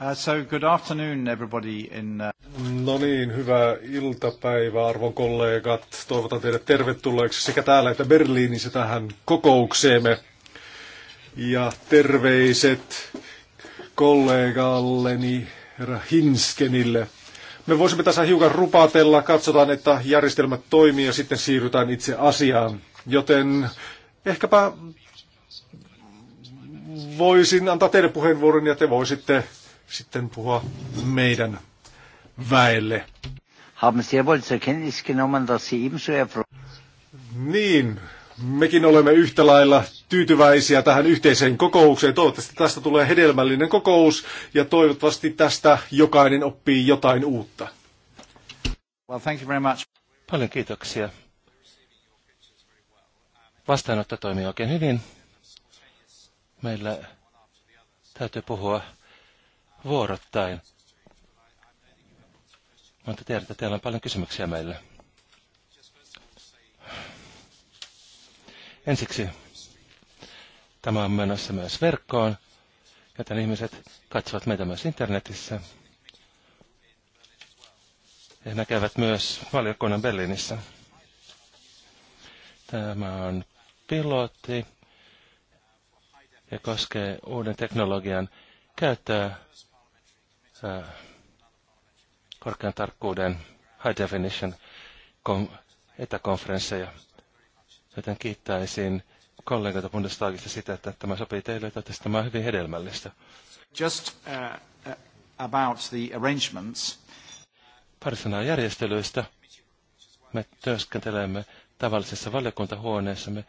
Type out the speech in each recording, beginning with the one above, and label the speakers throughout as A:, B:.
A: Uh, good afternoon
B: everybody in... Uh, no niin, hyvää iltapäivää arvon kollegat. Toivotan teidät tervetulleeksi sekä täällä että Berliinissä tähän kokoukseemme. Ja terveiset kollegalleni herra Hinskenille. Me voisimme tässä hiukan rupatella, katsotaan, että järjestelmät toimii ja sitten siirrytään itse asiaan. Joten ehkäpä voisin antaa teille puheenvuoron ja te voisitte sitten puhua meidän väelle. Haben Sie wohl zur Kenntnis genommen, dass Sie ebenso Niin, mekin olemme yhtä lailla tyytyväisiä tähän yhteiseen kokoukseen. Toivottavasti tästä tulee hedelmällinen kokous ja toivottavasti tästä jokainen oppii jotain uutta.
C: Well, thank you very much. Paljon kiitoksia. Vastaanotto toimii oikein hyvin. Meillä täytyy puhua vuorottain. Mutta tiedät, että teillä on paljon kysymyksiä meille. Ensiksi tämä on menossa myös verkkoon, joten ihmiset katsovat meitä myös internetissä. He näkevät myös valiokunnan Berliinissä. Tämä on pilotti ja koskee uuden teknologian käyttöä Äh, korkean tarkkuuden high definition etäkonferensseja. Joten kiittäisin kollegoita Bundestagista sitä, että tämä sopii teille, että tämä on hyvin hedelmällistä. Just uh, about the arrangements. Pari sanaa järjestelyistä. Me työskentelemme tavallisessa valiokuntahuoneessamme.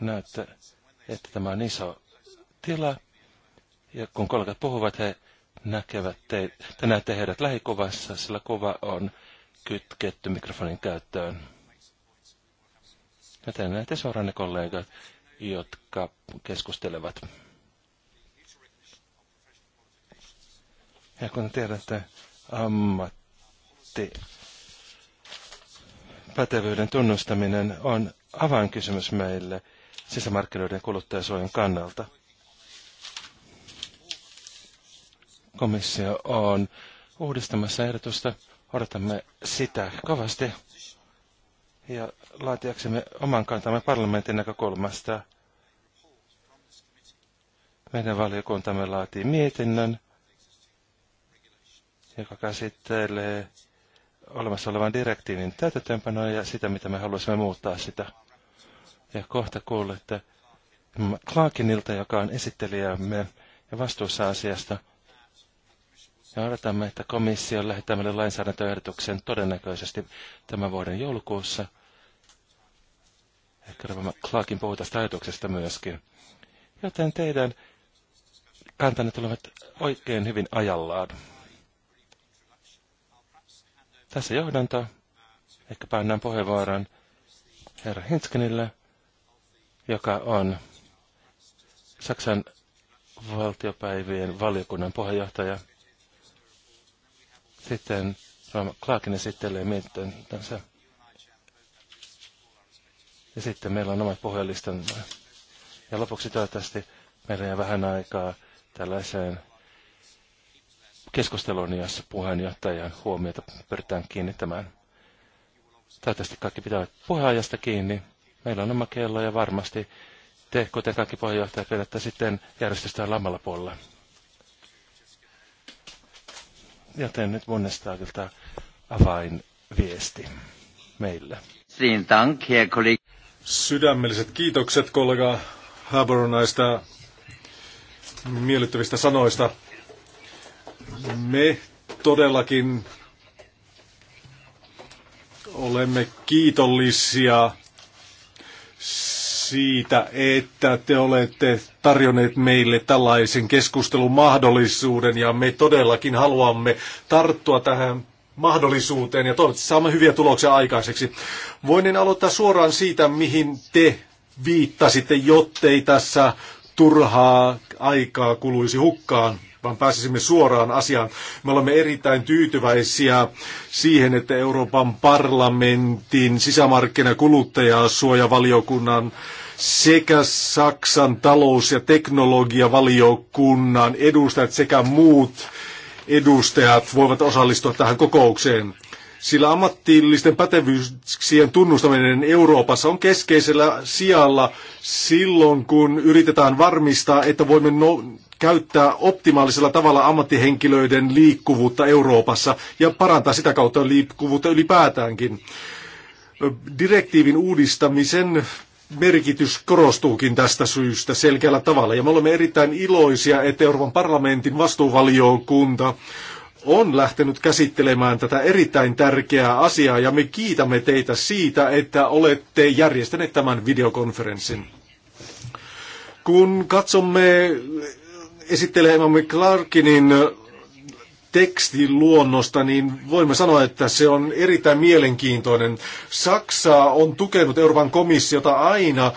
C: Näette, että tämä on iso tila, ja kun kollegat puhuvat, he näkevät te, te näette heidät lähikuvassa, sillä kuva on kytketty mikrofonin käyttöön. te näette suoraan ne kollegat, jotka keskustelevat. Ja kun tiedätte ammatti, pätevyyden tunnustaminen on avainkysymys meille sisämarkkinoiden kuluttajasuojan kannalta – komissio on uudistamassa ehdotusta. Odotamme sitä kovasti ja laatiaksemme oman kantamme parlamentin näkökulmasta. Meidän valiokuntamme laatii mietinnön, joka käsittelee olemassa olevan direktiivin täytäntöönpanoa ja sitä, mitä me haluaisimme muuttaa sitä. Ja kohta kuulette Clarkinilta, joka on esittelijämme ja vastuussa asiasta – ja odotamme, että komissio lähettää meille lainsäädäntöehdotuksen todennäköisesti tämän vuoden joulukuussa. Ehkä Clarkin puhuu tästä ajatuksesta myöskin. Joten teidän kantanne tulevat oikein hyvin ajallaan. Tässä johdanto. Ehkä päännään puheenvuoron herra Hinskenille, joka on Saksan valtiopäivien valiokunnan puheenjohtaja. Sitten Clarkin esittelee mietintönsä. Ja sitten meillä on omat puhelistamme. Ja lopuksi toivottavasti meillä jää vähän aikaa tällaiseen keskusteluun, jossa puheenjohtajan huomiota pyritään kiinnittämään. Toivottavasti kaikki pitävät puheenajasta kiinni. Meillä on oma kello ja varmasti te, kuten kaikki puheenjohtajat, vedätte sitten järjestystä lammalla puolella. Ja teen nyt Bundestagilta avainviesti meille.
B: Sydämelliset kiitokset kollega Haber näistä miellyttävistä sanoista. Me todellakin olemme kiitollisia siitä, että te olette tarjonneet meille tällaisen keskustelun mahdollisuuden ja me todellakin haluamme tarttua tähän mahdollisuuteen ja toivottavasti saamme hyviä tuloksia aikaiseksi. Voin aloittaa suoraan siitä, mihin te viittasitte, jottei tässä turhaa aikaa kuluisi hukkaan, vaan pääsisimme suoraan asiaan. Me olemme erittäin tyytyväisiä siihen, että Euroopan parlamentin sisämarkkina- ja kuluttajasuojavaliokunnan valiokunnan sekä Saksan talous- ja teknologiavaliokunnan edustajat sekä muut edustajat voivat osallistua tähän kokoukseen. Sillä ammatillisten pätevyyksien tunnustaminen Euroopassa on keskeisellä sijalla silloin, kun yritetään varmistaa, että voimme no- käyttää optimaalisella tavalla ammattihenkilöiden liikkuvuutta Euroopassa ja parantaa sitä kautta liikkuvuutta ylipäätäänkin. Direktiivin uudistamisen merkitys korostuukin tästä syystä selkeällä tavalla. Ja me olemme erittäin iloisia, että Euroopan parlamentin vastuuvaliokunta on lähtenyt käsittelemään tätä erittäin tärkeää asiaa ja me kiitämme teitä siitä, että olette järjestäneet tämän videokonferenssin. Kun katsomme esittelemämme Clarkinin tekstin luonnosta, niin voimme sanoa, että se on erittäin mielenkiintoinen. Saksa on tukenut Euroopan komissiota aina,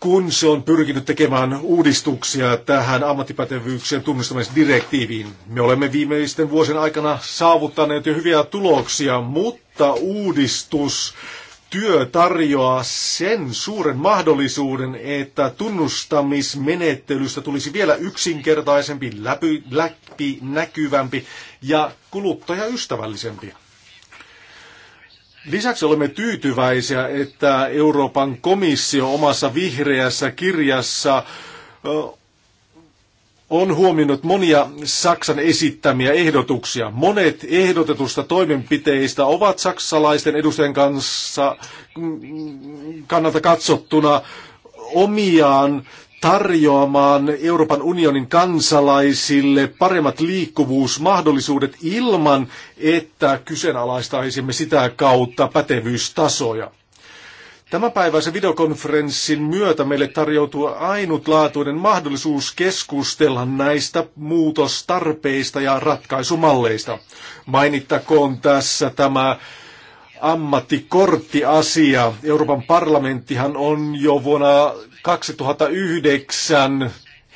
B: kun se on pyrkinyt tekemään uudistuksia tähän ammattipätevyyksien tunnistamisdirektiiviin. Me olemme viimeisten vuosien aikana saavuttaneet jo hyviä tuloksia, mutta uudistus työ tarjoaa sen suuren mahdollisuuden, että tunnustamismenettelystä tulisi vielä yksinkertaisempi, läpi, läpi näkyvämpi ja kuluttajaystävällisempi. Lisäksi olemme tyytyväisiä, että Euroopan komissio omassa vihreässä kirjassa on huomioinut monia Saksan esittämiä ehdotuksia. Monet ehdotetusta toimenpiteistä ovat saksalaisten edustajien kanssa mm, kannalta katsottuna omiaan tarjoamaan Euroopan unionin kansalaisille paremmat liikkuvuusmahdollisuudet ilman, että kyseenalaistaisimme sitä kautta pätevyystasoja. Tämänpäiväisen videokonferenssin myötä meille tarjoutuu ainutlaatuinen mahdollisuus keskustella näistä muutostarpeista ja ratkaisumalleista. Mainittakoon tässä tämä ammattikorttiasia. Euroopan parlamenttihan on jo vuonna 2009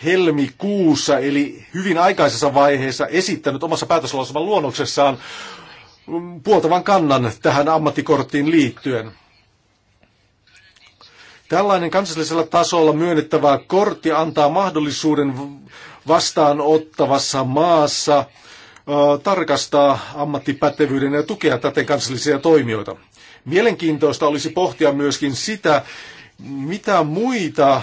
B: helmikuussa, eli hyvin aikaisessa vaiheessa esittänyt omassa päätöslausuman luonnoksessaan puoltavan kannan tähän ammattikorttiin liittyen. Tällainen kansallisella tasolla myönnettävä kortti antaa mahdollisuuden vastaanottavassa maassa tarkastaa ammattipätevyyden ja tukea täten kansallisia toimijoita. Mielenkiintoista olisi pohtia myöskin sitä, mitä muita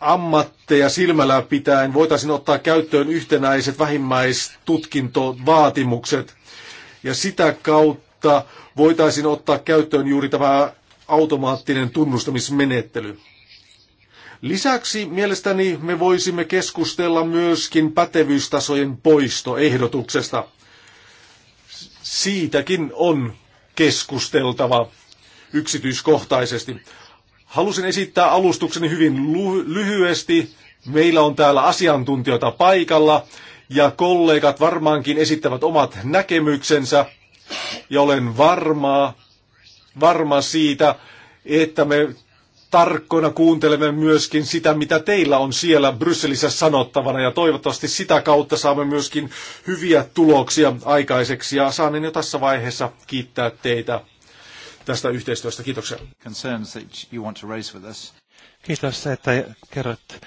B: ammatteja silmällä pitäen voitaisiin ottaa käyttöön yhtenäiset vähimmäistutkintovaatimukset. Ja sitä kautta voitaisiin ottaa käyttöön juuri tämä automaattinen tunnustamismenettely. Lisäksi mielestäni me voisimme keskustella myöskin pätevyystasojen poistoehdotuksesta. Siitäkin on keskusteltava yksityiskohtaisesti. Halusin esittää alustukseni hyvin lyhyesti. Meillä on täällä asiantuntijoita paikalla ja kollegat varmaankin esittävät omat näkemyksensä. Ja olen varmaa, varma siitä, että me tarkkoina kuuntelemme myöskin sitä, mitä teillä on siellä Brysselissä sanottavana ja toivottavasti sitä kautta saamme myöskin hyviä tuloksia aikaiseksi ja saanen jo tässä vaiheessa kiittää teitä tästä yhteistyöstä. Kiitoksia.
C: Kiitos, että kerrot,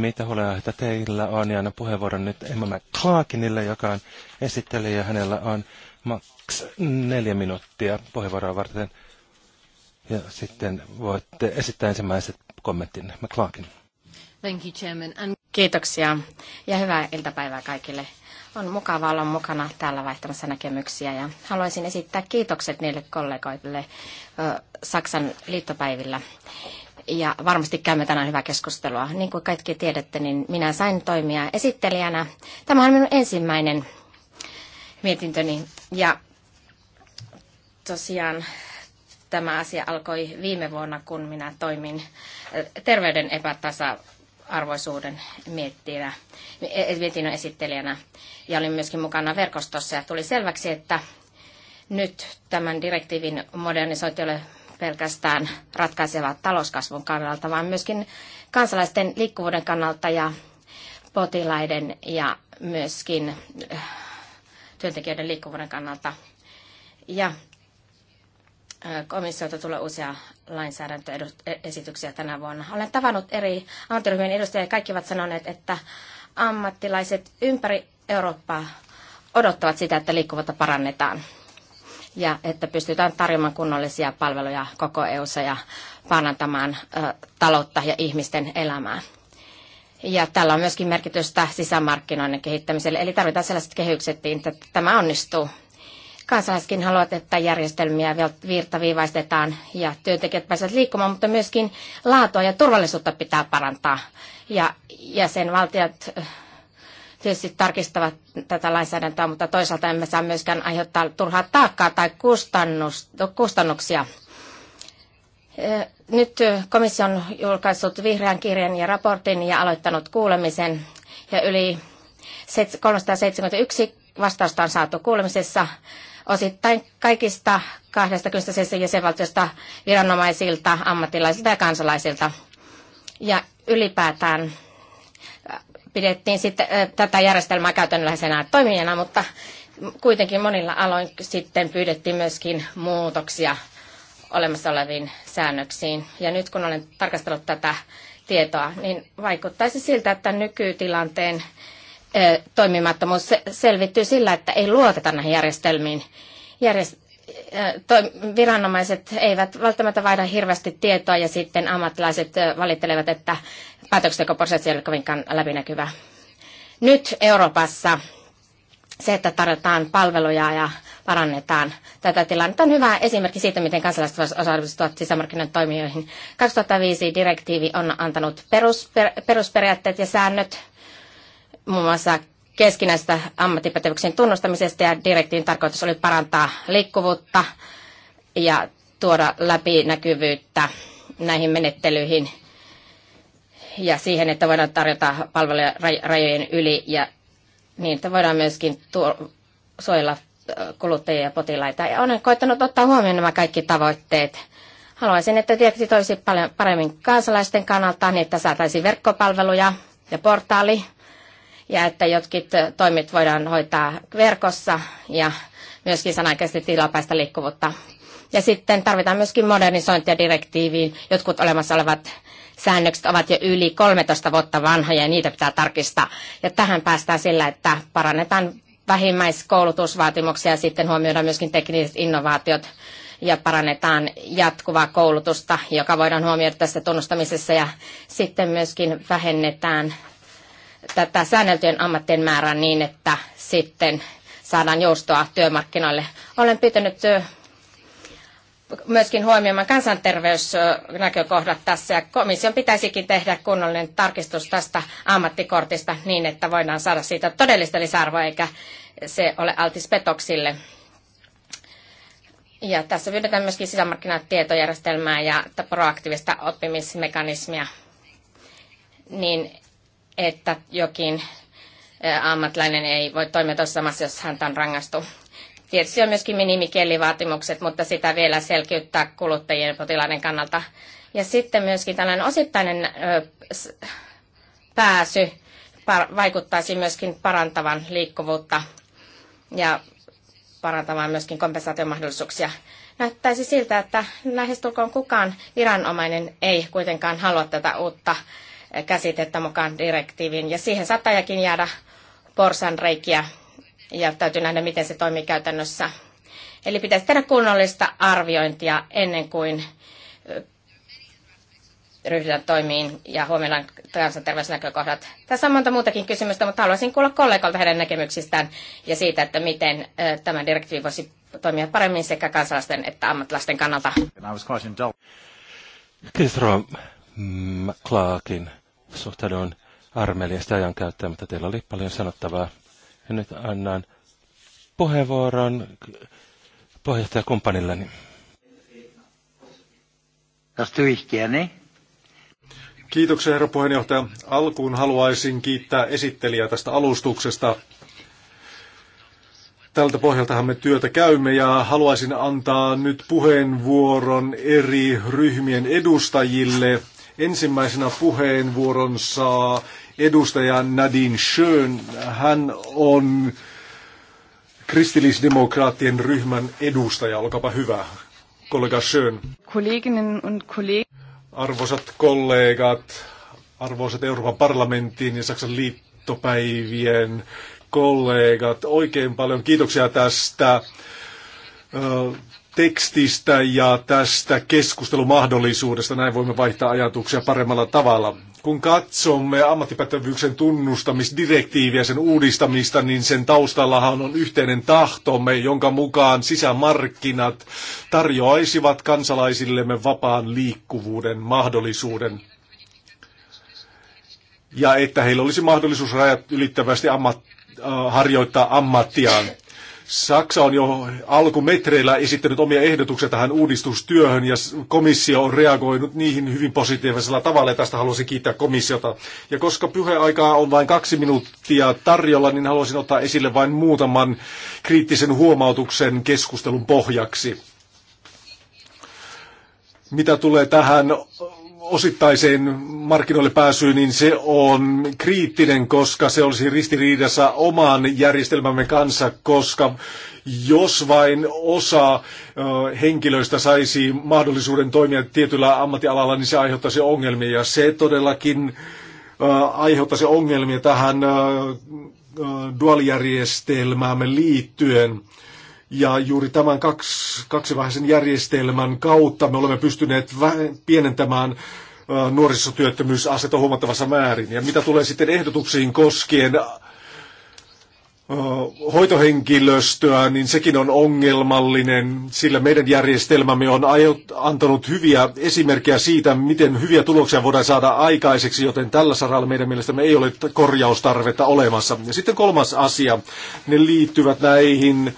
C: mitä huolenaiheita teillä on. Ja puheenvuoron nyt Emma McClarkinille, joka on esittelijä. Hänellä on Max neljä minuuttia puheenvuoroa varten. Ja sitten voitte esittää ensimmäiset kommentin McClarkin.
D: Thank you, Chairman. And... Kiitoksia ja hyvää iltapäivää kaikille. On mukava olla mukana täällä vaihtamassa näkemyksiä ja haluaisin esittää kiitokset niille kollegoille Saksan liittopäivillä. Ja varmasti käymme tänään hyvää keskustelua. Niin kuin kaikki tiedätte, niin minä sain toimia esittelijänä. Tämä on minun ensimmäinen mietintöni. Ja tosiaan tämä asia alkoi viime vuonna, kun minä toimin eh, terveyden epätasa arvoisuuden miettinä, eh, mietinnön esittelijänä ja olin myöskin mukana verkostossa ja tuli selväksi, että nyt tämän direktiivin modernisointi ole pelkästään ratkaiseva talouskasvun kannalta, vaan myöskin kansalaisten liikkuvuuden kannalta ja potilaiden ja myöskin eh, työntekijöiden liikkuvuuden kannalta. Ja komissiolta tulee uusia lainsäädäntöesityksiä tänä vuonna. Olen tavannut eri ammattiryhmien edustajia ja kaikki ovat sanoneet, että ammattilaiset ympäri Eurooppaa odottavat sitä, että liikkuvuutta parannetaan ja että pystytään tarjoamaan kunnollisia palveluja koko EU:ssa ja parantamaan taloutta ja ihmisten elämää. Ja tällä on myöskin merkitystä sisämarkkinoiden kehittämiselle, eli tarvitaan sellaiset kehykset, että tämä onnistuu. Kansalaiskin haluavat, että järjestelmiä virtaviivaistetaan ja työntekijät pääsevät liikkumaan, mutta myöskin laatua ja turvallisuutta pitää parantaa. Ja jäsenvaltiot eh, tietysti tarkistavat tätä lainsäädäntöä, mutta toisaalta emme saa myöskään aiheuttaa turhaa taakkaa tai kustannuksia nyt komissio on julkaissut vihreän kirjan ja raportin ja aloittanut kuulemisen. Ja yli 371 vastausta on saatu kuulemisessa osittain kaikista 27 jäsenvaltiosta viranomaisilta, ammattilaisilta ja kansalaisilta. Ja ylipäätään äh, pidettiin sitten äh, tätä järjestelmää käytännöllisenä toimijana, mutta kuitenkin monilla aloin sitten pyydettiin myöskin muutoksia olemassa oleviin säännöksiin. Ja nyt kun olen tarkastellut tätä tietoa, niin vaikuttaisi siltä, että nykytilanteen toimimattomuus selvittyy sillä, että ei luoteta näihin järjestelmiin. Järjest- viranomaiset eivät välttämättä vaihda hirveästi tietoa ja sitten ammattilaiset valittelevat, että päätöksentekoprosessi ei ole kovinkaan läpinäkyvä. Nyt Euroopassa se, että tarjotaan palveluja ja parannetaan tätä tilannetta. On hyvä esimerkki siitä, miten kansalaiset osallistuvat sisämarkkinoiden toimijoihin. 2005 direktiivi on antanut perusper, perusperiaatteet ja säännöt, muun muassa keskinäistä ammattipätevyyksien tunnustamisesta ja direktiivin tarkoitus oli parantaa liikkuvuutta ja tuoda läpinäkyvyyttä näihin menettelyihin ja siihen, että voidaan tarjota palveluja rajojen yli ja niin, että voidaan myöskin tuo, suojella kuluttajia ja potilaita. Ja olen koittanut ottaa huomioon nämä kaikki tavoitteet. Haluaisin, että tietysti toisi paljon paremmin kansalaisten kannalta, niin että saataisiin verkkopalveluja ja portaali, ja että jotkin toimit voidaan hoitaa verkossa ja myöskin sanaikaisesti tilapäistä liikkuvuutta. Ja sitten tarvitaan myöskin modernisointia direktiiviin. Jotkut olemassa olevat säännökset ovat jo yli 13 vuotta vanhoja ja niitä pitää tarkistaa. Ja tähän päästään sillä, että parannetaan vähimmäiskoulutusvaatimuksia sitten huomioidaan myöskin tekniset innovaatiot ja parannetaan jatkuvaa koulutusta, joka voidaan huomioida tässä tunnustamisessa ja sitten myöskin vähennetään tätä säänneltyjen ammattien määrää niin, että sitten saadaan joustoa työmarkkinoille. Olen pitänyt myöskin huomioimaan kansanterveysnäkökohdat tässä. Ja komission pitäisikin tehdä kunnollinen tarkistus tästä ammattikortista niin, että voidaan saada siitä todellista lisäarvoa, eikä se ole altis petoksille. Ja tässä pyydetään myöskin sisämarkkinatietojärjestelmää ja proaktiivista oppimismekanismia niin, että jokin ammatlainen ei voi toimia tuossa samassa, jos häntä on rangaistu. Tietysti on myöskin minimikielivaatimukset, mutta sitä vielä selkiyttää kuluttajien potilaiden kannalta. Ja sitten myöskin tällainen osittainen pääsy vaikuttaisi myöskin parantavan liikkuvuutta ja parantamaan myöskin kompensaatiomahdollisuuksia. Näyttäisi siltä, että lähestulkoon kukaan viranomainen ei kuitenkaan halua tätä uutta käsitettä mukaan direktiiviin, ja siihen saattajakin jäädä reikiä ja täytyy nähdä, miten se toimii käytännössä. Eli pitäisi tehdä kunnollista arviointia ennen kuin ryhdytään toimiin ja huomioidaan kansanterveysnäkökohdat. Tässä on monta muutakin kysymystä, mutta haluaisin kuulla kollegalta heidän näkemyksistään ja siitä, että miten tämä direktiivi voisi toimia paremmin sekä kansalaisten että ammattilaisten kannalta.
C: Kiitos Clarkin suhtaudun armeliasta ajan käyttämättä. Teillä oli paljon sanottavaa. Ja nyt annan puheenvuoron puheenjohtajakumppanilleni.
B: Kiitoksia herra puheenjohtaja. Alkuun haluaisin kiittää esittelijää tästä alustuksesta. Tältä pohjaltahan me työtä käymme ja haluaisin antaa nyt puheenvuoron eri ryhmien edustajille. Ensimmäisenä puheenvuoron saa edustaja Nadine Schön. Hän on kristillisdemokraattien ryhmän edustaja. Olkaapa hyvä, kollega Schön.
A: Kolleginen und kolleg-
B: Arvoisat kollegat, arvoisat Euroopan parlamentin ja Saksan liittopäivien kollegat, oikein paljon kiitoksia tästä tekstistä ja tästä keskustelumahdollisuudesta. Näin voimme vaihtaa ajatuksia paremmalla tavalla. Kun katsomme ammattipätevyyksen tunnustamisdirektiiviä, sen uudistamista, niin sen taustallahan on yhteinen tahtomme, jonka mukaan sisämarkkinat tarjoaisivat kansalaisillemme vapaan liikkuvuuden mahdollisuuden ja että heillä olisi mahdollisuus rajat ylittävästi ammat, äh, harjoittaa ammattiaan. Saksa on jo alkumetreillä esittänyt omia ehdotuksia tähän uudistustyöhön ja komissio on reagoinut niihin hyvin positiivisella tavalla ja tästä haluaisin kiittää komissiota. Ja koska puheaikaa on vain kaksi minuuttia tarjolla, niin haluaisin ottaa esille vain muutaman kriittisen huomautuksen keskustelun pohjaksi. Mitä tulee tähän osittaiseen markkinoille pääsyyn, niin se on kriittinen, koska se olisi ristiriidassa oman järjestelmämme kanssa, koska jos vain osa henkilöistä saisi mahdollisuuden toimia tietyllä ammattialalla, niin se aiheuttaisi ongelmia. Ja se todellakin aiheuttaisi ongelmia tähän dualijärjestelmäämme liittyen. Ja juuri tämän kaksi, kaksivaiheisen järjestelmän kautta me olemme pystyneet pienentämään nuorisotyöttömyysasetta huomattavassa määrin. Ja mitä tulee sitten ehdotuksiin koskien hoitohenkilöstöä, niin sekin on ongelmallinen, sillä meidän järjestelmämme on antanut hyviä esimerkkejä siitä, miten hyviä tuloksia voidaan saada aikaiseksi, joten tällä saralla meidän mielestämme ei ole korjaustarvetta olemassa. Ja sitten kolmas asia, ne liittyvät näihin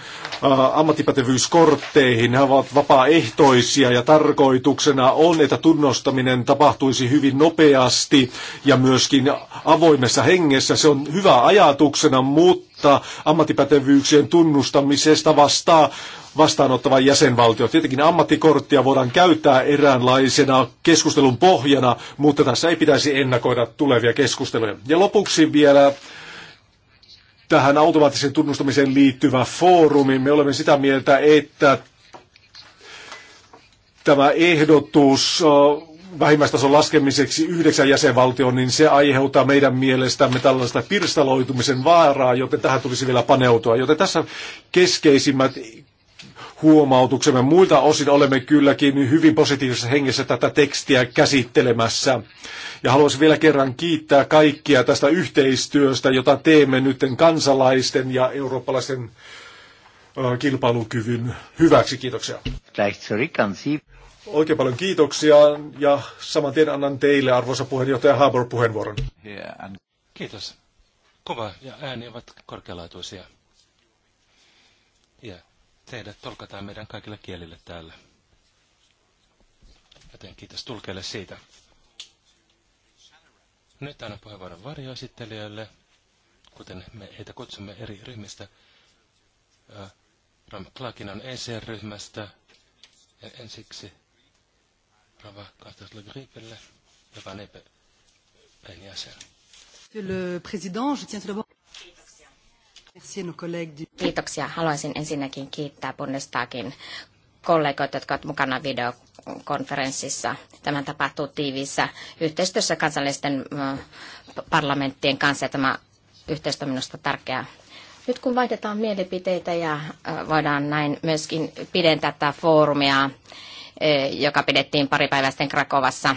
B: ammattipätevyyskortteihin. Ne ovat vapaaehtoisia ja tarkoituksena on, että tunnustaminen tapahtuisi hyvin nopeasti ja myöskin avoimessa hengessä. Se on hyvä ajatuksena, mutta ottaa ammattipätevyyksien tunnustamisesta vastaa vastaanottava jäsenvaltio. Tietenkin ammattikorttia voidaan käyttää eräänlaisena keskustelun pohjana, mutta tässä ei pitäisi ennakoida tulevia keskusteluja. Ja lopuksi vielä tähän automaattiseen tunnustamiseen liittyvä foorumi. Me olemme sitä mieltä, että tämä ehdotus vähimmäistason laskemiseksi yhdeksän jäsenvaltioon, niin se aiheuttaa meidän mielestämme tällaista pirstaloitumisen vaaraa, joten tähän tulisi vielä paneutua. Joten tässä keskeisimmät huomautuksemme. Muilta osin olemme kylläkin hyvin positiivisessa hengessä tätä tekstiä käsittelemässä. Ja haluaisin vielä kerran kiittää kaikkia tästä yhteistyöstä, jota teemme nyt kansalaisten ja eurooppalaisen kilpailukyvyn hyväksi. Kiitoksia. Oikein paljon kiitoksia ja saman tien annan teille, arvoisa puheenjohtaja Haber, puheenvuoron.
C: Kiitos. Kova ja ääni ovat korkealaatuisia. Ja teidät tolkataan meidän kaikille kielille täällä. Joten kiitos tulkeille siitä. Nyt annan puheenvuoron varjoesittelijöille, kuten me heitä kutsumme eri ryhmistä. Ram Klakin on ECR-ryhmästä, ja ensiksi
D: Kiitoksia. Haluaisin ensinnäkin kiittää Bundestagin kollegoita, jotka ovat mukana videokonferenssissa. Tämä tapahtuu tiiviissä yhteistyössä kansallisten parlamenttien kanssa ja tämä yhteistyö on minusta tärkeää. Nyt kun vaihdetaan mielipiteitä ja voidaan näin myöskin pidentää tätä foorumia E, joka pidettiin pari päivää sitten Krakovassa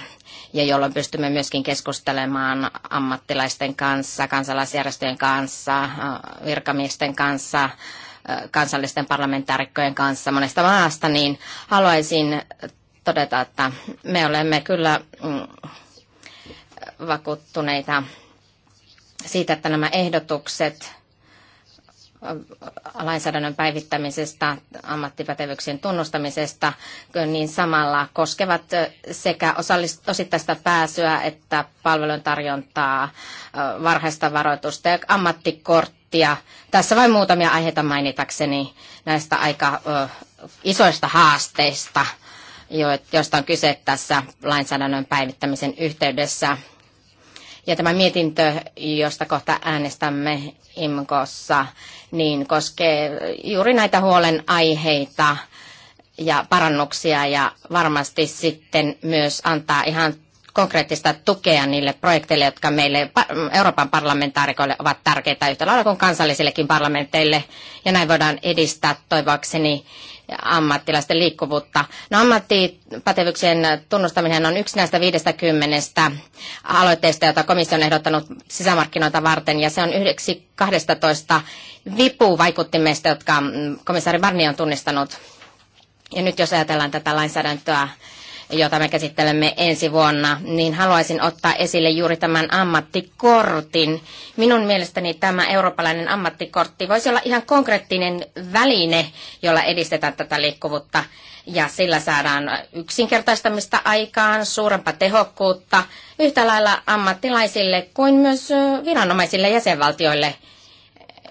D: ja jolloin pystymme myöskin keskustelemaan ammattilaisten kanssa, kansalaisjärjestöjen kanssa, virkamiesten kanssa, kansallisten parlamentaarikkojen kanssa monesta maasta, niin haluaisin todeta, että me olemme kyllä mm, vakuuttuneita siitä, että nämä ehdotukset lainsäädännön päivittämisestä, ammattipätevyyksien tunnustamisesta, niin samalla koskevat sekä osittaista pääsyä että palvelun tarjontaa, varhaista varoitusta ja ammattikorttia. Tässä vain muutamia aiheita mainitakseni näistä aika isoista haasteista, joista on kyse tässä lainsäädännön päivittämisen yhteydessä. Ja tämä mietintö, josta kohta äänestämme IMKossa, niin koskee juuri näitä huolenaiheita ja parannuksia ja varmasti sitten myös antaa ihan konkreettista tukea niille projekteille, jotka meille Euroopan parlamentaarikoille ovat tärkeitä yhtä lailla kuin kansallisillekin parlamenteille. Ja näin voidaan edistää toivoakseni ammattilaisten liikkuvuutta. No ammattipätevyyksien tunnustaminen on yksi näistä 50 aloitteista, jota komissio on ehdottanut sisämarkkinoita varten, ja se on yhdeksi 12 vipuvaikuttimesta, jotka mm, komissaari Barni on tunnistanut. Ja nyt jos ajatellaan tätä lainsäädäntöä jota me käsittelemme ensi vuonna, niin haluaisin ottaa esille juuri tämän ammattikortin. Minun mielestäni tämä eurooppalainen ammattikortti voisi olla ihan konkreettinen väline, jolla edistetään tätä liikkuvuutta ja sillä saadaan yksinkertaistamista aikaan, suurempaa tehokkuutta yhtä lailla ammattilaisille kuin myös viranomaisille jäsenvaltioille –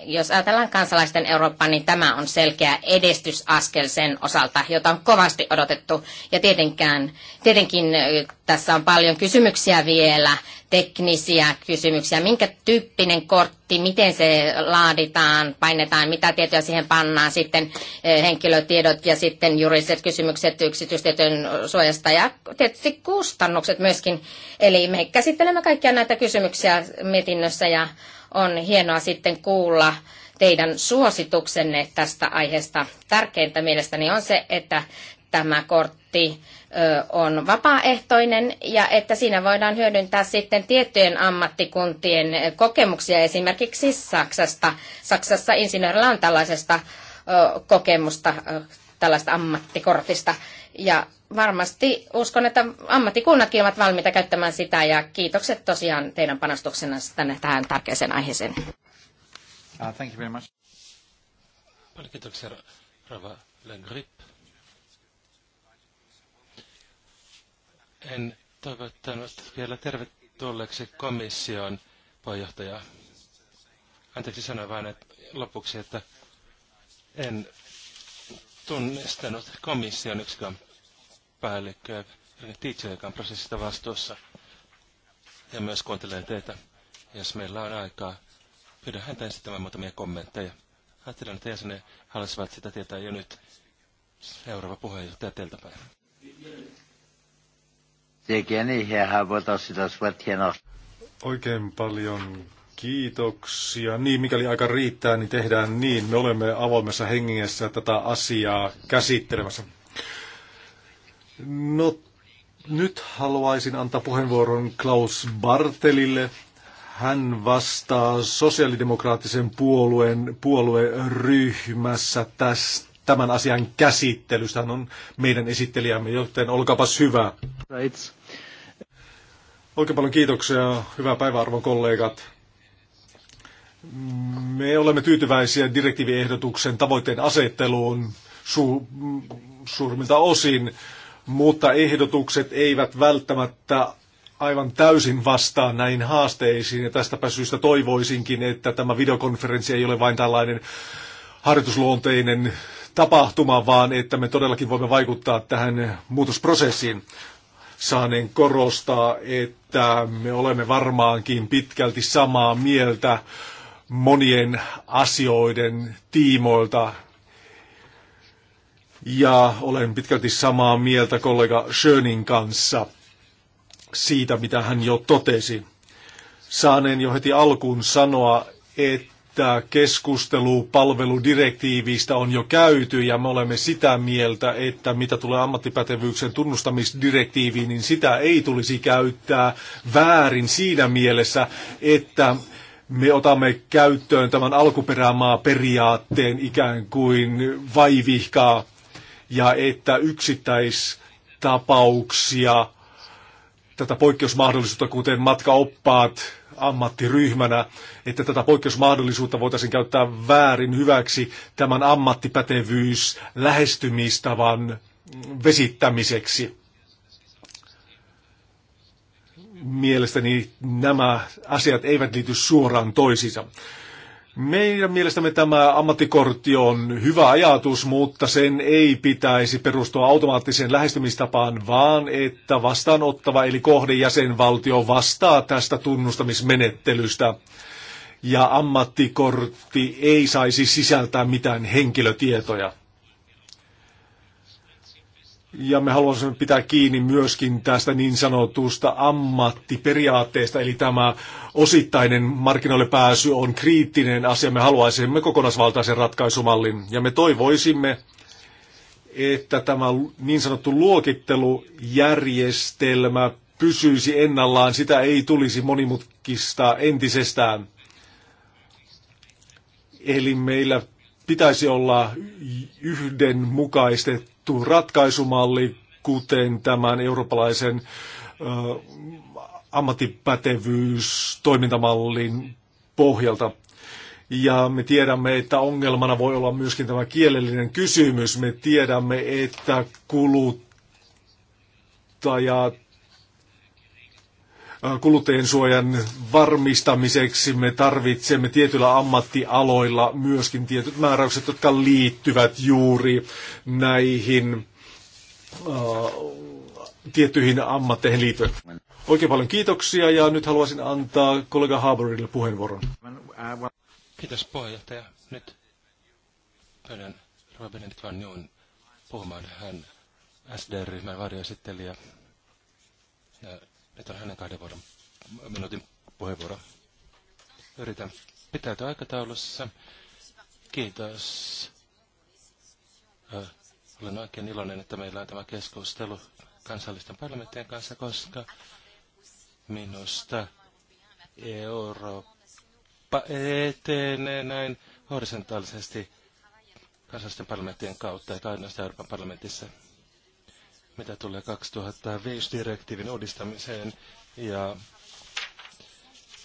D: jos ajatellaan kansalaisten Eurooppaa, niin tämä on selkeä edistysaskel sen osalta, jota on kovasti odotettu. Ja tietenkään, tietenkin tässä on paljon kysymyksiä vielä, teknisiä kysymyksiä. Minkä tyyppinen kortti, miten se laaditaan, painetaan, mitä tietoja siihen pannaan, sitten henkilötiedot ja sitten juridiset kysymykset yksityistietojen suojasta ja tietysti kustannukset myöskin. Eli me käsittelemme kaikkia näitä kysymyksiä mietinnössä ja on hienoa sitten kuulla teidän suosituksenne tästä aiheesta. Tärkeintä mielestäni on se, että tämä kortti on vapaaehtoinen ja että siinä voidaan hyödyntää sitten tiettyjen ammattikuntien kokemuksia esimerkiksi Saksasta. Saksassa insinöörillä on tällaisesta kokemusta, tällaista ammattikortista. Ja varmasti uskon, että ammattikunnatkin ovat valmiita käyttämään sitä ja kiitokset tosiaan teidän panostuksena tänne tähän tärkeäseen aiheeseen. Uh,
A: thank you very much.
C: Paljon kiitoksia, Rava Lengrip. En toivottanut vielä tervetulleeksi komission puheenjohtajaa. Anteeksi sanoa vain että lopuksi, että en tunnistanut komission yksikön päällikköä Teacher, joka on prosessista vastuussa. Ja myös kuuntelee teitä, jos meillä on aikaa. Pyydän häntä esittämään muutamia kommentteja. Ajattelen, että jäsenet haluaisivat sitä tietää jo nyt.
B: Seuraava puheenjohtaja teiltä päin. Oikein paljon Kiitoksia. Niin, mikäli aika riittää, niin tehdään niin. Me olemme avoimessa hengessä tätä asiaa käsittelemässä. No, nyt haluaisin antaa puheenvuoron Klaus Bartelille. Hän vastaa sosiaalidemokraattisen puolueen puolueryhmässä tästä tämän asian käsittelystä. on meidän esittelijämme, joten olkapas hyvä. Right. Oikein paljon kiitoksia. Hyvää päivää arvon kollegat. Me olemme tyytyväisiä direktiiviehdotuksen tavoitteen asetteluun su- suurimmilta osin, mutta ehdotukset eivät välttämättä aivan täysin vastaa näihin haasteisiin. Ja tästäpä syystä toivoisinkin, että tämä videokonferenssi ei ole vain tällainen harjoitusluonteinen tapahtuma, vaan että me todellakin voimme vaikuttaa tähän muutosprosessiin. Saaneen korostaa, että me olemme varmaankin pitkälti samaa mieltä monien asioiden tiimoilta. Ja olen pitkälti samaa mieltä kollega Schönin kanssa siitä, mitä hän jo totesi. Saaneen jo heti alkuun sanoa, että keskustelu palveludirektiivistä on jo käyty ja me olemme sitä mieltä, että mitä tulee ammattipätevyyksen tunnustamisdirektiiviin, niin sitä ei tulisi käyttää väärin siinä mielessä, että me otamme käyttöön tämän alkuperämaa periaatteen ikään kuin vaivihkaa ja että yksittäistapauksia, tätä poikkeusmahdollisuutta, kuten matkaoppaat ammattiryhmänä, että tätä poikkeusmahdollisuutta voitaisiin käyttää väärin hyväksi tämän ammattipätevyys lähestymistavan vesittämiseksi mielestäni nämä asiat eivät liity suoraan toisiinsa. Meidän mielestämme tämä ammattikortti on hyvä ajatus, mutta sen ei pitäisi perustua automaattiseen lähestymistapaan, vaan että vastaanottava eli kohdejäsenvaltio vastaa tästä tunnustamismenettelystä. Ja ammattikortti ei saisi sisältää mitään henkilötietoja. Ja me haluaisimme pitää kiinni myöskin tästä niin sanotusta ammattiperiaatteesta, eli tämä osittainen markkinoille pääsy on kriittinen asia. Me haluaisimme kokonaisvaltaisen ratkaisumallin ja me toivoisimme, että tämä niin sanottu luokittelujärjestelmä pysyisi ennallaan, sitä ei tulisi monimutkista entisestään. Eli meillä pitäisi olla yhdenmukaistettu valittu ratkaisumalli, kuten tämän eurooppalaisen ö, ammattipätevyystoimintamallin pohjalta. Ja me tiedämme, että ongelmana voi olla myöskin tämä kielellinen kysymys. Me tiedämme, että kuluttajat Äh, kuluttajien suojan varmistamiseksi me tarvitsemme tietyillä ammattialoilla myöskin tietyt määräykset, jotka liittyvät juuri näihin äh, tiettyihin ammatteihin liittyen. Oikein paljon kiitoksia ja nyt haluaisin antaa kollega Haberille puheenvuoron. Kiitos
C: puheenjohtaja. Nyt pyydän Robin Kvanjun puhumaan hän SD-ryhmän varjoesittelijä ja että on hänen kahden vuoden minuutin puheenvuoro. Yritän pitäytyä aikataulussa. Kiitos. Olen oikein iloinen, että meillä on tämä keskustelu kansallisten parlamenttien kanssa, koska minusta Eurooppa etenee näin horisontaalisesti kansallisten parlamenttien kautta, eikä ainoastaan Euroopan parlamentissa mitä tulee 2005 direktiivin uudistamiseen ja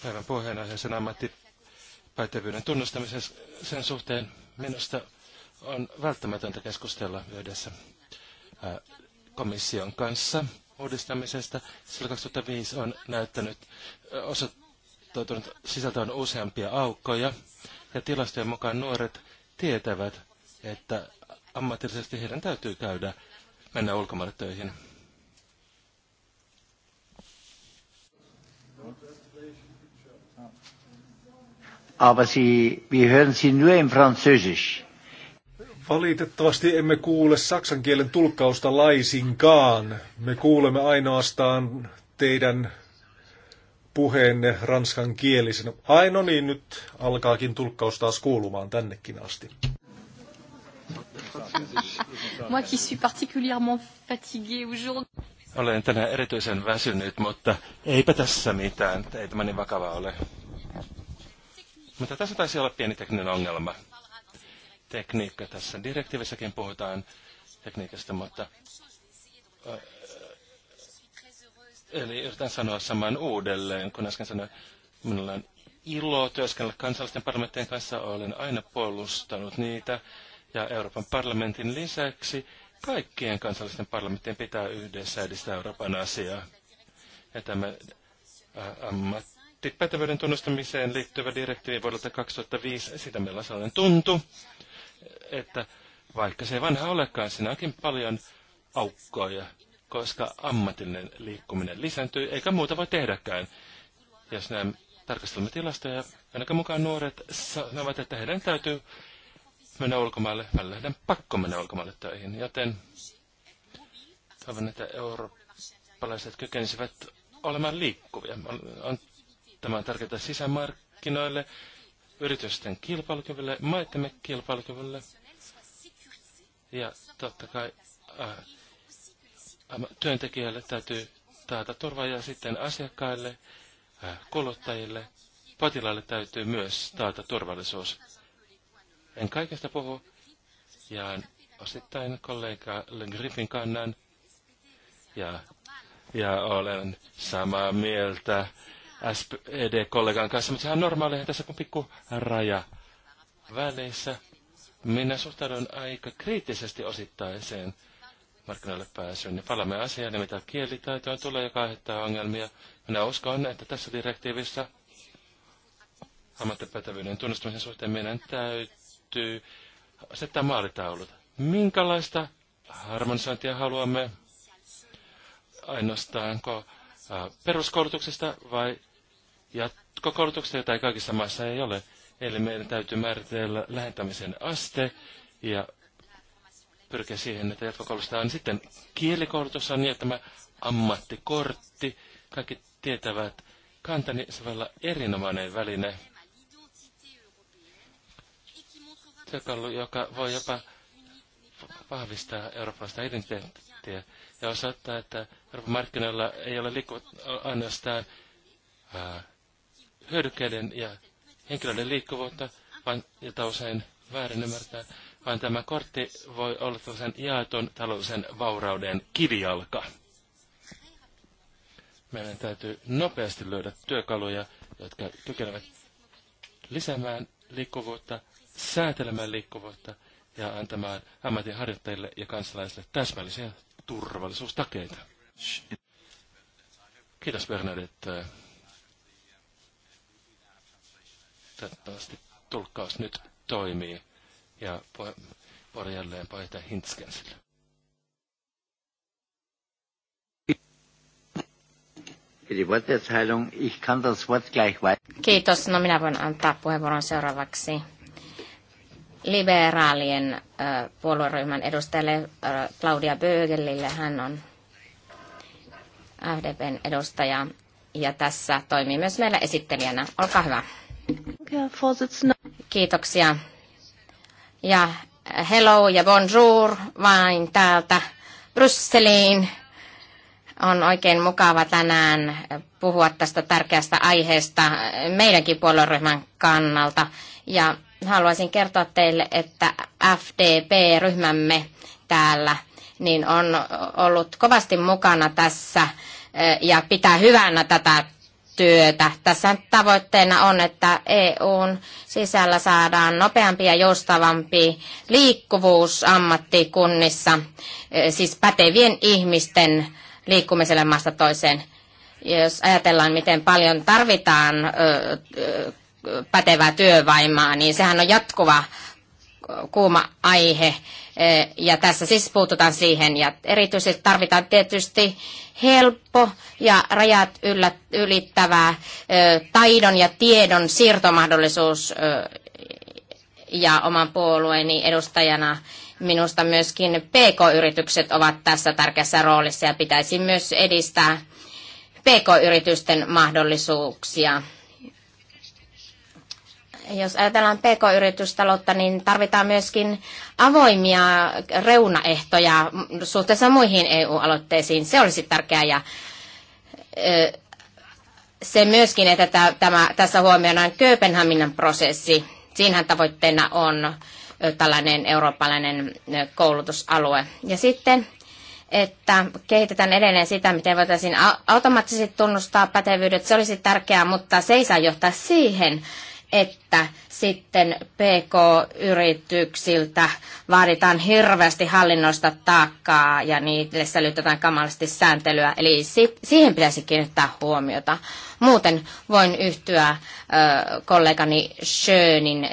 C: päivän sen ammattipätevyyden tunnustamisen sen suhteen minusta on välttämätöntä keskustella yhdessä komission kanssa uudistamisesta, sillä 2005 on näyttänyt osoittautunut sisältävän useampia aukkoja, ja tilastojen mukaan nuoret tietävät, että ammatillisesti heidän täytyy käydä mennä ulkomaille töihin.
A: Aber sie, wir hören sie nur in Französisch.
B: Valitettavasti emme kuule saksan kielen tulkkausta laisinkaan. Me kuulemme ainoastaan teidän puheenne ranskan kielisen. Ai no niin, nyt alkaakin tulkkaus taas kuulumaan tännekin asti.
C: Moi
D: qui suis particulièrement fatiguée aujourd'hui.
C: Olen tänään erityisen väsynyt, mutta eipä tässä mitään. Ei tämä niin vakava ole. Mutta tässä taisi olla pieni tekninen ongelma. Tekniikka tässä direktiivissäkin puhutaan tekniikasta, mutta... eli yritän sanoa saman uudelleen, kun äsken sanoin. Minulla on ilo työskennellä kansallisten parlamenttien kanssa. Olen aina puolustanut niitä. Ja Euroopan parlamentin lisäksi kaikkien kansallisten parlamenttien pitää yhdessä edistää Euroopan asiaa. Ja tämä äh, ammattipätevyyden tunnustamiseen liittyvä direktiivi vuodelta 2005, sitä meillä on sellainen tuntu, että vaikka se ei vanha olekaan, siinä onkin paljon aukkoja, koska ammatillinen liikkuminen lisääntyy, eikä muuta voi tehdäkään. Jos nämä tarkastelemme tilastoja, ainakaan mukaan nuoret sanovat, että heidän täytyy mennä ulkomaille, mä lähden pakko mennä ulkomaille töihin. Joten toivon, että eurooppalaiset kykenisivät olemaan liikkuvia. On, tämä on tärkeää sisämarkkinoille, yritysten kilpailukyvylle, maittemme kilpailukyvylle ja totta kai äh, äh työntekijälle täytyy taata turva ja sitten asiakkaille, äh, kuluttajille, potilaille täytyy myös taata turvallisuus. En kaikesta puhu, ja osittain kollega Le Griffin kannan ja, ja olen samaa mieltä SPD-kollegan kanssa, mutta sehän on normaalia tässä kun pikku raja väleissä. Minä suhtaudun aika kriittisesti osittaiseen markkinoille pääsyyn. Ja niin palaamme asiaan, mitä kielitaitoon tulee, joka aiheuttaa ongelmia. Minä uskon, että tässä direktiivissä ammattipätevyyden tunnustamisen suhteen meidän täytyy täytyy asettaa maalitaulut. Minkälaista harmonisointia haluamme? Ainoastaanko peruskoulutuksesta vai jatkokoulutuksesta, jota ei kaikissa maissa ei ole? Eli meidän täytyy määritellä lähentämisen aste ja pyrkiä siihen, että jatkokoulutusta on sitten kielikoulutus on niin, että tämä ammattikortti, kaikki tietävät kantani, se voi olla erinomainen väline työkalu, joka voi jopa vahvistaa eurooppalaista identiteettiä ja osoittaa, että Euroopan markkinoilla ei ole liikkuvat ainoastaan ää, hyödykkeiden ja henkilöiden liikkuvuutta, vaan, jota usein väärin ymmärtää, vaan tämä kortti voi olla tällaisen jaetun taloudellisen vaurauden kivijalka. Meidän täytyy nopeasti löydä työkaluja, jotka kykenevät lisäämään liikkuvuutta, säätelemään liikkuvuutta ja antamaan ammatinharjoittajille ja kansalaisille täsmällisiä turvallisuustakeita. Kiitos Bernadette. Toivottavasti tulkkaus nyt toimii ja voidaan jälleen paita Hintskensille.
D: Kiitos. No minä voin antaa puheenvuoron seuraavaksi liberaalien puolueryhmän edustajalle Claudia Bögelille. Hän on FDPn edustaja ja tässä toimii myös meillä esittelijänä. Olkaa hyvä. Kiitoksia. Ja hello ja bonjour vain täältä Brysseliin. On oikein mukava tänään puhua tästä tärkeästä aiheesta meidänkin puolueryhmän kannalta. Ja haluaisin kertoa teille, että FDP-ryhmämme täällä niin on ollut kovasti mukana tässä eh, ja pitää hyvänä tätä työtä. Tässä tavoitteena on, että EUn sisällä saadaan nopeampi ja joustavampi liikkuvuus ammattikunnissa, eh, siis pätevien ihmisten liikkumiselle maasta toiseen. Jos ajatellaan, miten paljon tarvitaan eh, pätevää työvaimaa, niin sehän on jatkuva kuuma aihe. Ja tässä siis puututaan siihen ja erityisesti tarvitaan tietysti helppo ja rajat ylittävää taidon ja tiedon siirtomahdollisuus ja oman puolueeni edustajana minusta myöskin PK-yritykset ovat tässä tärkeässä roolissa ja pitäisi myös edistää PK-yritysten mahdollisuuksia jos ajatellaan pk-yritystaloutta, niin tarvitaan myöskin avoimia reunaehtoja suhteessa muihin EU-aloitteisiin. Se olisi tärkeää ja se myöskin, että tämä, tässä huomioidaan Kööpenhaminan prosessi. Siinähän tavoitteena on tällainen eurooppalainen koulutusalue. Ja sitten että kehitetään edelleen sitä, miten voitaisiin automaattisesti tunnustaa pätevyydet. Se olisi tärkeää, mutta se ei saa johtaa siihen, että sitten PK-yrityksiltä vaaditaan hirveästi hallinnosta taakkaa ja niille sälytetään kamalasti sääntelyä. Eli siihen pitäisi kiinnittää huomiota. Muuten voin yhtyä kollegani Schönin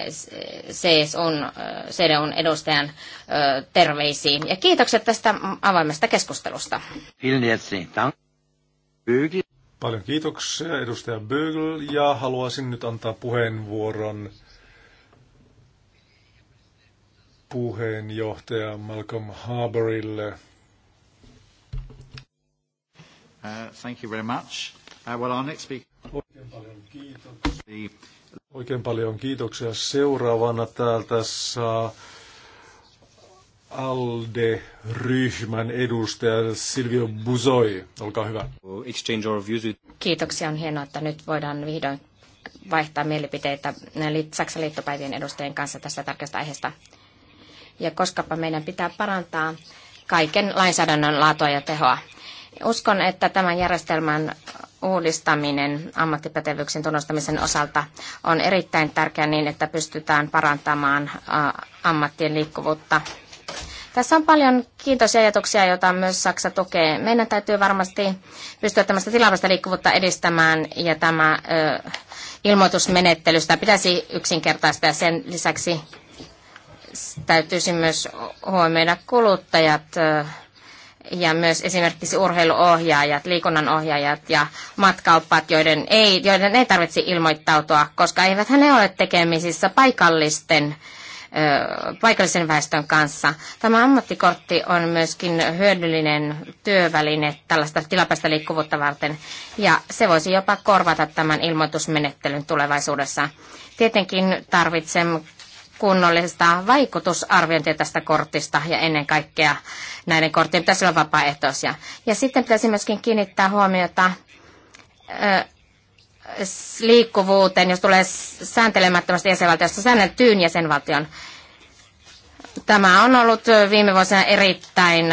D: CSUn, CDUn edustajan terveisiin. Ja kiitokset tästä avoimesta keskustelusta.
B: Vielen herzlichen Dank. Paljon kiitoksia edustaja Bögl ja haluaisin nyt antaa puheenvuoron puheenjohtaja Malcolm Harbourille. Uh, thank you very much. Uh, well, our next speaker... Oikein paljon kiitoksia. Oikein paljon kiitoksia. Seuraavana täältä saa ALDE-ryhmän edustaja Silvio Buzoi. Olkaa hyvä.
D: Kiitoksia. On hienoa, että nyt voidaan vihdoin vaihtaa mielipiteitä Saksan liittopäivien edustajien kanssa tästä tärkeästä aiheesta. Ja koskapa meidän pitää parantaa kaiken lainsäädännön laatua ja tehoa. Uskon, että tämän järjestelmän uudistaminen ammattipätevyyksien tunnustamisen osalta on erittäin tärkeää niin, että pystytään parantamaan ammattien liikkuvuutta tässä on paljon kiintoisia ajatuksia, joita myös Saksa tukee. Meidän täytyy varmasti pystyä tämmöistä tilavasta liikkuvuutta edistämään ja tämä ö, ilmoitusmenettelystä pitäisi yksinkertaistaa ja sen lisäksi täytyisi myös huomioida kuluttajat ja myös esimerkiksi urheiluohjaajat, liikunnanohjaajat ja matkauppat, joiden ei, joiden ei tarvitse ilmoittautua, koska eivät he ole tekemisissä paikallisten paikallisen väestön kanssa. Tämä ammattikortti on myöskin hyödyllinen työväline tällaista tilapäistä liikkuvuutta varten, ja se voisi jopa korvata tämän ilmoitusmenettelyn tulevaisuudessa. Tietenkin tarvitsemme kunnollista vaikutusarviointia tästä kortista ja ennen kaikkea näiden korttien pitäisi olla vapaaehtoisia. Ja sitten pitäisi myöskin kiinnittää huomiota liikkuvuuteen, jos tulee sääntelemättömästä jäsenvaltiosta säänneltyyn jäsenvaltion. Tämä on ollut viime vuosina erittäin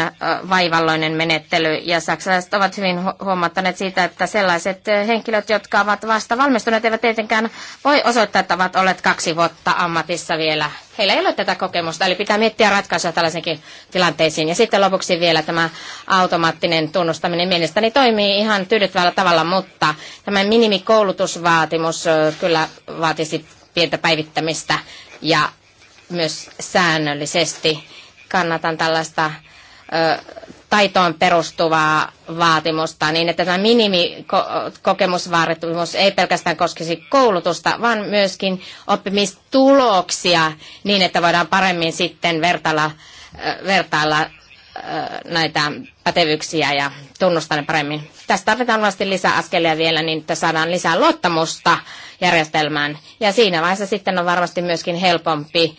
D: vaivalloinen menettely ja saksalaiset ovat hyvin huomattaneet siitä, että sellaiset henkilöt, jotka ovat vasta valmistuneet, eivät tietenkään voi osoittaa, että ovat olleet kaksi vuotta ammatissa vielä. Heillä ei ole tätä kokemusta, eli pitää miettiä ratkaisuja tällaisenkin tilanteisiin. Ja sitten lopuksi vielä tämä automaattinen tunnustaminen mielestäni toimii ihan tyydyttävällä tavalla, mutta tämä minimikoulutusvaatimus kyllä vaatisi pientä päivittämistä ja myös säännöllisesti. Kannatan tällaista ö, taitoon perustuvaa vaatimusta niin, että tämä minimikokemusvaatimus ei pelkästään koskisi koulutusta, vaan myöskin oppimistuloksia niin, että voidaan paremmin sitten vertailla, vertailla näitä pätevyyksiä ja tunnustaa ne paremmin. Tässä tarvitaan varmasti lisää askelia vielä, niin että saadaan lisää luottamusta järjestelmään. Ja siinä vaiheessa sitten on varmasti myöskin helpompi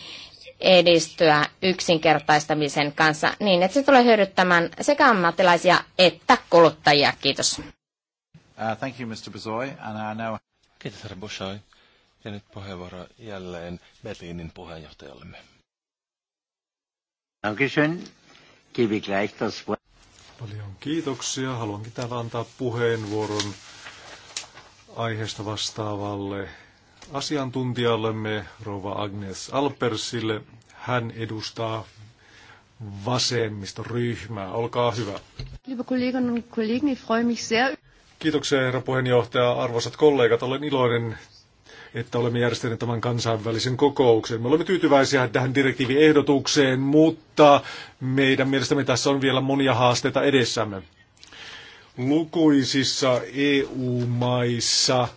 D: edistyä yksinkertaistamisen kanssa niin, että se tulee hyödyttämään sekä ammattilaisia että kuluttajia. Kiitos. Uh,
A: thank you, Mr. Bezoy,
C: and uh, now... Kiitos, herra Bushoi. Ja nyt puheenvuoro jälleen Berliinin
B: puheenjohtajallemme. Dankeschön. das Wort. Paljon kiitoksia. Haluankin täällä antaa puheenvuoron aiheesta vastaavalle asiantuntijallemme, rouva Agnes Alpersille. Hän edustaa vasemmistoryhmää. Olkaa hyvä. Kiitoksia herra puheenjohtaja. Arvoisat kollegat, olen iloinen että olemme järjestäneet tämän kansainvälisen kokouksen. Me olemme tyytyväisiä tähän direktiiviehdotukseen, mutta meidän mielestämme tässä on vielä monia haasteita edessämme. Lukuisissa EU-maissa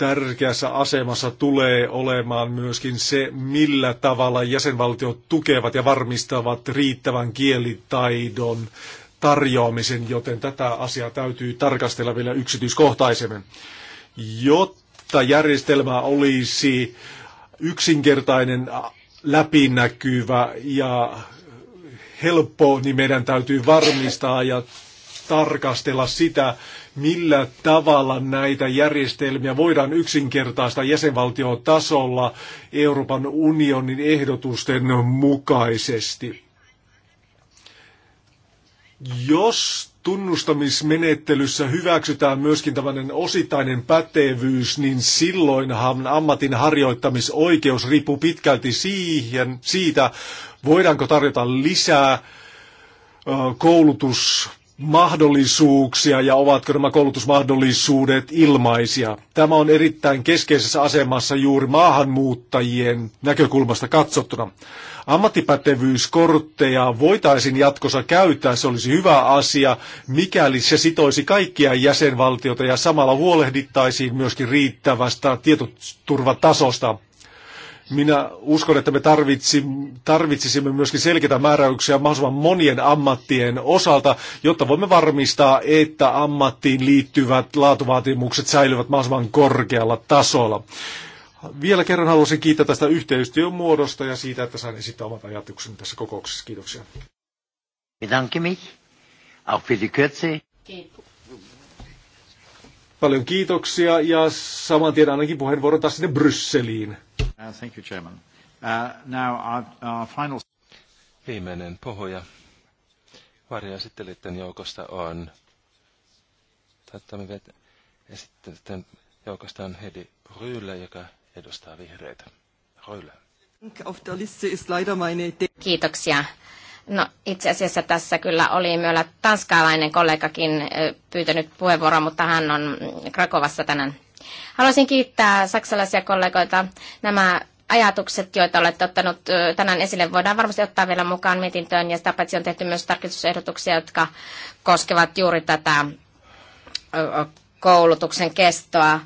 B: tärkeässä asemassa tulee olemaan myöskin se, millä tavalla jäsenvaltiot tukevat ja varmistavat riittävän kielitaidon tarjoamisen, joten tätä asiaa täytyy tarkastella vielä yksityiskohtaisemmin. Jotta järjestelmä olisi yksinkertainen, läpinäkyvä ja helppo, niin meidän täytyy varmistaa ja tarkastella sitä, millä tavalla näitä järjestelmiä voidaan yksinkertaista jäsenvaltiotasolla Euroopan unionin ehdotusten mukaisesti. Jos tunnustamismenettelyssä hyväksytään myöskin tämmöinen osittainen pätevyys, niin silloinhan ammatin harjoittamisoikeus riippuu pitkälti siihen, siitä, voidaanko tarjota lisää koulutus mahdollisuuksia ja ovatko nämä koulutusmahdollisuudet ilmaisia. Tämä on erittäin keskeisessä asemassa juuri maahanmuuttajien näkökulmasta katsottuna. Ammattipätevyyskortteja voitaisiin jatkossa käyttää, se olisi hyvä asia, mikäli se sitoisi kaikkia jäsenvaltioita ja samalla huolehdittaisiin myöskin riittävästä tietoturvatasosta. Minä uskon, että me tarvitsisimme myöskin selkeitä määräyksiä mahdollisimman monien ammattien osalta, jotta voimme varmistaa, että ammattiin liittyvät laatuvaatimukset säilyvät mahdollisimman korkealla tasolla. Vielä kerran haluaisin kiittää tästä yhteistyön muodosta ja siitä, että sain esittää omat ajatukseni tässä kokouksessa. Kiitoksia. Paljon kiitoksia ja saman tien ainakin puheenvuoron taas sinne Brysseliin.
A: Uh, thank you, Chairman.
B: Uh, now
C: our, final... Viimeinen puhuja varjoesittelijöiden joukosta on, esittelijöiden joukosta on Hedi Ryylä, joka edustaa vihreitä. Ryylä.
D: Kiitoksia. No itse asiassa tässä kyllä oli myöllä tanskalainen kollegakin pyytänyt puheenvuoroa, mutta hän on Krakovassa tänään Haluaisin kiittää saksalaisia kollegoita. Nämä ajatukset, joita olette ottanut tänään esille, voidaan varmasti ottaa vielä mukaan mietintöön. Ja sitä paitsi on tehty myös tarkistusehdotuksia, jotka koskevat juuri tätä koulutuksen kestoa.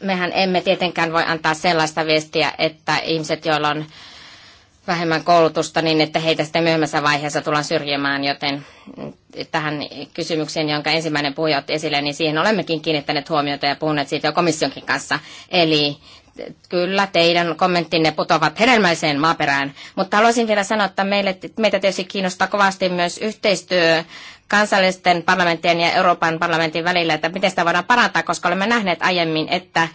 D: Mehän emme tietenkään voi antaa sellaista viestiä, että ihmiset, joilla on vähemmän koulutusta niin, että heitä sitten myöhemmässä vaiheessa tullaan syrjimään, joten tähän kysymykseen, jonka ensimmäinen puhuja otti esille, niin siihen olemmekin kiinnittäneet huomiota ja puhuneet siitä jo komissionkin kanssa. Eli kyllä teidän kommenttinne putoavat hedelmäiseen maaperään, mutta haluaisin vielä sanoa, että meille, meitä tietysti kiinnostaa kovasti myös yhteistyö kansallisten parlamenttien ja Euroopan parlamentin välillä, että miten sitä voidaan parantaa, koska olemme nähneet aiemmin, että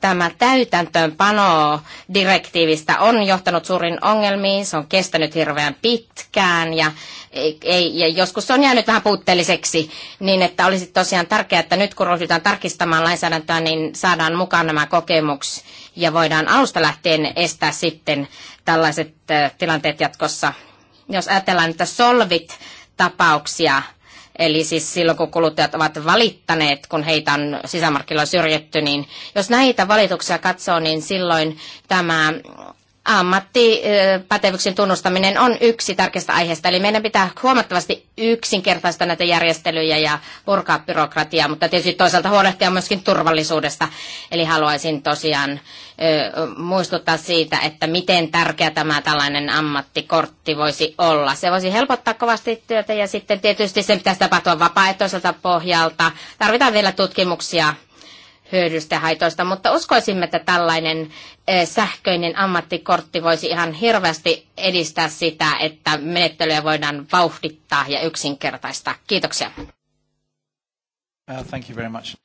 D: tämä täytäntöönpano direktiivistä on johtanut suurin ongelmiin, se on kestänyt hirveän pitkään ja, ei, ja joskus se on jäänyt vähän puutteelliseksi, niin että olisi tosiaan tärkeää, että nyt kun ryhdytään tarkistamaan lainsäädäntöä, niin saadaan mukaan nämä kokemukset ja voidaan alusta lähtien estää sitten tällaiset äh, tilanteet jatkossa. Jos ajatellaan, että solvit tapauksia Eli siis silloin, kun kuluttajat ovat valittaneet, kun heitä on sisämarkkinoilla syrjetty, niin jos näitä valituksia katsoo, niin silloin tämä ammattipätevyyksien tunnustaminen on yksi tärkeistä aiheista. Eli meidän pitää huomattavasti yksinkertaista näitä järjestelyjä ja purkaa byrokratiaa, mutta tietysti toisaalta huolehtia myöskin turvallisuudesta. Eli haluaisin tosiaan muistuttaa siitä, että miten tärkeä tämä tällainen ammattikortti voisi olla. Se voisi helpottaa kovasti työtä ja sitten tietysti sen pitäisi tapahtua vapaaehtoiselta pohjalta. Tarvitaan vielä tutkimuksia hyödystä haitoista, mutta uskoisimme, että tällainen eh, sähköinen ammattikortti voisi ihan hirveästi edistää sitä, että menettelyä voidaan vauhdittaa ja yksinkertaistaa. Kiitoksia.
C: Uh,
A: thank you very much.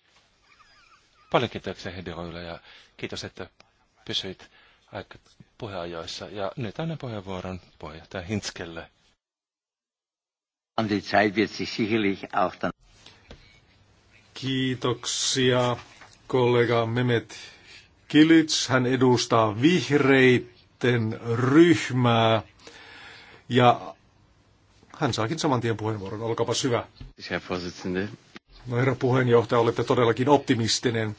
C: Paljon kiitoksia Hedi Roila ja kiitos, että pysyit aika puheajoissa. Ja nyt annan puheenvuoron puheenjohtaja Hinskelle.
B: Kiitoksia kollega Mehmet Kilits. Hän edustaa vihreitten ryhmää ja hän saakin saman tien puheenvuoron. Olkaapa hyvä. No herra puheenjohtaja, olette todellakin optimistinen.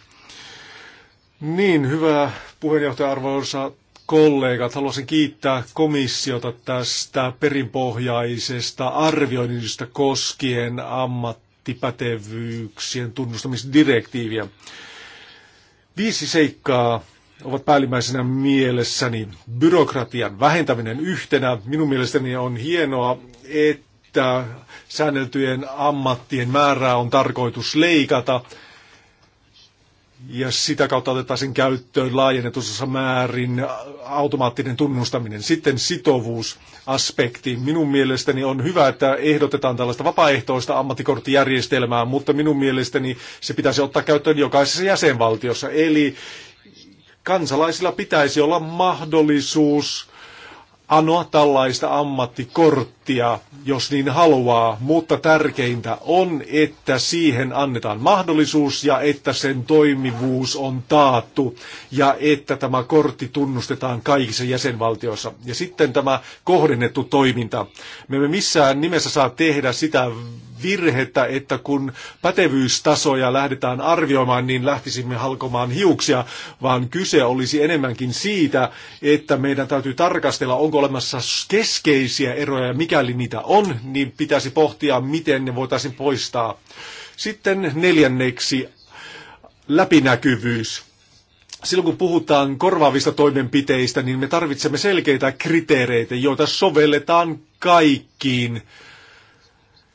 B: Niin, hyvä puheenjohtaja arvoisa kollegat. Haluaisin kiittää komissiota tästä perinpohjaisesta arvioinnista koskien ammattipätevyyksien tunnustamisdirektiiviä. Viisi seikkaa ovat päällimmäisenä mielessäni. Byrokratian vähentäminen yhtenä. Minun mielestäni on hienoa, että säänneltyjen ammattien määrää on tarkoitus leikata – ja sitä kautta sen käyttöön laajennetussa määrin automaattinen tunnustaminen. Sitten sitovuusaspekti. Minun mielestäni on hyvä, että ehdotetaan tällaista vapaaehtoista ammattikorttijärjestelmää, mutta minun mielestäni se pitäisi ottaa käyttöön jokaisessa jäsenvaltiossa. Eli kansalaisilla pitäisi olla mahdollisuus anoa tällaista ammattikorttia, jos niin haluaa, mutta tärkeintä on, että siihen annetaan mahdollisuus ja että sen toimivuus on taattu ja että tämä kortti tunnustetaan kaikissa jäsenvaltioissa. Ja sitten tämä kohdennettu toiminta. Me emme missään nimessä saa tehdä sitä virhettä, että kun pätevyystasoja lähdetään arvioimaan, niin lähtisimme halkomaan hiuksia, vaan kyse olisi enemmänkin siitä, että meidän täytyy tarkastella, onko olemassa keskeisiä eroja, ja mikäli niitä on, niin pitäisi pohtia, miten ne voitaisiin poistaa. Sitten neljänneksi läpinäkyvyys silloin kun puhutaan korvaavista toimenpiteistä, niin me tarvitsemme selkeitä kriteereitä, joita sovelletaan kaikkiin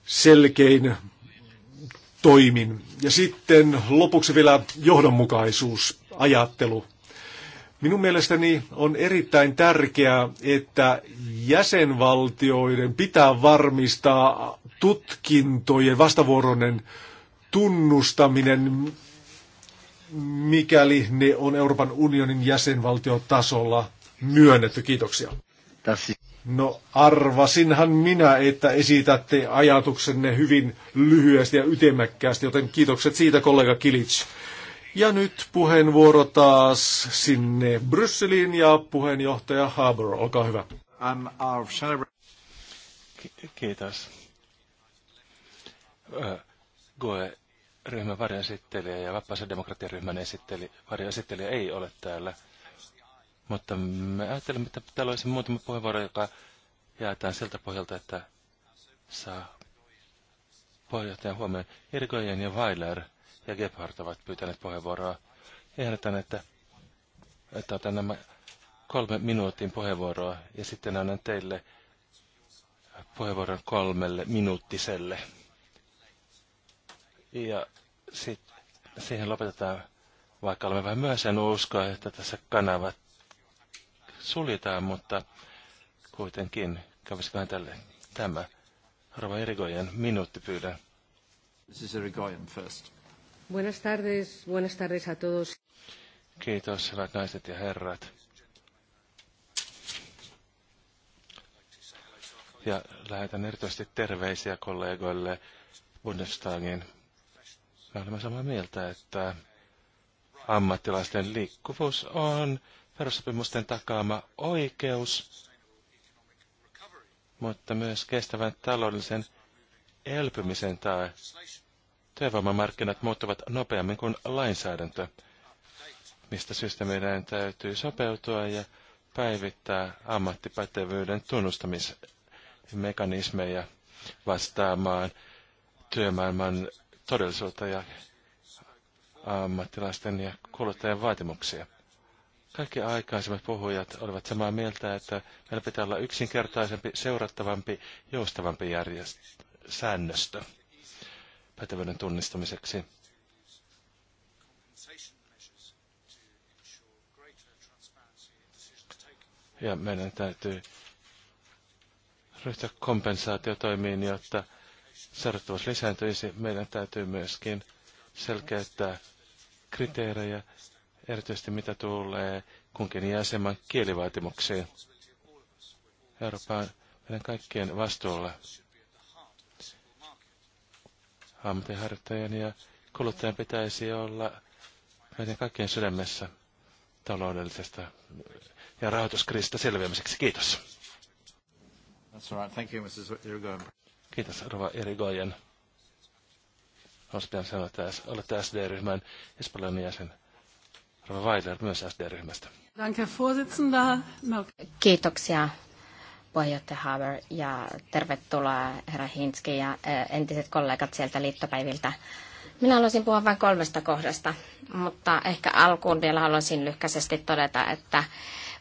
B: selkein toimin. Ja sitten lopuksi vielä johdonmukaisuus, ajattelu. Minun mielestäni on erittäin tärkeää, että jäsenvaltioiden pitää varmistaa tutkintojen vastavuoroinen tunnustaminen, mikäli ne on Euroopan unionin jäsenvaltiotasolla myönnetty. Kiitoksia. No arvasinhan minä, että esitätte ajatuksenne hyvin lyhyesti ja ytimekkäästi, joten kiitokset siitä kollega Kilic. Ja nyt puheenvuoro taas sinne Brysseliin ja puheenjohtaja Haber, olkaa hyvä.
A: Kiitos.
C: Goe ryhmän varjoesittelijä ja vapaisen demokratiaryhmän esitteli, varjoesittelijä ei ole täällä. Mutta me ajattelemme, että täällä olisi muutama puheenvuoro, joka jaetaan siltä pohjalta, että saa puheenjohtajan huomioon. Irgojen ja Weiler ja Gebhardt ovat pyytäneet puheenvuoroa. Ehdotan, että, että otan nämä kolme minuutin puheenvuoroa ja sitten annan teille puheenvuoron kolmelle minuuttiselle. Ja sitten siihen lopetetaan, vaikka olemme vähän myöhässä, en usko, että tässä kanavat suljetaan, mutta kuitenkin kävisikohan tälle tämä. Rova Erigoyen, minuutti pyydän. This is Erigoyen first. Buenas tardes, buenas tardes a todos. Kiitos, hyvät naiset ja herrat. Ja lähetän erityisesti terveisiä kollegoille Bundestagin. Me olemme samaa mieltä, että ammattilaisten liikkuvuus on perussopimusten takaama oikeus, mutta myös kestävän taloudellisen elpymisen tai Työvoimamarkkinat muuttuvat nopeammin kuin lainsäädäntö, mistä syystä meidän täytyy sopeutua ja päivittää ammattipätevyyden tunnustamismekanismeja vastaamaan työmaailman todellisuutta ja ammattilaisten ja kuluttajien vaatimuksia. Kaikki aikaisemmat puhujat olivat samaa mieltä, että meillä pitää olla yksinkertaisempi, seurattavampi, joustavampi järjest- säännöstö pätevyyden tunnistamiseksi. Ja meidän täytyy ryhtyä kompensaatiotoimiin, jotta seurattavuus lisääntyisi. Meidän täytyy myöskin selkeyttää kriteerejä erityisesti mitä tulee kunkin jäsenmaan kielivaatimuksiin. Eurooppa on meidän kaikkien vastuulla ammattiharjoittajien ja kuluttajan pitäisi olla meidän kaikkien sydämessä taloudellisesta ja rahoituskriisistä selviämiseksi. Kiitos.
A: That's right. Thank you, Mrs.
C: Kiitos, Rova Irigoyen. Haluaisin sanoa, että olette SD-ryhmän Espanjan jäsen. Rova myös SD-ryhmästä.
D: Kiitoksia puheenjohtaja Haber ja tervetuloa herra Hinski ja entiset kollegat sieltä liittopäiviltä. Minä haluaisin puhua vain kolmesta kohdasta, mutta ehkä alkuun vielä haluaisin lyhkäisesti todeta, että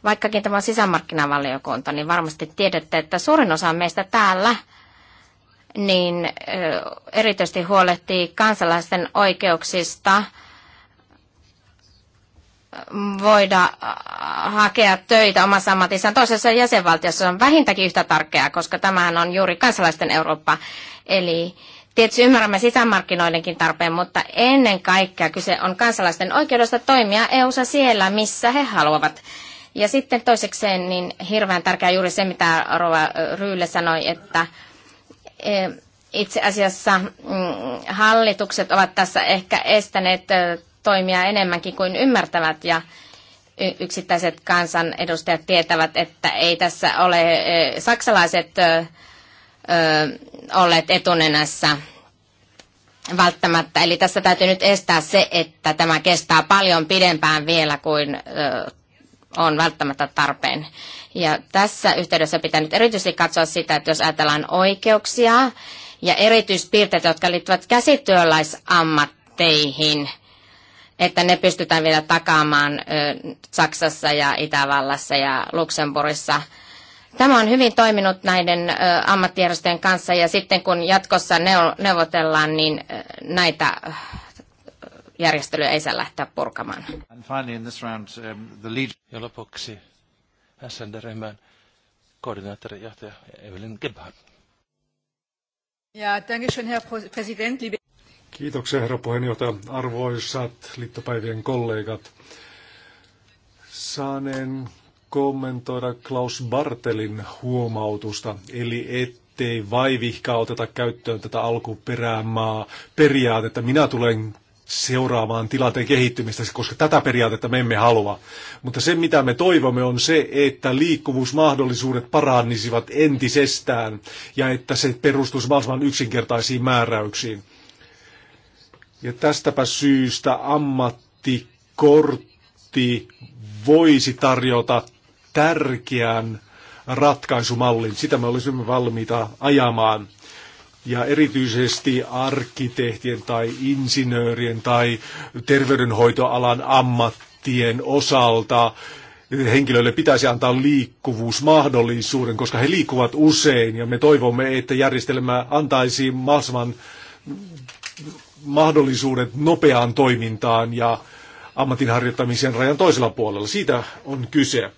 D: vaikkakin tämä on sisämarkkinavaliokunta, niin varmasti tiedätte, että suurin osa meistä täällä niin erityisesti huolehtii kansalaisten oikeuksista – voida äh, hakea töitä omassa ammatissaan toisessa jäsenvaltiossa on vähintäänkin yhtä tärkeää, koska tämähän on juuri kansalaisten Eurooppa. Eli tietysti ymmärrämme sisämarkkinoidenkin tarpeen, mutta ennen kaikkea kyse on kansalaisten oikeudesta toimia eu siellä, missä he haluavat. Ja sitten toisekseen niin hirveän tärkeää juuri se, mitä Rova Ryyle sanoi, että e, itse asiassa mm, hallitukset ovat tässä ehkä estäneet toimia enemmänkin kuin ymmärtävät ja yksittäiset kansanedustajat tietävät, että ei tässä ole saksalaiset olleet etunenässä välttämättä. Eli tässä täytyy nyt estää se, että tämä kestää paljon pidempään vielä kuin on välttämättä tarpeen. Ja tässä yhteydessä pitää nyt erityisesti katsoa sitä, että jos ajatellaan oikeuksia ja erityispiirteitä, jotka liittyvät käsityöläisammatteihin – että ne pystytään vielä takaamaan Saksassa ja Itävallassa ja Luxemburgissa. Tämä on hyvin toiminut näiden ammattijärjestöjen kanssa ja sitten kun jatkossa neuvotellaan, niin näitä järjestelyä ei saa lähteä purkamaan.
A: Um,
C: ja lopuksi SND-ryhmän koordinaattori
B: Evelyn Gebhardt.
C: Ja, danke schön, Herr Präsident, liebe
B: Kiitoksia herra puheenjohtaja, arvoisat liittopäivien kollegat. Saaneen kommentoida Klaus Bartelin huomautusta, eli ettei vaivihkaa oteta käyttöön tätä alkuperämaa periaatetta. Minä tulen seuraamaan tilanteen kehittymistä, koska tätä periaatetta me emme halua. Mutta se, mitä me toivomme, on se, että liikkuvuusmahdollisuudet parannisivat entisestään ja että se perustuisi mahdollisimman yksinkertaisiin määräyksiin. Ja tästäpä syystä ammattikortti voisi tarjota tärkeän ratkaisumallin. Sitä me olisimme valmiita ajamaan. Ja erityisesti arkkitehtien tai insinöörien tai terveydenhoitoalan ammattien osalta henkilöille pitäisi antaa liikkuvuusmahdollisuuden, koska he liikkuvat usein ja me toivomme, että järjestelmä antaisi mahdollisimman mahdollisuudet nopeaan toimintaan ja ammatinharjoittamisen rajan toisella puolella. Siitä on kyse.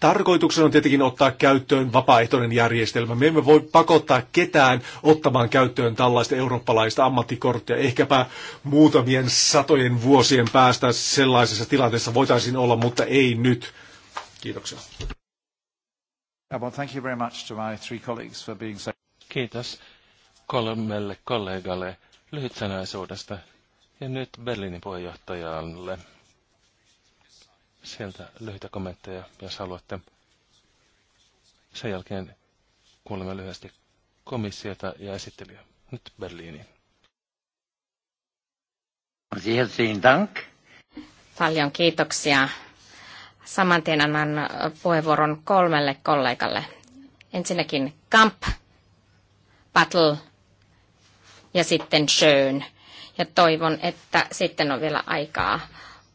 B: Tarkoituksena on tietenkin ottaa käyttöön vapaaehtoinen järjestelmä. Me emme voi pakottaa ketään ottamaan käyttöön tällaista eurooppalaista ammattikorttia. Ehkäpä muutamien satojen vuosien päästä sellaisessa tilanteessa voitaisiin olla, mutta ei nyt. Kiitoksia.
A: Kiitos
C: kolmelle kollegalle lyhytsanaisuudesta. Ja nyt Berliinin puheenjohtajalle. Sieltä lyhyitä kommentteja, jos haluatte. Sen jälkeen kuulemme lyhyesti komissiota ja esittelijä. Nyt Berliiniin.
D: Paljon kiitoksia. Saman tien annan puheenvuoron kolmelle kollegalle. Ensinnäkin Kamp, Battle ja sitten Schön. Ja toivon, että sitten on vielä aikaa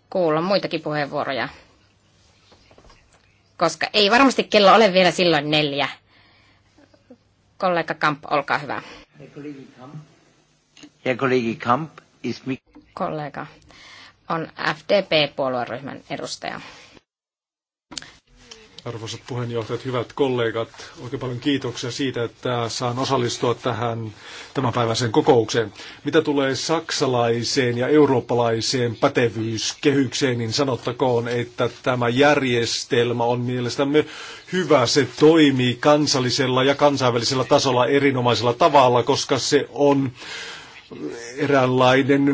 D: kuulla muitakin puheenvuoroja, koska ei varmasti kello ole vielä silloin neljä. Kollega Kamp, olkaa hyvä.
B: Ja kollegi Kamp, is...
D: Kollega on FDP-puolueryhmän edustaja.
B: Arvoisat puheenjohtajat, hyvät kollegat, oikein paljon kiitoksia siitä, että saan osallistua tähän tämänpäiväiseen kokoukseen. Mitä tulee saksalaiseen ja eurooppalaiseen pätevyyskehykseen, niin sanottakoon, että tämä järjestelmä on mielestämme hyvä. Se toimii kansallisella ja kansainvälisellä tasolla erinomaisella tavalla, koska se on eräänlainen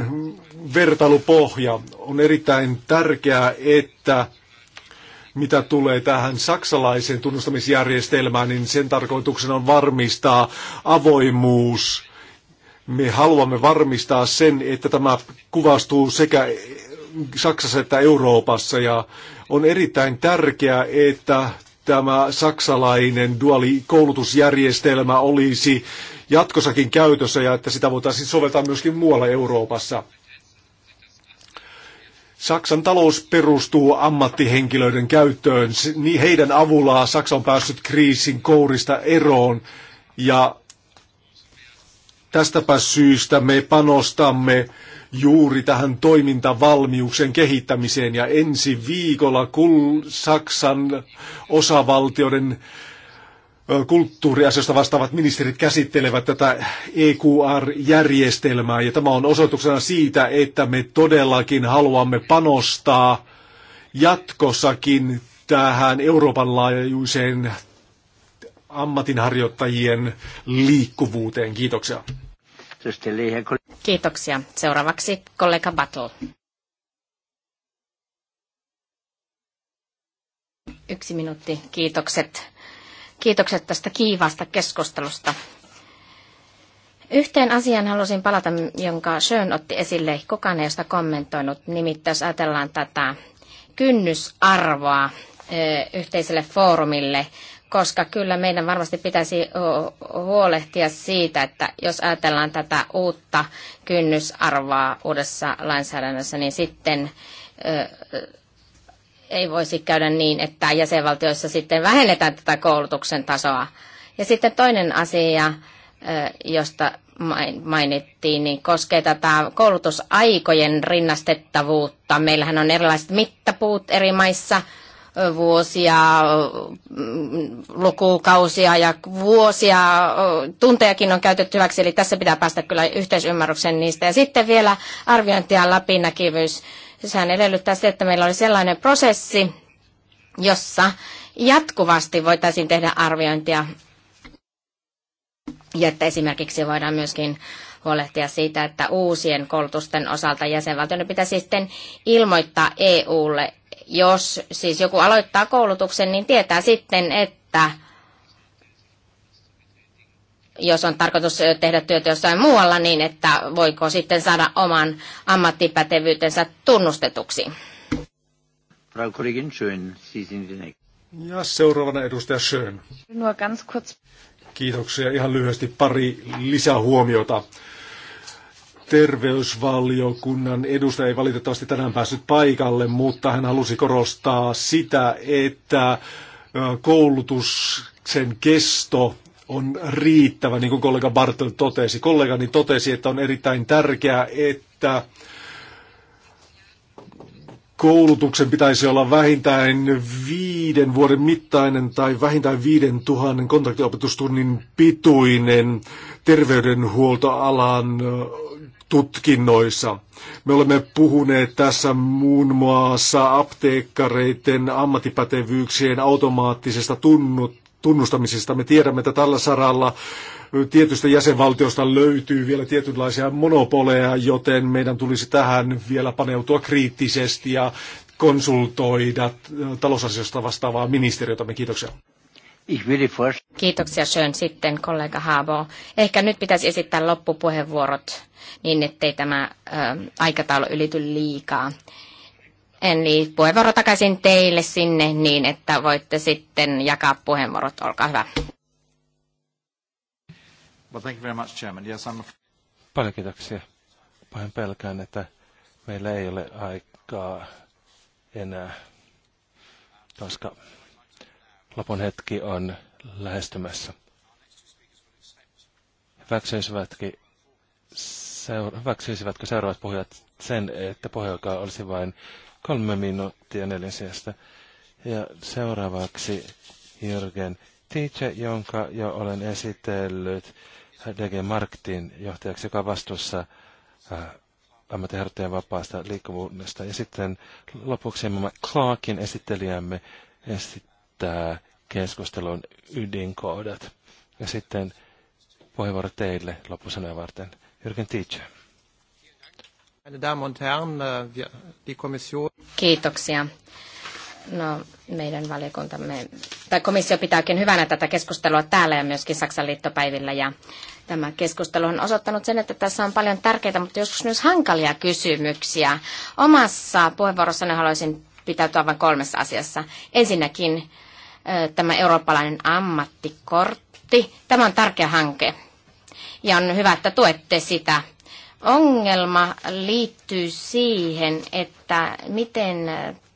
B: vertailupohja. On erittäin tärkeää, että mitä tulee tähän saksalaiseen tunnustamisjärjestelmään, niin sen tarkoituksena on varmistaa avoimuus. Me haluamme varmistaa sen, että tämä kuvastuu sekä Saksassa että Euroopassa ja on erittäin tärkeää, että tämä saksalainen duaalikoulutusjärjestelmä olisi jatkossakin käytössä ja että sitä voitaisiin soveltaa myöskin muualla Euroopassa. Saksan talous perustuu ammattihenkilöiden käyttöön. Heidän avullaan Saksa on päässyt kriisin kourista eroon ja tästäpä syystä me panostamme juuri tähän toimintavalmiuksen kehittämiseen ja ensi viikolla kun Saksan osavaltioiden kulttuuriasioista vastaavat ministerit käsittelevät tätä EQR-järjestelmää ja tämä on osoituksena siitä, että me todellakin haluamme panostaa jatkossakin tähän Euroopan laajuiseen ammatinharjoittajien liikkuvuuteen. Kiitoksia.
D: Kiitoksia. Seuraavaksi kollega Battle. Yksi minuutti. Kiitokset Kiitokset tästä kiivasta keskustelusta. Yhteen asiaan halusin palata, jonka Schön otti esille. Kukaan ei ole sitä kommentoinut. Nimittäin jos ajatellaan tätä kynnysarvoa yhteiselle foorumille, koska kyllä meidän varmasti pitäisi huolehtia siitä, että jos ajatellaan tätä uutta kynnysarvoa uudessa lainsäädännössä, niin sitten ei voisi käydä niin, että jäsenvaltioissa sitten vähennetään tätä koulutuksen tasoa. Ja sitten toinen asia, josta mainittiin, niin koskee tätä koulutusaikojen rinnastettavuutta. Meillähän on erilaiset mittapuut eri maissa, vuosia, mm, lukukausia ja vuosia, tuntejakin on käytetty hyväksi, eli tässä pitää päästä kyllä yhteisymmärrykseen niistä. Ja sitten vielä arviointi ja läpinäkyvyys Sehän edellyttää sitä, että meillä oli sellainen prosessi, jossa jatkuvasti voitaisiin tehdä arviointia ja että esimerkiksi voidaan myöskin huolehtia siitä, että uusien koulutusten osalta jäsenvaltioiden pitäisi sitten ilmoittaa EUlle. Jos siis joku aloittaa koulutuksen, niin tietää sitten, että jos on tarkoitus tehdä työtä jossain muualla, niin että voiko sitten saada oman ammattipätevyytensä tunnustetuksi.
B: ja seuraavana edustaja Schön. Kiitoksia. Ihan lyhyesti pari lisähuomiota. Terveysvaliokunnan edustaja ei valitettavasti tänään päässyt paikalle, mutta hän halusi korostaa sitä, että sen kesto on riittävä, niin kuin kollega Bartel totesi. Kollegani totesi, että on erittäin tärkeää, että koulutuksen pitäisi olla vähintään viiden vuoden mittainen tai vähintään viiden tuhannen kontaktiopetustunnin pituinen terveydenhuoltoalan tutkinnoissa. Me olemme puhuneet tässä muun muassa apteekkareiden ammattipätevyyksien automaattisesta tunnut, tunnustamisesta. Me tiedämme, että tällä saralla tietystä jäsenvaltiosta löytyy vielä tietynlaisia monopoleja, joten meidän tulisi tähän vielä paneutua kriittisesti ja konsultoida talousasioista vastaavaa me Kiitoksia.
D: Kiitoksia Schön sitten kollega Haabo. Ehkä nyt pitäisi esittää loppupuheenvuorot niin, ettei tämä ö, aikataulu ylity liikaa. Eli niin, puheenvuoro takaisin teille sinne niin, että voitte sitten jakaa puheenvuorot. Olkaa hyvä.
A: Well, thank you very much, Chairman. Yes, I'm...
C: Paljon kiitoksia. Pahin pelkään, että meillä ei ole aikaa enää, koska lopun hetki on lähestymässä. Hyväksyisivätkin seura- hyväksyisivätkö seuraavat puhujat sen, että puheenjohtaja olisi vain kolme minuuttia neljän sijasta. Ja seuraavaksi Jürgen Tietje, jonka jo olen esitellyt DG Marktin johtajaksi, joka on vastuussa äh, ammattiharjoittajan vapaasta liikkuvuudesta. Ja sitten lopuksi Clarkin esittelijämme esittää keskustelun ydinkohdat. Ja sitten puheenvuoro teille loppusanoja varten. Jürgen Tietje.
A: Äh,
D: Kiitoksia. No, meidän valiokuntamme, tai komissio pitääkin hyvänä tätä keskustelua täällä ja myöskin Saksan liittopäivillä. Ja tämä keskustelu on osoittanut sen, että tässä on paljon tärkeitä, mutta joskus myös hankalia kysymyksiä. Omassa puheenvuorossani haluaisin pitäytyä vain kolmessa asiassa. Ensinnäkin tämä eurooppalainen ammattikortti. Tämä on tärkeä hanke ja on hyvä, että tuette sitä Ongelma liittyy siihen, että miten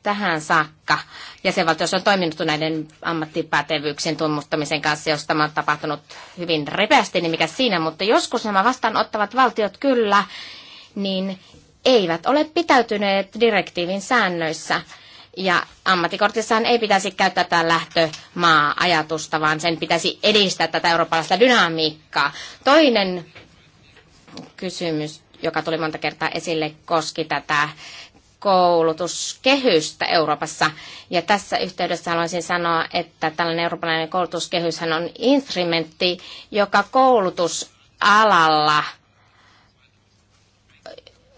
D: tähän saakka jäsenvaltiossa on toiminut näiden ammattipätevyyksien tunnustamisen kanssa, jos tämä on tapahtunut hyvin repeästi, niin mikä siinä, mutta joskus nämä vastaanottavat valtiot kyllä, niin eivät ole pitäytyneet direktiivin säännöissä. Ja ammattikortissaan ei pitäisi käyttää tätä lähtömaa-ajatusta, vaan sen pitäisi edistää tätä eurooppalaista dynamiikkaa. Toinen kysymys, joka tuli monta kertaa esille, koski tätä koulutuskehystä Euroopassa. Ja tässä yhteydessä haluaisin sanoa, että tällainen eurooppalainen koulutuskehys on instrumentti, joka koulutusalalla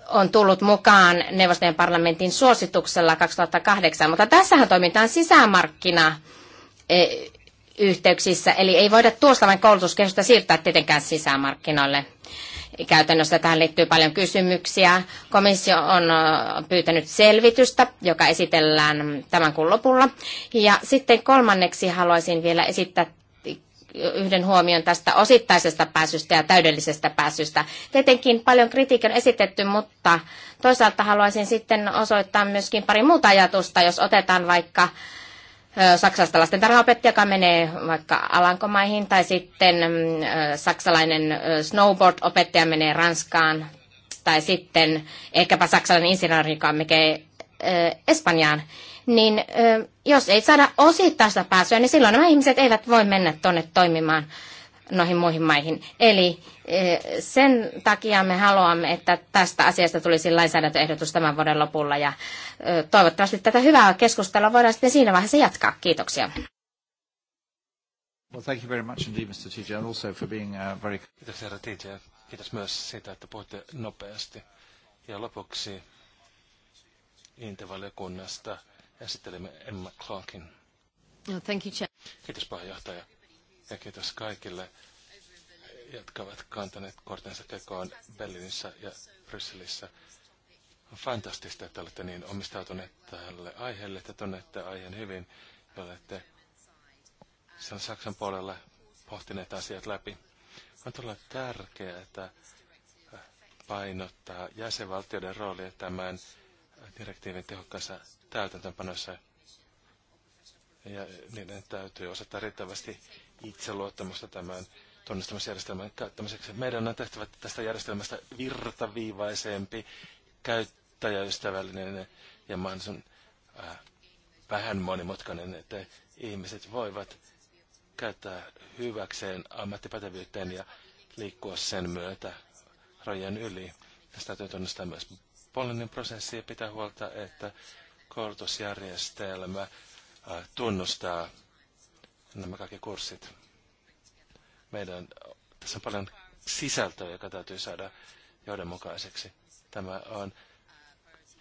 D: on tullut mukaan neuvostojen parlamentin suosituksella 2008, mutta tässähän toimitaan sisämarkkina e, yhteyksissä, eli ei voida tuosta vain koulutuskehystä siirtää tietenkään sisämarkkinoille. Käytännössä tähän liittyy paljon kysymyksiä. Komissio on pyytänyt selvitystä, joka esitellään tämän kuun lopulla. Ja sitten kolmanneksi haluaisin vielä esittää yhden huomion tästä osittaisesta pääsystä ja täydellisestä pääsystä. Tietenkin paljon kritiikkiä on esitetty, mutta toisaalta haluaisin sitten osoittaa myöskin pari muuta ajatusta, jos otetaan vaikka Saksasta tarhaopettaja, joka menee vaikka Alankomaihin, tai sitten saksalainen snowboard-opettaja menee Ranskaan, tai sitten ehkäpä saksalainen insinööri, joka menee Espanjaan. Niin jos ei saada osittaista pääsyä, niin silloin nämä ihmiset eivät voi mennä tuonne toimimaan noihin muihin maihin. Eli Eh, sen takia me haluamme, että tästä asiasta tulisi lainsäädäntöehdotus tämän vuoden lopulla ja toivottavasti tätä hyvää keskustelua voidaan sitten siinä vaiheessa jatkaa. Kiitoksia.
A: Well, thank you very much indeed, Mr. TJ, and also for being uh, very...
C: Kiitos herra TJ. Kiitos myös siitä, että puhutte nopeasti. Ja lopuksi Intervaliokunnasta esittelemme Emma Clarkin. No, thank you, Chair. Kiitos puheenjohtaja ja kiitos kaikille jotka ovat kantaneet kortensa kekoon Berliinissä ja Brysselissä. On fantastista, että olette niin omistautuneet tälle aiheelle, että tunnette aiheen hyvin ja olette sen Saksan puolella pohtineet asiat läpi. On todella tärkeää, että painottaa jäsenvaltioiden roolia tämän direktiivin tehokkaassa täytäntöönpanossa. Ja niiden täytyy osata riittävästi itseluottamusta tämän tunnistamisjärjestelmän käyttämiseksi. Meidän on tehtävä tästä järjestelmästä virtaviivaisempi, käyttäjäystävällinen ja mahdollisimman äh, vähän monimutkainen, että ihmiset voivat käyttää hyväkseen ammattipätevyyteen ja liikkua sen myötä rajan yli. Tästä täytyy tunnistaa myös poliittinen prosessi ja pitää huolta, että koulutusjärjestelmä äh, tunnustaa nämä kaikki kurssit meidän, tässä on paljon sisältöä, joka täytyy saada johdonmukaiseksi. Tämä on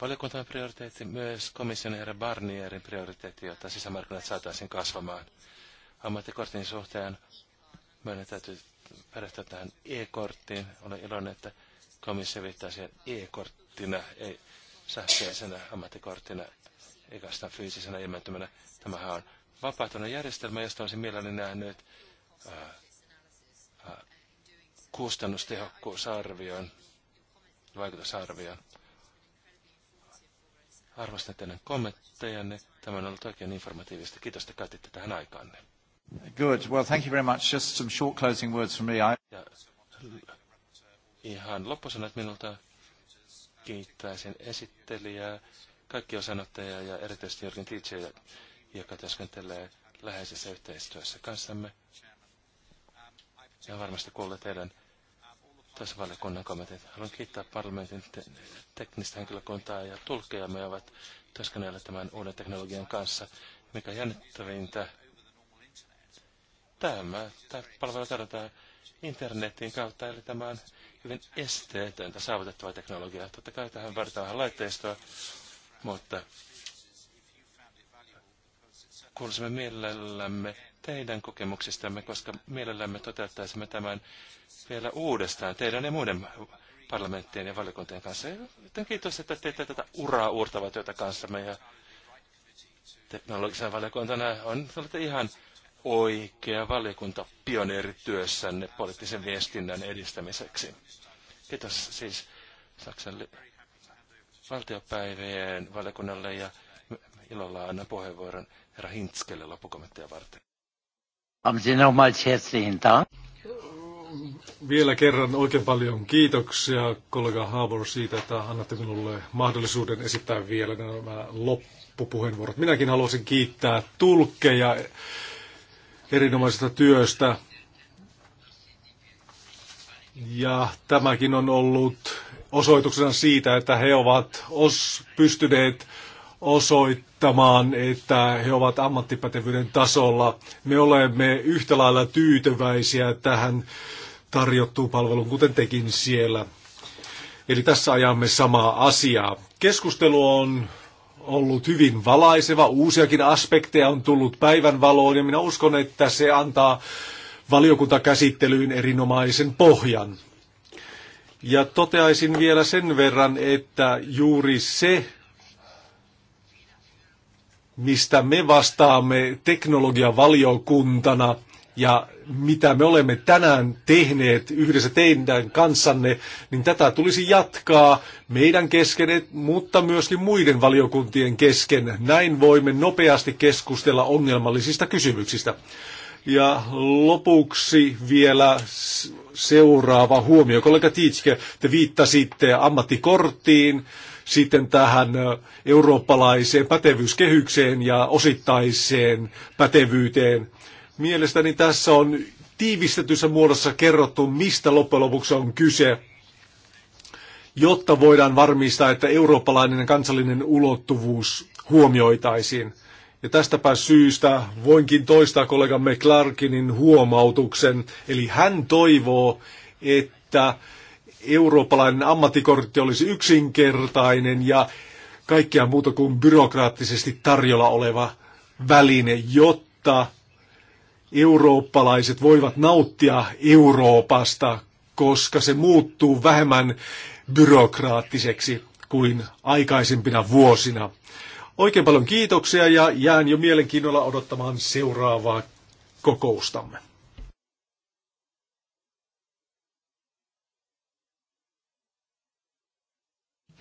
C: valiokuntamme prioriteetti, myös komission herra Barnierin prioriteetti, jotta sisämarkkinat saataisiin kasvamaan. Ammattikortin suhteen meidän täytyy perehtyä tähän e-korttiin. Olen iloinen, että komissio viittaa siihen e-korttina, ei sähköisenä ammattikorttina, eikä sitä fyysisenä ilmentymänä. Tämähän on vapaaehtoinen järjestelmä, josta olisin mielelläni nähnyt äh, kustannustehokkuusarvioon, vaikutusarvioon. Arvostan teidän kommenttejanne. Tämä on ollut oikein informatiivista. Kiitos, että käytitte tähän aikaanne.
A: Good. Well, thank you very much. Just some short closing words from me. I...
C: Ja, ihan loppusanat minulta kiittäisin esittelijää, kaikki osanottajia ja erityisesti Jörgen DJ, joka työskentelee läheisessä yhteistyössä kanssamme. Ja varmasti kuulee teidän tässä valiokunnan kommentit. Haluan kiittää parlamentin te- teknistä henkilökuntaa ja tulkkeja. Me ovat työskennelleet tämän uuden teknologian kanssa. Mikä jännittävintä, tämä, tämä palvelu tarjotaan internetin kautta, eli tämä on hyvin esteetöntä saavutettavaa teknologiaa. Totta kai tähän vaaditaan vähän laitteistoa, mutta kuulisimme mielellämme teidän kokemuksistamme, koska mielellämme toteuttaisimme tämän vielä uudestaan teidän ja muiden parlamenttien ja valiokuntien kanssa. Joten kiitos, että teette tätä uraa uurtavaa työtä kanssamme ja teknologisena valiokuntana on, olette ihan oikea valiokunta pioneerityössänne poliittisen viestinnän edistämiseksi. Kiitos siis Saksan valtiopäivien valiokunnalle ja ilolla annan puheenvuoron herra Hintskelle loppukommentteja varten.
B: Haben Sie nochmals herzlichen Dank vielä kerran oikein paljon kiitoksia kollega Haavor siitä, että annatte minulle mahdollisuuden esittää vielä nämä loppupuheenvuorot. Minäkin haluaisin kiittää tulkkeja erinomaisesta työstä. Ja tämäkin on ollut osoituksena siitä, että he ovat os pystyneet osoittamaan, että he ovat ammattipätevyyden tasolla. Me olemme yhtä lailla tyytyväisiä tähän tarjottuun palveluun, kuten tekin siellä. Eli tässä ajamme samaa asiaa. Keskustelu on ollut hyvin valaiseva, uusiakin aspekteja on tullut päivän valoon ja minä uskon, että se antaa valiokuntakäsittelyyn erinomaisen pohjan. Ja toteaisin vielä sen verran, että juuri se, mistä me vastaamme teknologiavaliokuntana ja mitä me olemme tänään tehneet yhdessä teidän kanssanne, niin tätä tulisi jatkaa meidän kesken, mutta myöskin muiden valiokuntien kesken. Näin voimme nopeasti keskustella ongelmallisista kysymyksistä. Ja lopuksi vielä seuraava huomio. Kollega Tiitske, te viittasitte ammattikorttiin, sitten tähän eurooppalaiseen pätevyyskehykseen ja osittaiseen pätevyyteen. Mielestäni tässä on tiivistetyssä muodossa kerrottu, mistä loppujen lopuksi on kyse, jotta voidaan varmistaa, että eurooppalainen kansallinen ulottuvuus huomioitaisiin. Ja tästäpä syystä voinkin toistaa kollegamme Clarkinin huomautuksen. Eli hän toivoo, että eurooppalainen ammattikortti olisi yksinkertainen ja kaikkea muuta kuin byrokraattisesti tarjolla oleva väline, jotta eurooppalaiset voivat nauttia Euroopasta, koska se muuttuu vähemmän byrokraattiseksi kuin aikaisempina vuosina. Oikein paljon kiitoksia ja jään jo mielenkiinnolla odottamaan seuraavaa kokoustamme.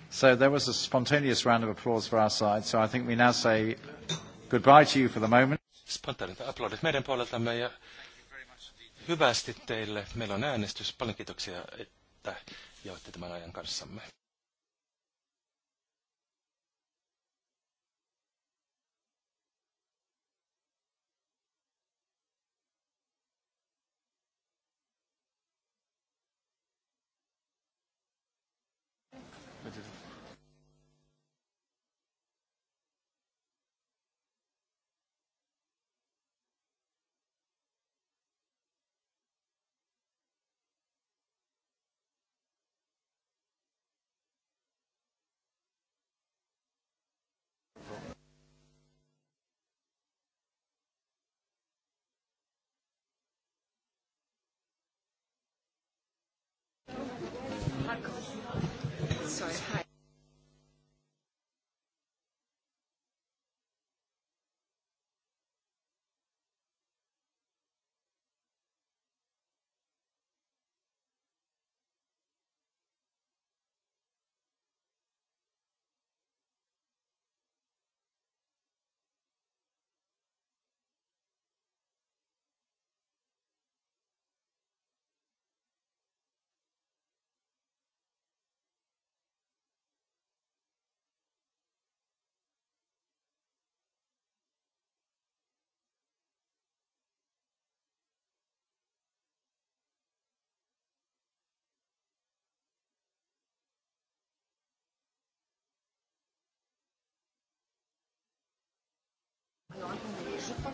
A: So there was a spontaneous round of applause for our side, so I think we now say goodbye to you for the moment
C: spontaanit aplodit meidän puoleltamme ja hyvästi teille. Meillä on äänestys. Paljon kiitoksia, että jaoitte tämän ajan kanssamme. Marcos.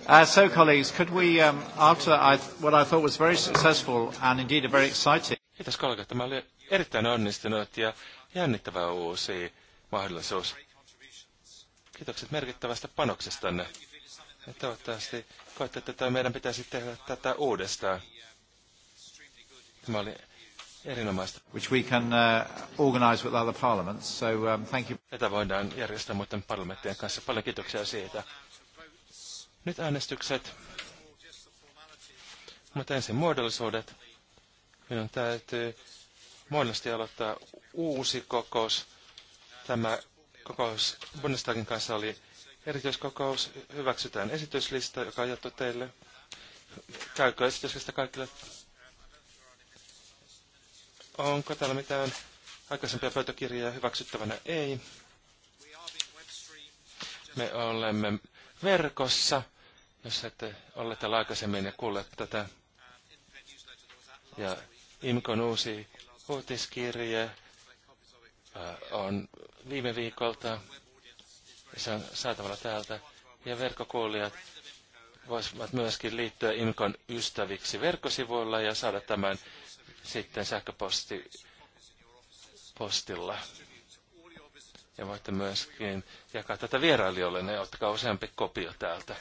A: Uh, so, colleagues, could we, um, after I, what I thought was very
C: successful and indeed a very exciting... Kiitos kollega. tämä oli erittäin onnistunut ja jännittävä uusi mahdollisuus. Kiitokset merkittävästä panoksestanne. Ja toivottavasti koette, että meidän pitäisi tehdä tätä uudestaan. Tämä oli erinomaista. Which we can
A: uh, organize with other parliaments, so um, thank you. Tätä voidaan järjestää muiden parlamenttien kanssa. Paljon
C: kiitoksia siitä. Nyt äänestykset, mutta ensin muodollisuudet. Minun täytyy muodollisesti aloittaa uusi kokous. Tämä kokous Bundestagin kanssa oli erityiskokous. Hyväksytään esityslista, joka on jaettu teille. Käykö esityslista kaikille? Onko täällä mitään aikaisempia pöytäkirjoja hyväksyttävänä? Ei. Me olemme verkossa, jos ette ole täällä aikaisemmin ja kuulleet tätä. Ja IMKON uusi uutiskirje äh, on viime viikolta. Se on saatavalla täältä. Ja verkkokuulijat voisivat myöskin liittyä IMKON ystäviksi verkkosivuilla ja saada tämän sitten sähköposti postilla. Ja voitte myöskin jakaa tätä vierailijoille, ne ottakaa useampi kopio täältä.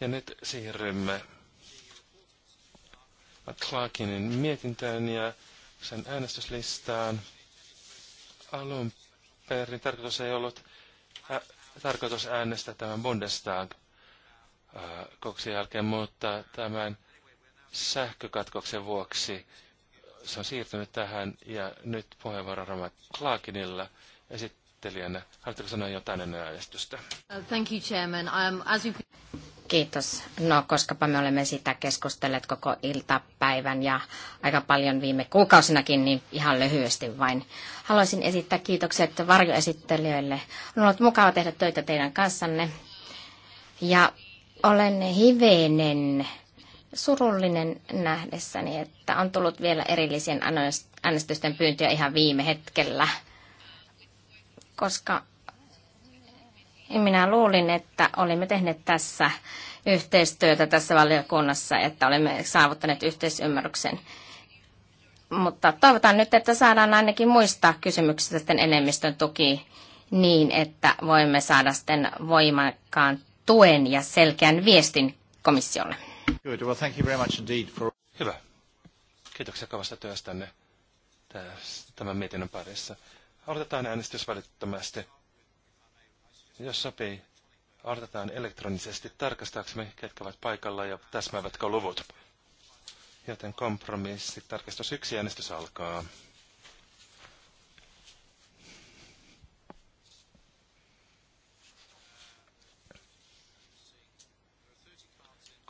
C: Ja nyt siirrymme Clarkinin mietintöön ja sen äänestyslistaan. Alun perin tarkoitus ei ollut ä, äh, tarkoitus äänestää tämän Bundestag äh, kokouksen jälkeen, mutta tämän sähkökatkoksen vuoksi se on siirtynyt tähän ja nyt puheenvuoro Rama Klaakinilla esittelijänä. Haluatteko sanoa jotain ennen äänestystä?
D: Thank you, Chairman. Um, as you... Kiitos. No, koskapa me olemme sitä keskustelleet koko iltapäivän ja aika paljon viime kuukausinakin, niin ihan lyhyesti vain. Haluaisin esittää kiitokset varjoesittelijöille. On ollut mukava tehdä töitä teidän kanssanne. Ja olen hivenen surullinen nähdessäni, että on tullut vielä erillisen äänestysten pyyntöjä ihan viime hetkellä, koska minä luulin, että olimme tehneet tässä yhteistyötä tässä valiokunnassa, että olemme saavuttaneet yhteisymmärryksen. Mutta toivotaan nyt, että saadaan ainakin muistaa kysymyksistä sitten enemmistön tuki niin, että voimme saada sitten voimakkaan tuen ja selkeän viestin komissiolle.
C: Good. Well, thank you very much indeed for... Hyvä. Kiitoksia kovasta työstänne tämän mietinnön parissa. Aloitetaan äänestys välittömästi. Jos sopii, aloitetaan elektronisesti tarkastaaksemme, ketkä ovat paikalla ja täsmäävätkö luvut. Joten kompromissi, tarkastus yksi äänestys alkaa.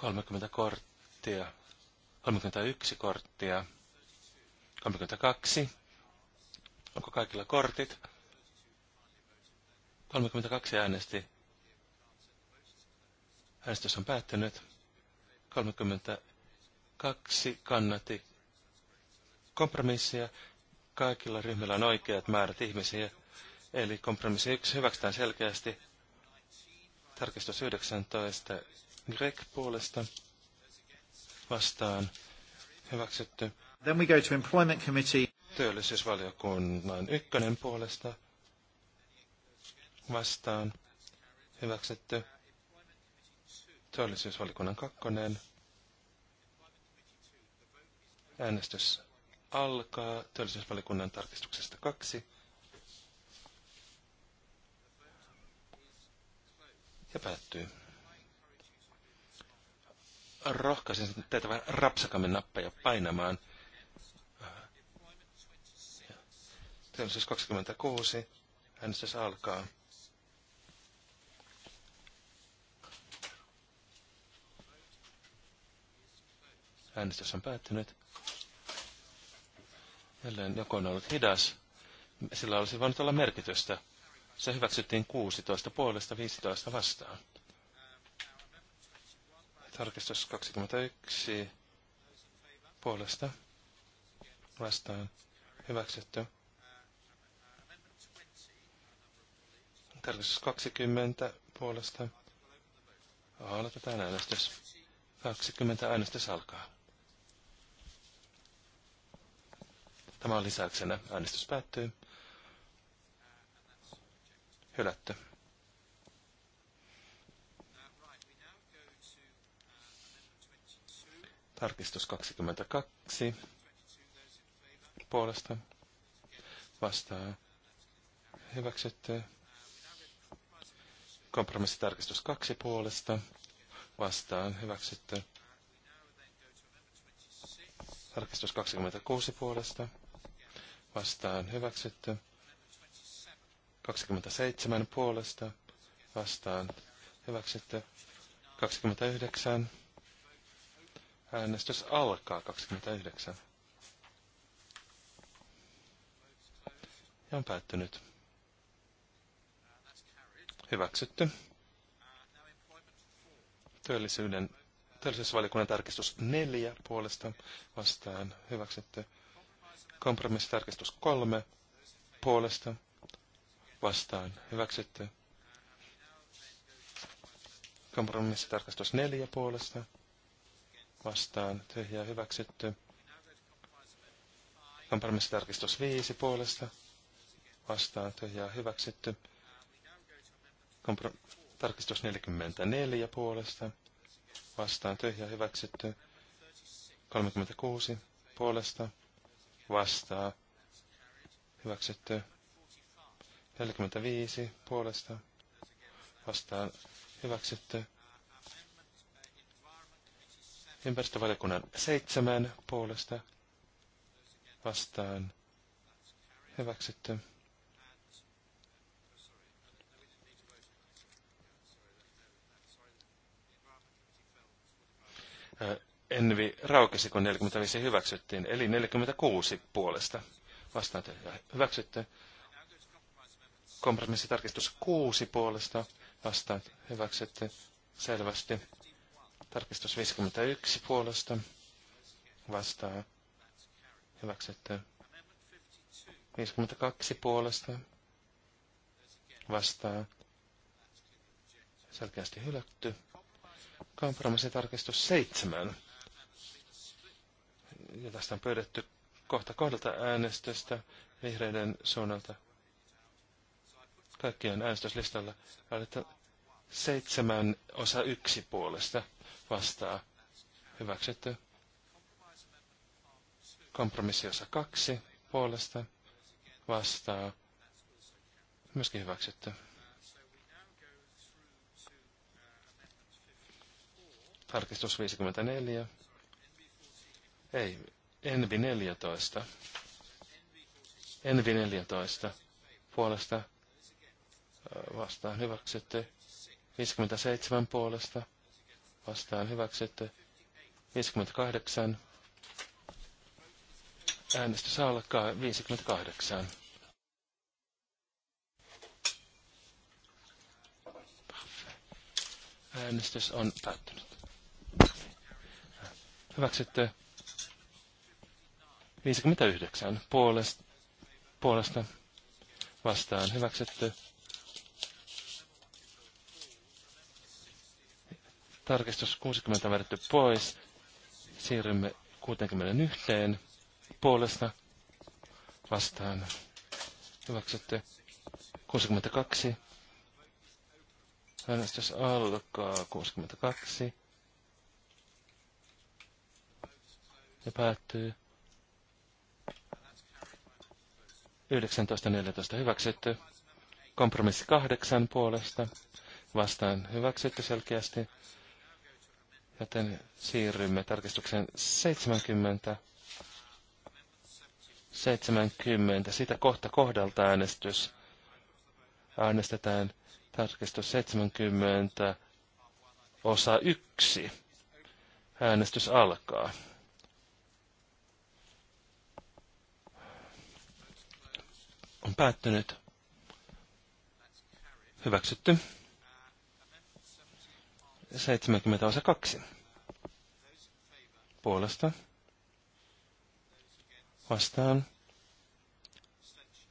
C: 30 korttia, 31 korttia, 32. Onko kaikilla kortit? 32 äänesti. Äänestys on päättynyt. 32 kannatti kompromissia. Kaikilla ryhmillä on oikeat määrät ihmisiä. Eli kompromissi 1 hyväksytään selkeästi. Tarkistus 19 Greg puolesta vastaan hyväksytty. Then we go to employment committee. Työllisyysvaliokunnan ykkönen puolesta vastaan hyväksytty. Työllisyysvaliokunnan kakkonen. Äänestys alkaa työllisyysvaliokunnan tarkistuksesta kaksi. Ja päättyy rohkaisin teitä vähän rapsakammin nappeja painamaan. Se on siis 26. siis alkaa. Äänestys on päättynyt. Jälleen joku on ollut hidas. Sillä olisi voinut olla merkitystä. Se hyväksyttiin 16 puolesta 15 vastaan. Tarkistus 21 puolesta vastaan hyväksytty. Tarkistus 20 puolesta. Aloitetaan äänestys. 20 äänestys alkaa. Tämä on lisäyksenä. Äänestys päättyy. Hylätty. Tarkistus 22 puolesta vastaa hyväksytty. Kompromissitarkistus 2 puolesta vastaan hyväksytty. Tarkistus 26 puolesta vastaan hyväksytty. 27 puolesta vastaan hyväksytty. 29 Äänestys alkaa 29. Ja on päättynyt. Hyväksytty. Työllisyyden, työllisyysvaliokunnan tarkistus 4 puolesta vastaan. Hyväksytty. Kompromissitarkistus 3 puolesta vastaan. Hyväksytty. Kompromissitarkastus neljä puolesta vastaan tyhjää hyväksytty. Kompromissitarkistus 5 puolesta vastaan tyhjää hyväksytty. Kompro- tarkistus 44 puolesta vastaan tyhjää hyväksytty. 36 puolesta vastaa hyväksytty. 45 puolesta vastaan hyväksytty. Ympäristövaliokunnan seitsemän puolesta vastaan hyväksytty. Envi raukesi, kun 45 hyväksyttiin, eli 46 puolesta vastaan hyväksytty. Kompromissitarkistus 6 puolesta vastaan hyväksytty selvästi. Tarkistus 51 puolesta vastaa hyväksytty. 52 puolesta vastaa selkeästi hylätty. Kompromissitarkistus 7. Ja tästä on pyydetty kohta kohdalta äänestystä vihreiden suunnalta. Kaikkien äänestyslistalla äänestetään seitsemän osa yksi puolesta vastaa hyväksytty. osa kaksi puolesta vastaa myöskin hyväksytty. Tarkistus 54. Ei, Envi 14. Envi 14. Puolesta vastaan hyväksytty. 57 puolesta vastaan hyväksytty. 58. Äänestys alkaa 58. Äänestys on päättynyt. Hyväksytty. 59 puolesta, puolesta vastaan hyväksytty. Tarkistus 60 on vedetty pois. Siirrymme 61 puolesta vastaan. Hyväksytte 62. Äänestys alkaa 62. Ja päättyy 19.14 hyväksytty. Kompromissi kahdeksan puolesta. Vastaan hyväksytty selkeästi. Joten siirrymme tarkistukseen 70. 70. Sitä kohta kohdalta äänestys. Äänestetään tarkistus 70 osa 1. Äänestys alkaa. On päättynyt. Hyväksytty. 70 osa 2. Puolesta. Vastaan.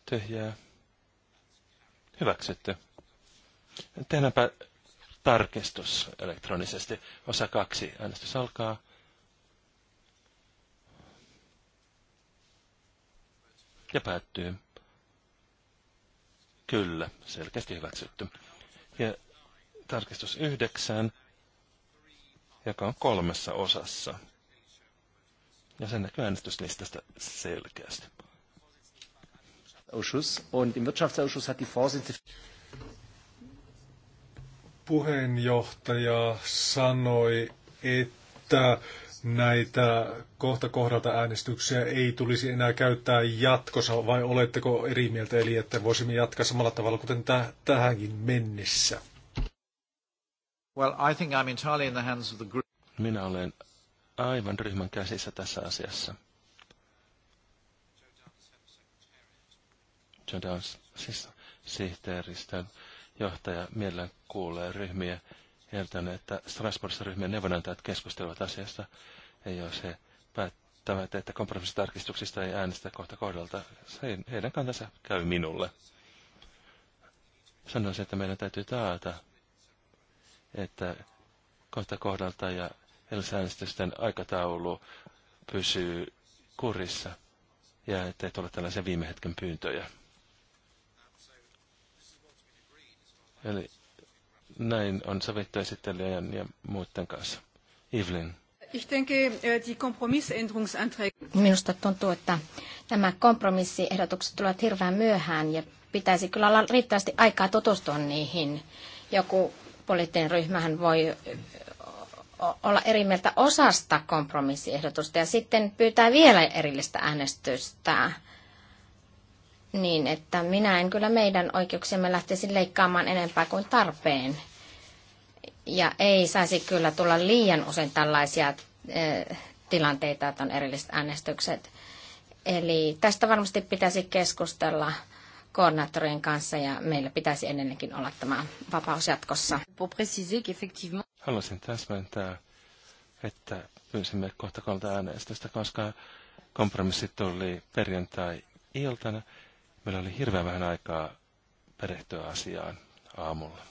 C: Tyhjää. Hyväksytty. Tehdäänpä tarkistus elektronisesti. Osa kaksi. Äänestys alkaa. Ja päättyy. Kyllä, selkeästi hyväksytty. Ja tarkistus yhdeksään joka on kolmessa osassa. Ja sen näkyy äänestyslistasta selkeästi.
B: puheenjohtaja sanoi, että näitä kohta kohdalta äänestyksiä ei tulisi enää käyttää jatkossa, vai oletteko eri mieltä, eli että voisimme jatkaa samalla tavalla kuten tähänkin mennessä?
A: Well, I think I'm entirely in the hands of the group.
C: Minä olen aivan ryhmän käsissä tässä asiassa. John Downs, siis sihteeristä johtaja, mielellään kuulee ryhmiä. Ehdotan, että Strasbourgissa ryhmien neuvonantajat keskustelevat asiasta, ei jos he päättävät, että kompromissitarkistuksista ei äänestä kohta kohdalta, se heidän kantansa käy minulle. Sanoisin, että meidän täytyy taata että kohta kohdalta ja Elsäänestysten aikataulu pysyy kurissa ja ettei tule tällaisia viime hetken pyyntöjä. Eli näin on sovittu esittelijän ja muiden kanssa. Evelyn.
B: Äh,
D: Minusta tuntuu, että nämä kompromissiehdotukset tulevat hirveän myöhään ja pitäisi kyllä olla riittävästi aikaa tutustua niihin. Joku poliittinen ryhmähän voi olla eri mieltä osasta kompromissiehdotusta ja sitten pyytää vielä erillistä äänestystä. Niin, että minä en kyllä meidän oikeuksiamme lähtisi leikkaamaan enempää kuin tarpeen. Ja ei saisi kyllä tulla liian usein tällaisia eh, tilanteita, että on erilliset äänestykset. Eli tästä varmasti pitäisi keskustella – koordinaattorien kanssa ja meillä pitäisi edelleenkin olla tämä vapaus jatkossa.
C: Haluaisin täsmentää, että pyysimme kohta kolta äänestystä, koska kompromissi tuli perjantai-iltana. Meillä oli hirveän vähän aikaa perehtyä asiaan aamulla.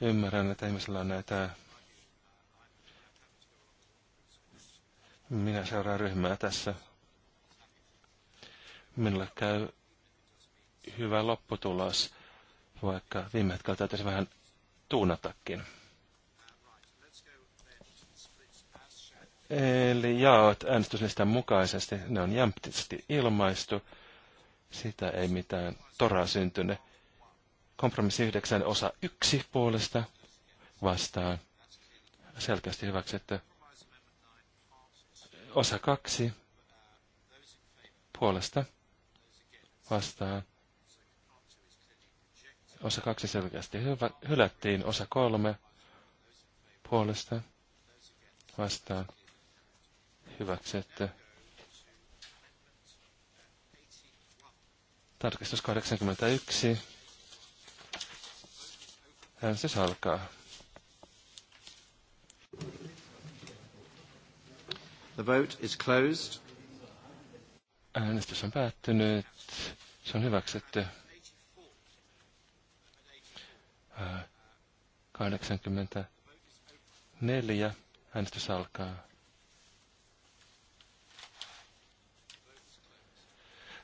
C: Ymmärrän, että ihmisellä on näitä... Minä seuraan ryhmää tässä. Minulle käy hyvä lopputulos, vaikka viime hetkellä täytyisi vähän tuunatakin. Eli jaot äänestyslistan mukaisesti, ne on jämptisesti ilmaistu. Sitä ei mitään toraa syntyne. Kompromissi 9 osa 1 puolesta vastaan. Selkeästi hyväksytty. Osa 2 puolesta vastaan osa kaksi selkeästi hyvä, hylättiin, osa kolme puolesta vastaan hyväksytty. Tarkistus 81. siis alkaa. The vote is closed. Äänestys on päättynyt. Se on hyväksytty. 84. Äänestys alkaa.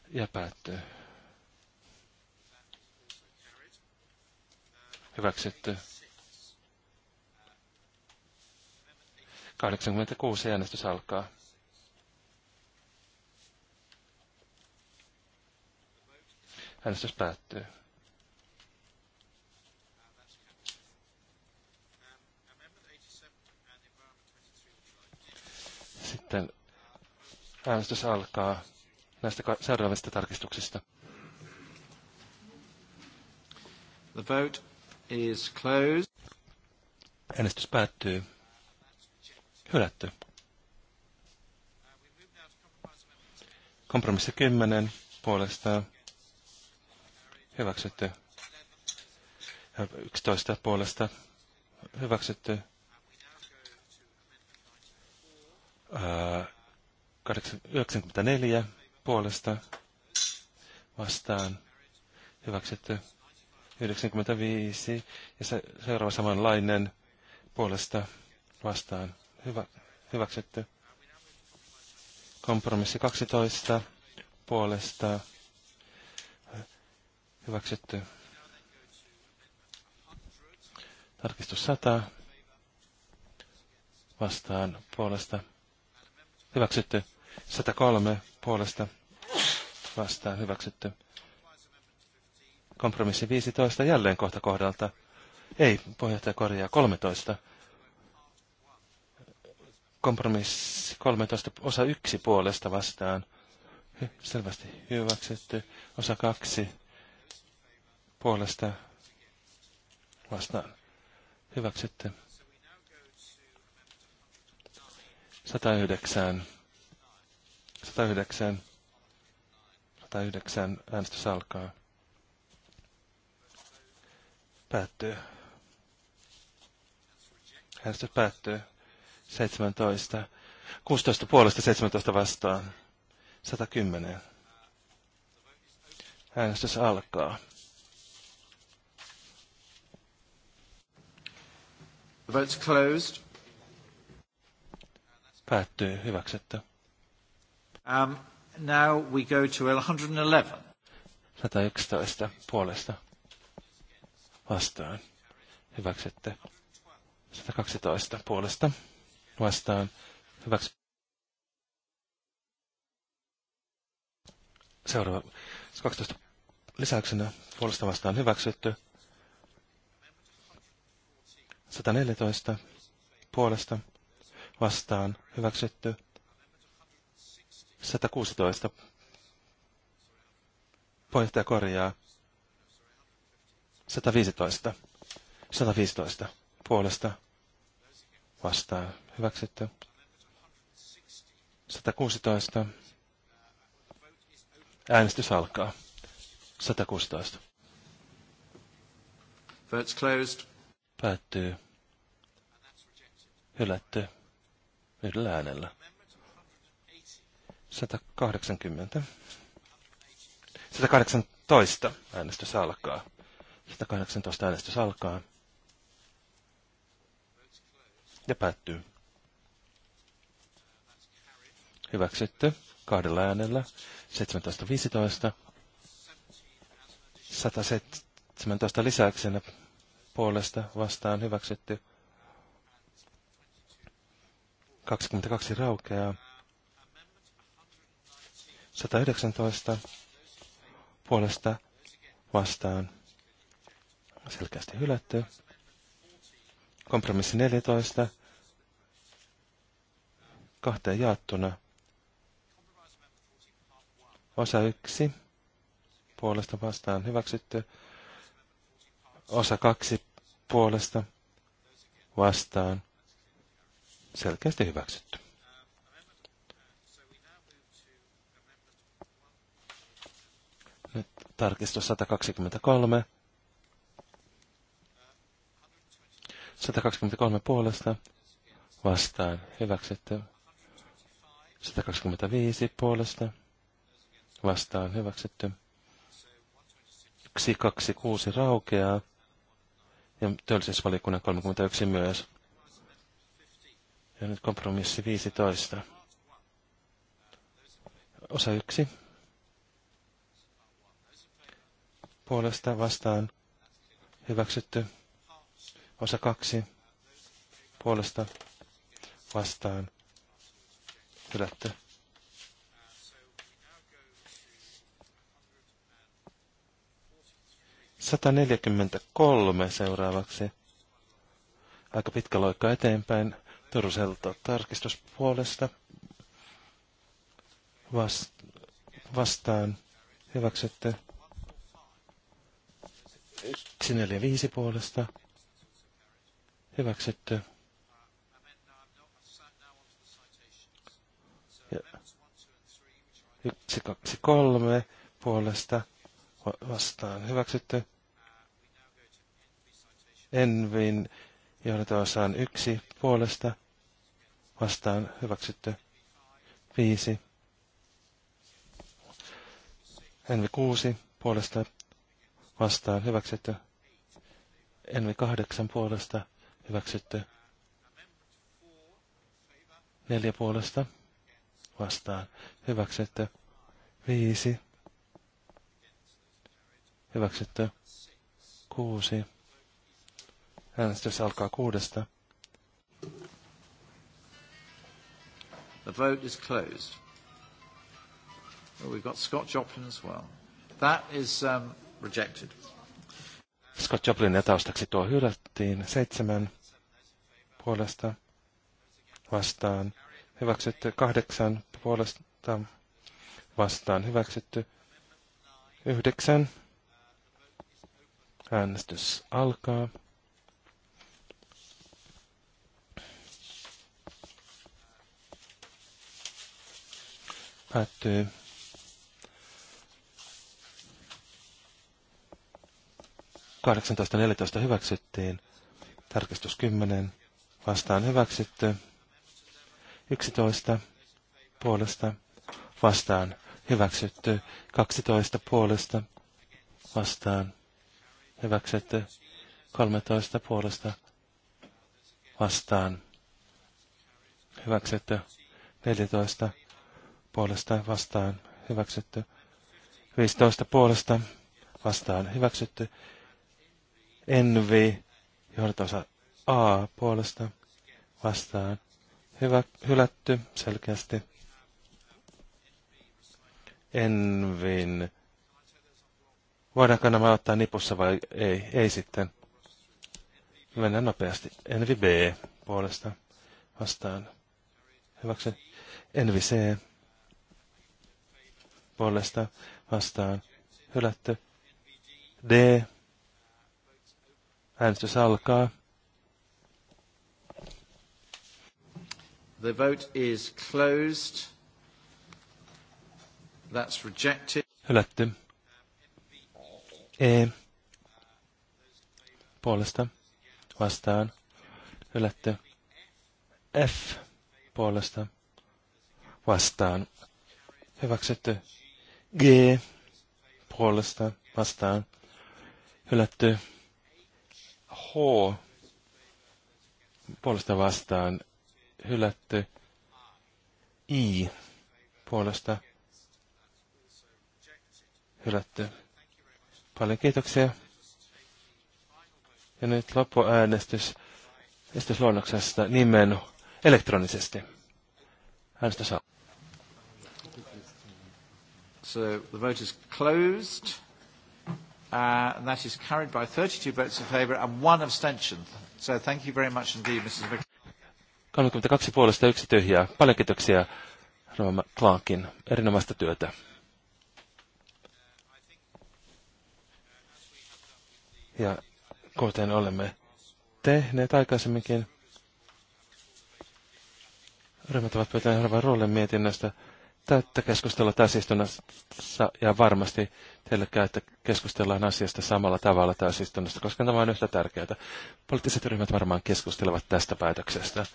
C: Ja päättyy. Hyväksytty. 86 äänestys alkaa. Äänestys päättyy. Sitten äänestys alkaa näistä seuraavista tarkistuksista.
A: The vote is closed.
C: Äänestys päättyy. Hylätty. Kompromissi 10 puolesta hyväksytty. 11 puolesta hyväksytty. 94 puolesta vastaan hyväksytty 95 ja se, seuraava samanlainen puolesta vastaan hyvä, hyväksytty. Kompromissi 12 puolesta hyväksytty. Tarkistus 100 vastaan puolesta hyväksytty. 103 puolesta vastaan hyväksytty. Kompromissi 15 jälleen kohta kohdalta. Ei, puheenjohtaja korjaa 13. Kompromissi 13 osa 1 puolesta vastaan. Selvästi hyväksytty. Osa 2 puolesta vastaan hyväksytty. 109. 109. 109 äänestys alkaa. Päättyy. Äänestys päättyy. 17. 16 puolesta 17 vastaan. 110. Äänestys alkaa.
A: The vote's closed.
C: Päättyy. Hyväksytty.
A: Um, now we go to 111.
C: 111 puolesta. Vastaan. Hyväksytty. 112 puolesta. Vastaan. Hyväksytty. Seuraava. 12 lisäyksenä puolesta vastaan hyväksytty. 114 puolesta vastaan hyväksytty. 116 puheenjohtaja korjaa. 115. 115 puolesta vastaan hyväksytty. 116. Äänestys alkaa. 116. Votes closed. Päättyy. Hylätty yhdellä äänellä. 180. 118 äänestys alkaa. 118 äänestys alkaa. Ja päättyy. Hyväksytty kahdella äänellä 17.15. 117 lisäyksenä puolesta vastaan hyväksytty 22 raukeaa. 119 puolesta vastaan selkeästi hylätty. Kompromissi 14 kahteen jaettuna. Osa 1 puolesta vastaan hyväksytty. Osa 2 puolesta vastaan selkeästi hyväksytty. Nyt tarkistus 123. 123 puolesta vastaan hyväksytty. 125 puolesta vastaan hyväksytty. 126 raukeaa ja työllisyysvaliokunnan 31 myös. Ja nyt kompromissi 15. Osa 1. Puolesta vastaan hyväksytty. Osa 2. Puolesta vastaan hylätty. Sataneljäkymmentäkolme seuraavaksi. Aika pitkä loikka eteenpäin. Turuselta tarkistuspuolesta vastaan hyväksytty. Sinne ja viisi puolesta hyväksytte yksi, kaksi, kolme puolesta vastaan hyväksytty. Envin johdetaan saan yksi puolesta vastaan hyväksytty. 5. Envi 6 puolesta vastaan hyväksytty. Envi 8 puolesta hyväksytty. 4 puolesta vastaan hyväksytty. 5 hyväksytty. 6 Äänestys alkaa kuudesta.
A: The vote is closed. Oh, we've got Scott Joplin as well. That is um, rejected.
C: Scott Joplin ja taustaksi tuo hylättiin seitsemän puolesta vastaan. Hyväksytty kahdeksan puolesta vastaan. Hyväksytty yhdeksän. Äänestys alkaa. Päättyy. Kahdeksantoista neljätoista hyväksyttiin. Tarkistus 10. Vastaan hyväksytty. 11. Puolesta. Vastaan hyväksytty. 12. Puolesta. Vastaan hyväksytty. 13. Puolesta. Vastaan hyväksytty. 14 puolesta vastaan hyväksytty. 15 puolesta vastaan hyväksytty. Envi johdatosa A puolesta vastaan hyvä, hylätty selkeästi. Envin. Voidaanko nämä ottaa nipussa vai ei? Ei sitten. Mennään nopeasti. Envi B puolesta vastaan. Hyväksy. Envi C puolesta vastaan hylätty. D. Äänestys alkaa.
A: The vote is closed. That's rejected.
C: Hylätty. E. Puolesta. Vastaan. Hylätty. F. Puolesta. Vastaan. Hyväksytty. G puolesta vastaan hylätty. H puolesta vastaan hylätty. I puolesta hylätty. Paljon kiitoksia. Ja nyt loppuäänestys esitysluonnoksesta nimen elektronisesti. Äänestä saa.
A: So uh, the vote is closed. Uh, and that is carried by 32 votes in favour and one abstention. So thank you very much indeed, Mrs. Mc...
C: 32 puolesta yksi tyhjää. Paljon kiitoksia Roma Clarkin. Erinomaista työtä. Ja kuten olemme tehneet aikaisemminkin, ryhmät ovat pyytäneet olevan roolin mietinnöstä tätä keskustelua täysistunnassa ja varmasti teille käy, että keskustellaan asiasta samalla tavalla täysistunnassa, koska tämä on yhtä tärkeää. Poliittiset ryhmät varmaan keskustelevat tästä päätöksestä.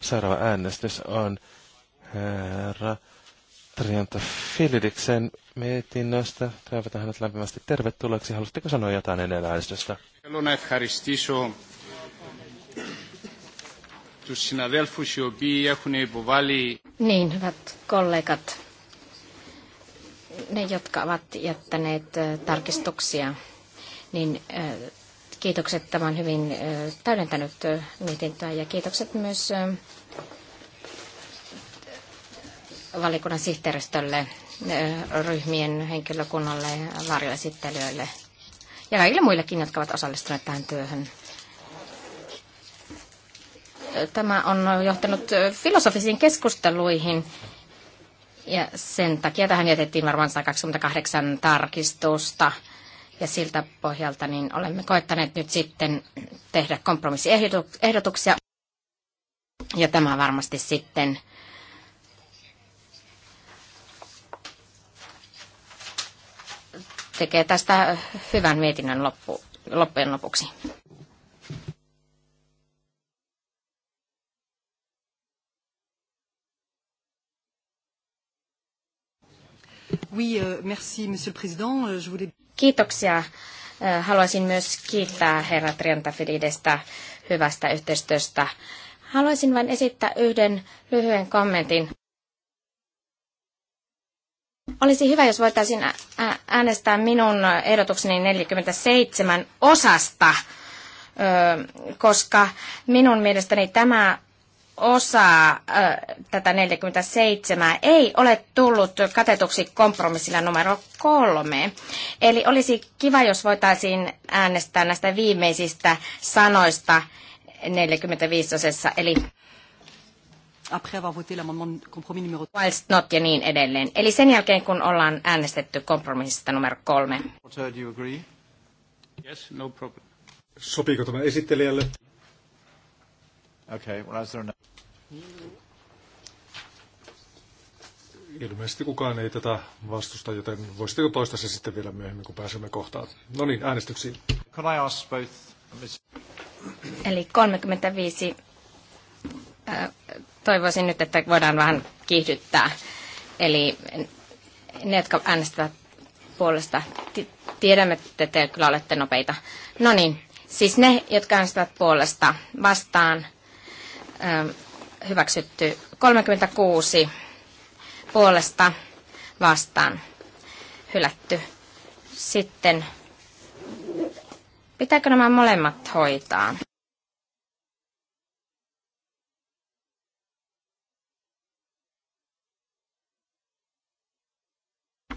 C: Seuraava äänestys on herra Trianta Filidiksen mietinnöstä. Toivotan hänet lämpimästi tervetulleeksi. Haluatteko sanoa jotain ennen äänestystä?
B: τους συναδέλφους οι οποίοι έχουν υποβάλει...
D: Niin, hyvät kollegat, ne, jotka ovat jättäneet tarkistuksia, niin kiitokset. Tämä on hyvin täydentänyt mietintöä ja kiitokset myös valikunnan sihteeristölle, ryhmien henkilökunnalle, varjoesittelijöille ja kaikille muillekin, jotka ovat osallistuneet tähän työhön tämä on johtanut filosofisiin keskusteluihin. Ja sen takia tähän jätettiin varmaan 128 tarkistusta. Ja siltä pohjalta niin olemme koettaneet nyt sitten tehdä kompromissiehdotuksia. Ja tämä varmasti sitten tekee tästä hyvän mietinnön loppu, loppujen lopuksi. Oui, euh, merci, monsieur le président. Euh, je voulais... Kiitoksia. Äh, haluaisin myös kiittää herra Triantafididestä hyvästä yhteistyöstä. Haluaisin vain esittää yhden lyhyen kommentin. Olisi hyvä, jos voitaisiin äänestää minun ehdotukseni 47 osasta, koska minun mielestäni tämä osa äh, tätä 47 ei ole tullut katetuksi kompromissilla numero kolme. Eli olisi kiva, jos voitaisiin äänestää näistä viimeisistä sanoista 45 osessa, eli
B: après avoir voté l'amendement compromis numéro
D: Whilst not ja niin edelleen. Eli sen jälkeen, kun ollaan äänestetty kompromissista numero kolme. No
B: Sopiiko tämä esittelijälle? Okei, Okay, well, is no... Ilmeisesti kukaan ei tätä vastusta, joten voisitte jo toistaa se sitten vielä myöhemmin, kun pääsemme kohtaan. No niin, äänestyksiin. Can I ask both...
D: Eli 35. Toivoisin nyt, että voidaan vähän kiihdyttää. Eli ne, jotka äänestävät puolesta, tiedämme, että te kyllä olette nopeita. No niin, siis ne, jotka äänestävät puolesta vastaan, Ähm, hyväksytty 36 puolesta vastaan hylätty. Sitten pitääkö nämä molemmat hoitaa?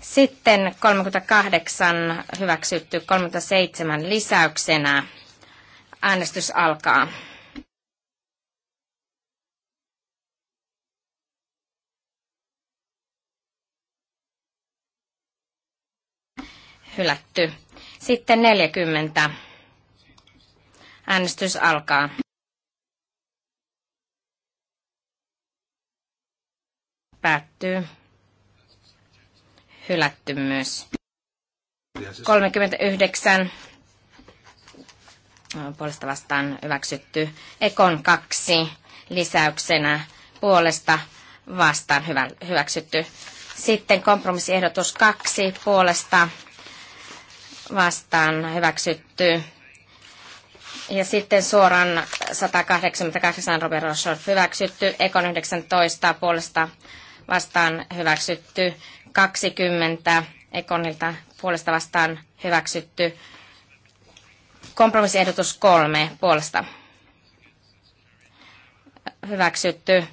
D: Sitten 38 hyväksytty 37 lisäyksenä. Äänestys alkaa. hylätty. Sitten 40. Äänestys alkaa. Päättyy. Hylätty myös. 39. Puolesta vastaan hyväksytty. Ekon kaksi lisäyksenä puolesta vastaan hyvä, hyväksytty. Sitten kompromissiehdotus kaksi puolesta vastaan hyväksytty. Ja sitten suoraan 188 Robert Short hyväksytty, Ekon 19 puolesta vastaan hyväksytty, 20 Ekonilta puolesta vastaan hyväksytty, kompromissiehdotus 3 puolesta hyväksytty.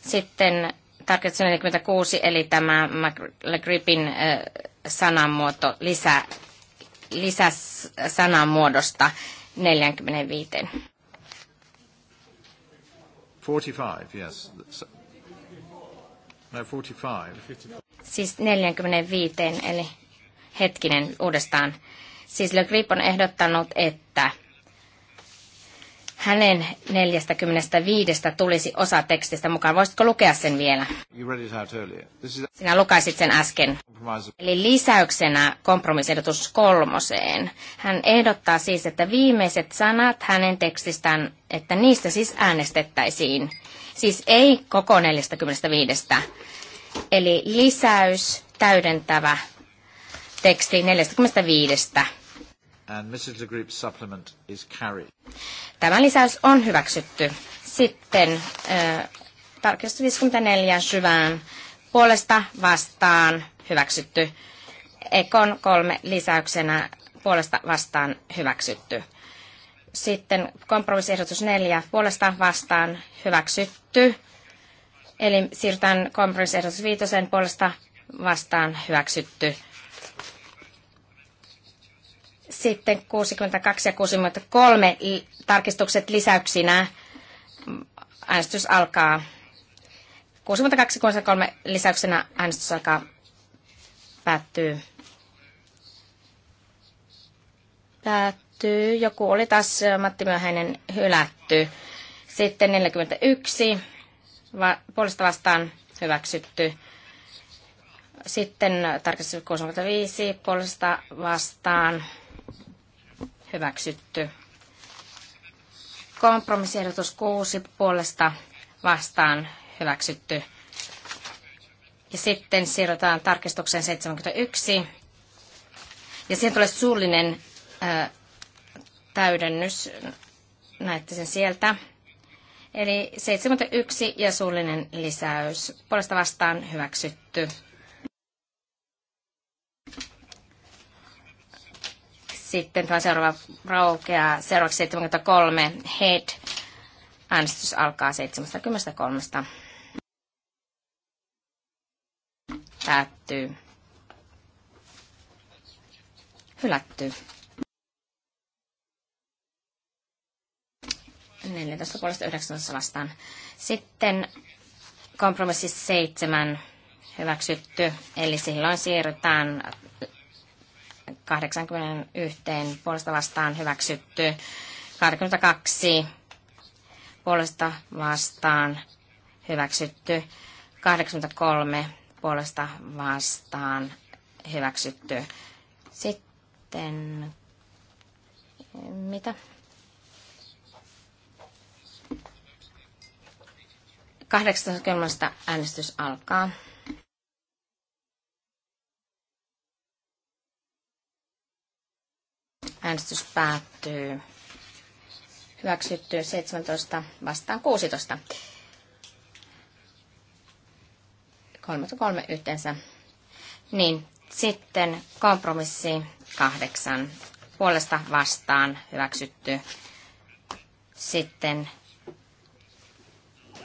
D: Sitten tarkoitus 46, eli tämä McGrippin sanamuoto lisää lisäsanan muodosta 45.
A: 45, yes. No, 45.
D: Siis 45, eli hetkinen uudestaan. Siis Le Grip on ehdottanut, että hänen 45 tulisi osa tekstistä mukaan. Voisitko lukea sen vielä? Sinä lukaisit sen äsken. Eli lisäyksenä kompromissehdotus kolmoseen. Hän ehdottaa siis, että viimeiset sanat hänen tekstistään, että niistä siis äänestettäisiin. Siis ei koko 45. Eli lisäys täydentävä teksti 45 And Mrs. supplement is carried. Tämä lisäys on hyväksytty. Sitten äh, tarkistus 54 syvään puolesta vastaan hyväksytty. Ekon kolme lisäyksenä puolesta vastaan hyväksytty. Sitten kompromissiehdotus neljä puolesta vastaan hyväksytty. Eli siirrytään kompromissiehdotus viitosen puolesta vastaan hyväksytty. Sitten 62 ja 63 tarkistukset lisäyksinä. Äänestys alkaa. 62 ja 63 lisäyksenä äänestys alkaa päättyy. Päättyy. Joku oli taas Matti Myöhäinen hylätty. Sitten 41 va- puolesta vastaan hyväksytty. Sitten tarkistus 65 puolesta vastaan hyväksytty. Kompromissiehdotus 6 puolesta vastaan hyväksytty. Ja sitten siirrytään tarkistukseen 71. Ja siihen tulee suullinen ää, täydennys. Näette sen sieltä. Eli 71 ja suullinen lisäys. Puolesta vastaan hyväksytty. Sitten tämä seuraava raukeaa. Seuraavaksi 73 head. Äänestys alkaa 73. Päättyy. Hylätty. 14 puolesta 19 vastaan. Sitten kompromissi 7 hyväksytty, eli silloin siirrytään 81 puolesta vastaan hyväksytty. 82 puolesta vastaan hyväksytty. 83 puolesta vastaan hyväksytty. Sitten mitä? 80 äänestys alkaa. Äänestys päättyy. Hyväksytty 17 vastaan 16. 33 yhteensä. Niin, sitten kompromissi 8. Puolesta vastaan hyväksytty. Sitten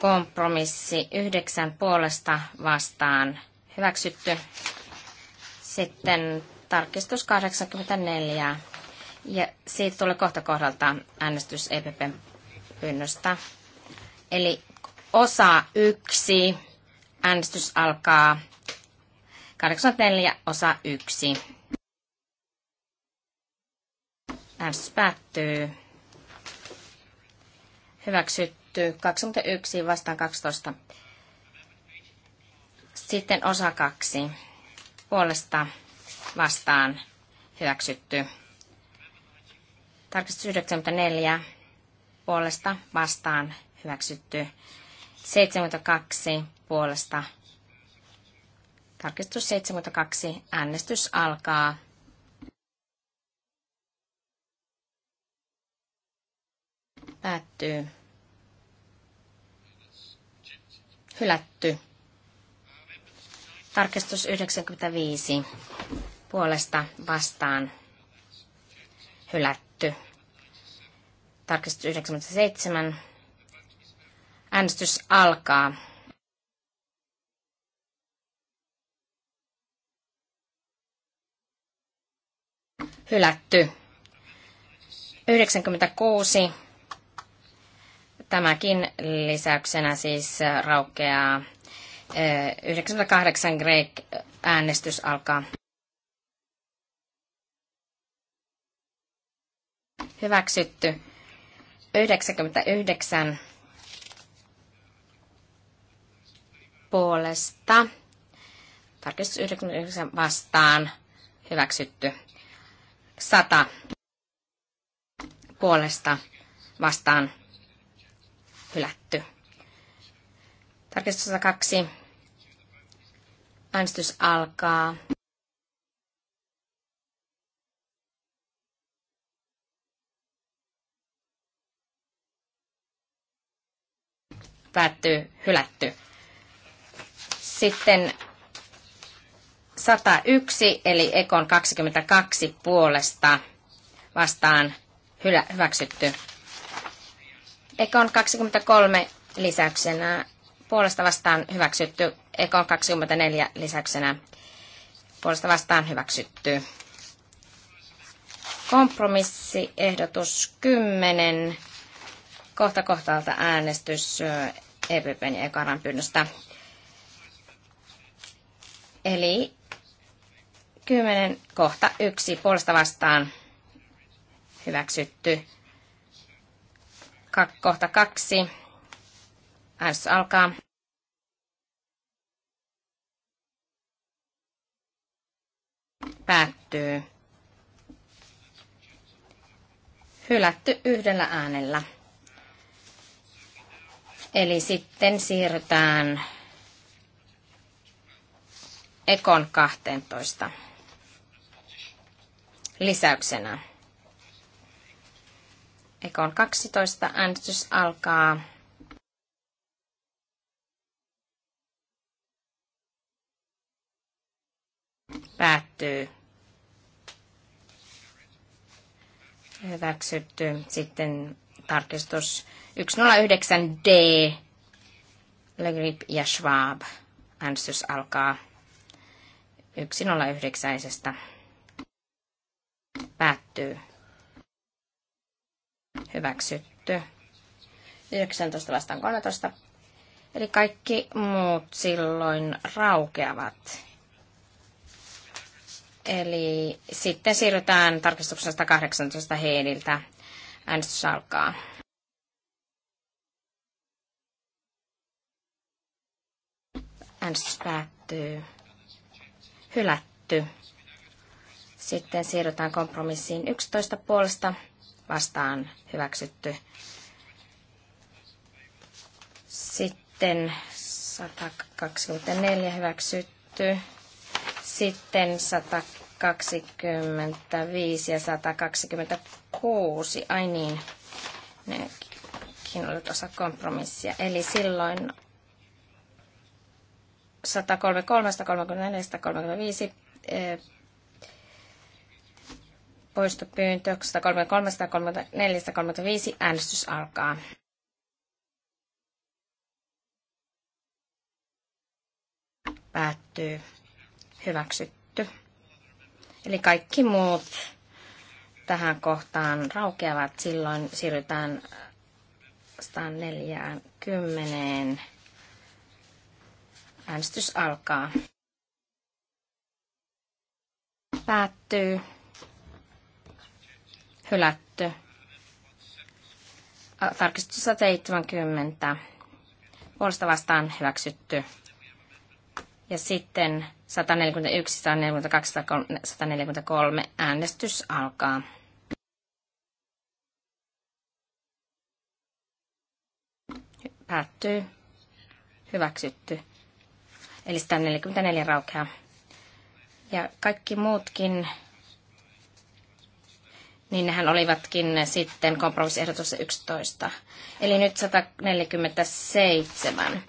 D: kompromissi 9. puolesta vastaan hyväksytty. Sitten tarkistus 84 ja siitä tulee kohta kohdaltaan äänestys EPPn pyynnöstä. Eli osa yksi, äänestys alkaa 84 osa yksi Äänestys päättyy. Hyväksytty 21 vastaan 12. Sitten osa kaksi Puolesta vastaan hyväksytty. Tarkistus 94 puolesta vastaan hyväksytty. 72 puolesta. Tarkistus 72. Äänestys alkaa. Päättyy. Hylätty. Tarkistus 95. Puolesta vastaan. Hylätty. Tarkistus 97. Äänestys alkaa. Hylätty. 96. Tämäkin lisäyksenä siis raukeaa. 98 Greek äänestys alkaa. Hyväksytty. 99 puolesta. Tarkistus 99 vastaan. Hyväksytty. 100 puolesta vastaan. Hylätty. Tarkistus 102. Äänestys alkaa. päättyy, hylätty. Sitten 101, eli Ekon 22 puolesta vastaan hylä, hyväksytty. Ekon 23 lisäyksenä puolesta vastaan hyväksytty. Ekon 24 lisäyksenä puolesta vastaan hyväksytty. Kompromissiehdotus 10. Kohta kohtalta äänestys EPPn ja Ekaran pyynnöstä. Eli 10 kohta 1 puolesta vastaan hyväksytty. Kak, kohta 2. Äänestys alkaa. Päättyy. Hylätty yhdellä äänellä. Eli sitten siirrytään ekon 12 lisäyksenä. Ekon 12 äänestys alkaa. Päättyy. Hyväksytty. Sitten tarkistus 109D. Legrip ja Schwab. Äänestys alkaa 109. Päättyy. Hyväksytty. 19 vastaan 13. Eli kaikki muut silloin raukeavat. Eli sitten siirrytään tarkistuksesta 18 heiniltä Äänestys alkaa. Äänestys päättyy. Hylätty. Sitten siirrytään kompromissiin 11 puolesta vastaan hyväksytty. Sitten 124 hyväksytty. Sitten 100 125 ja 126. Ai niin, nekin olivat osa kompromissia. Eli silloin 133, 134, 135 poistopyyntö 133, 134, 135 äänestys alkaa. Päättyy. Hyväksyt. Eli kaikki muut tähän kohtaan raukeavat. Silloin siirrytään 140. Äänestys alkaa. Päättyy. Hylätty. Tarkistus 170. Puolesta vastaan hyväksytty. Ja sitten 141, 142, 143. Äänestys alkaa. Päättyy. Hyväksytty. Eli 144 raukeaa. Ja kaikki muutkin, niin nehän olivatkin sitten kompromissiehdotus 11. Eli nyt 147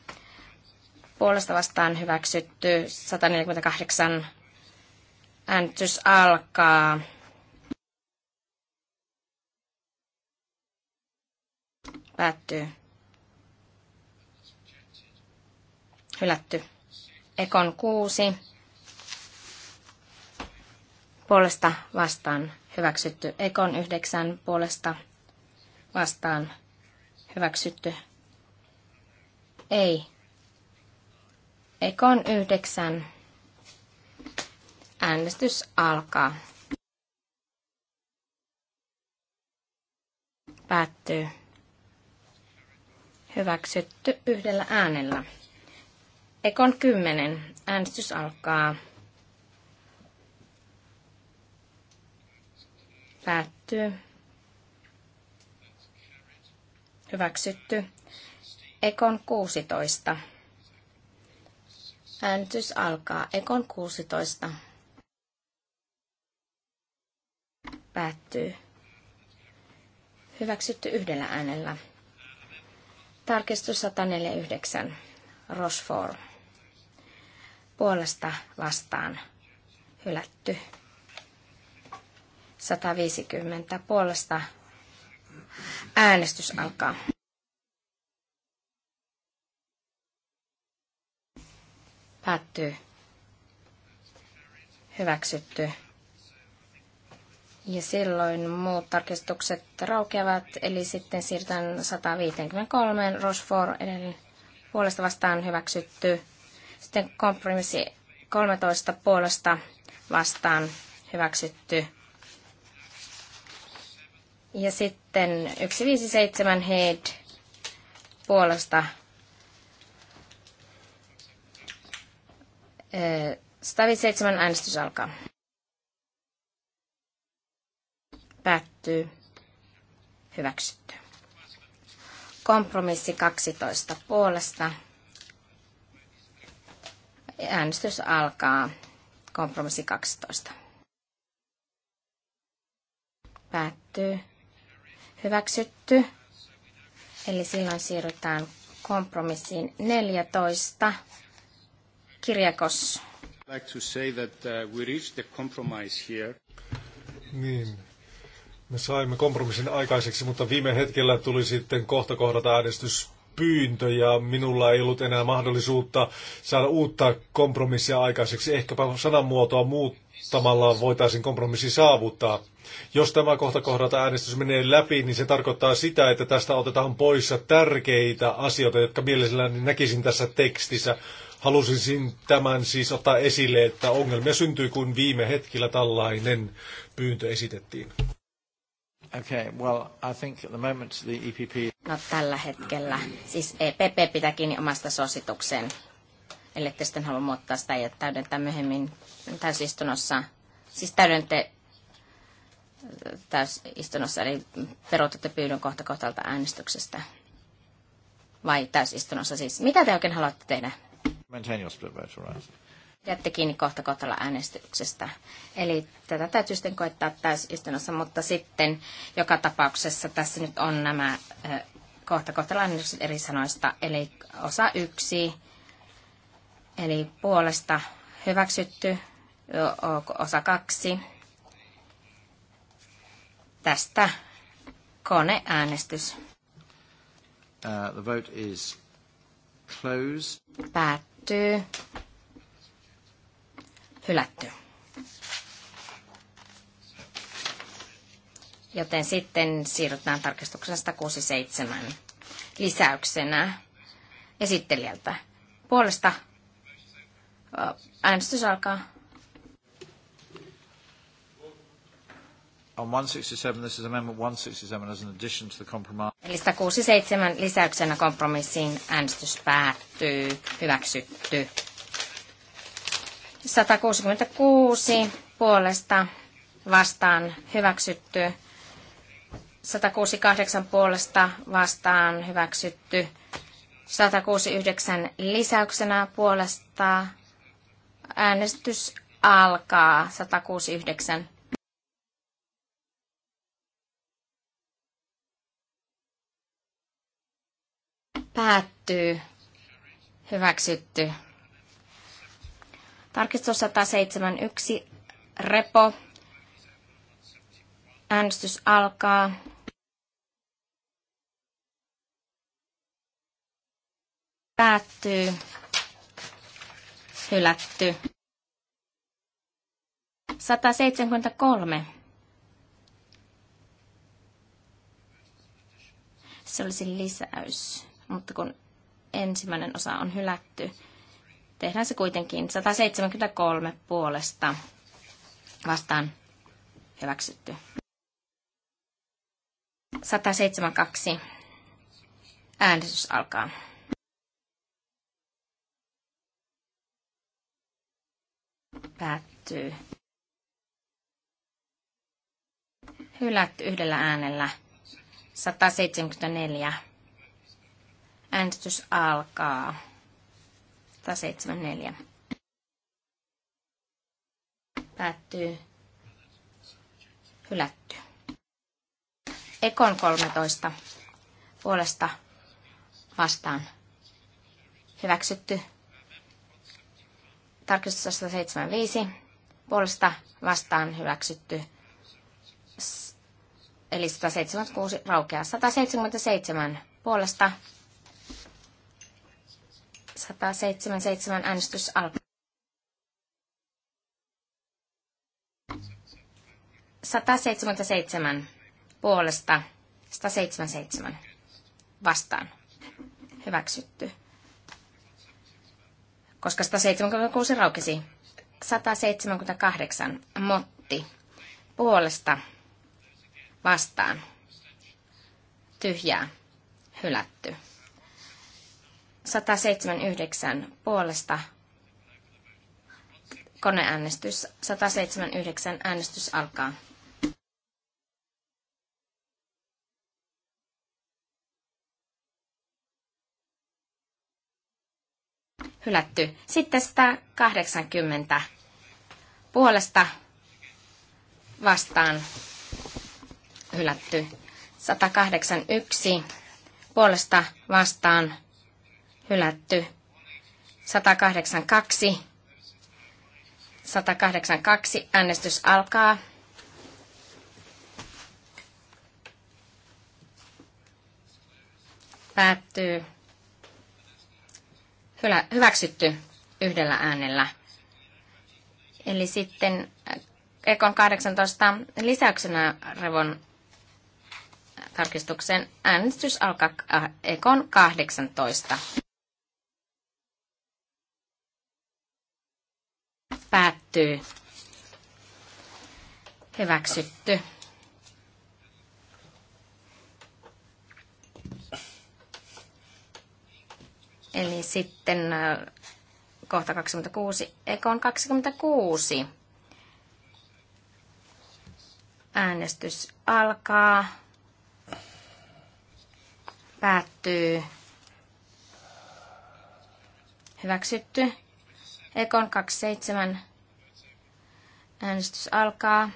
D: puolesta vastaan hyväksytty 148. Äänestys alkaa. Päättyy. Hylätty. Ekon kuusi. Puolesta vastaan hyväksytty. Ekon yhdeksän puolesta vastaan hyväksytty. Ei, Ekon yhdeksän. Äänestys alkaa. Päättyy. Hyväksytty yhdellä äänellä. Ekon kymmenen. Äänestys alkaa. Päättyy. Hyväksytty. Ekon 16. Äänitys alkaa. Ekon 16. Päättyy. Hyväksytty yhdellä äänellä. Tarkistus 149. Rosfor. Puolesta vastaan. Hylätty. 150. Puolesta äänestys alkaa. Päättyy. Hyväksytty. Ja silloin muut tarkistukset raukeavat, eli sitten siirrytään 153 Rochefort edelleen puolesta vastaan hyväksytty. Sitten kompromissi 13 puolesta vastaan hyväksytty. Ja sitten 157 head puolesta 157 äänestys alkaa. Päättyy. Hyväksytty. Kompromissi 12 puolesta. Äänestys alkaa. Kompromissi 12. Päättyy. Hyväksytty. Eli silloin siirrytään kompromissiin 14
B: Kirjakos. Like to say that uh, we reached the compromise here. Niin. Me saimme kompromissin aikaiseksi, mutta viime hetkellä tuli sitten kohta kohdata äänestyspyyntö ja minulla ei ollut enää mahdollisuutta saada uutta kompromissia aikaiseksi. Ehkäpä sananmuotoa muuttamalla voitaisiin kompromissi saavuttaa. Jos tämä kohta kohdata äänestys menee läpi, niin se tarkoittaa sitä, että tästä otetaan pois tärkeitä asioita, jotka mielelläni näkisin tässä tekstissä. Halusin tämän siis ottaa esille, että ongelmia syntyi kun viime hetkellä tällainen pyyntö esitettiin.
A: Okay, well, I think at the moment the EPP...
D: No tällä hetkellä. Siis EPP pitää kiinni omasta suositukseen. Eli te sitten halua muuttaa sitä ja täydentää myöhemmin täysistunnossa. Siis täydente täysistunnossa, eli peruutatte pyydön kohta kohtalta äänestyksestä. Vai täysistunnossa siis. Mitä te oikein haluatte tehdä?
A: Maintain your split vote, all right.
D: Jätte kiinni kohta kohtalla äänestyksestä. Eli tätä täytyy sitten koettaa täysistunnossa, mutta sitten joka tapauksessa tässä nyt on nämä kohta kohtalla äänestykset eri sanoista. Eli osa yksi, eli puolesta hyväksytty, osa kaksi. Tästä koneäänestys.
A: Uh, the vote is closed.
D: Päättyy päättyy. Hylätty. Joten sitten siirrytään tarkistuksesta 167 lisäyksenä esittelijältä. Puolesta äänestys alkaa.
A: 167, 167
D: Eli 167 lisäyksenä kompromissiin äänestys päättyy. Hyväksytty. 166 puolesta vastaan hyväksytty. 168 puolesta vastaan hyväksytty. 169 lisäyksenä puolesta äänestys alkaa. 169 hyväksytty, Hyväksytty. Tarkistus 171. Repo. Äänestys alkaa. Päättyy. Hylätty. 173. Se olisi lisäys, mutta kun ensimmäinen osa on hylätty. Tehdään se kuitenkin. 173 puolesta vastaan hyväksytty. 172. Äänestys alkaa. Päättyy. Hylätty yhdellä äänellä. 174 Äänestys alkaa. 174. Päättyy. Hylätty. Ekon 13. Puolesta vastaan. Hyväksytty. Tarkistus 175. Puolesta vastaan hyväksytty. Eli 176 raukeaa. 177 puolesta 277 äänestys alkaa. 177 puolesta 177 vastaan. Hyväksytty. Koska 176 raukesi. 178 motti puolesta vastaan. Tyhjää. Hylätty. 179 puolesta koneäänestys. 179 äänestys alkaa. Hylätty. Sitten 180 puolesta vastaan hylätty. 181 puolesta vastaan hylätty. 182. 182. Äänestys alkaa. Päättyy. Hylä, hyväksytty yhdellä äänellä. Eli sitten äh, Ekon 18 lisäyksenä Revon tarkistuksen äänestys alkaa äh, Ekon 18. Päättyy. Hyväksytty. Eli sitten äh, kohta 26, ekon 26. Äänestys alkaa, päättyy, hyväksytty. Ekon 27 Äänestys alkaa.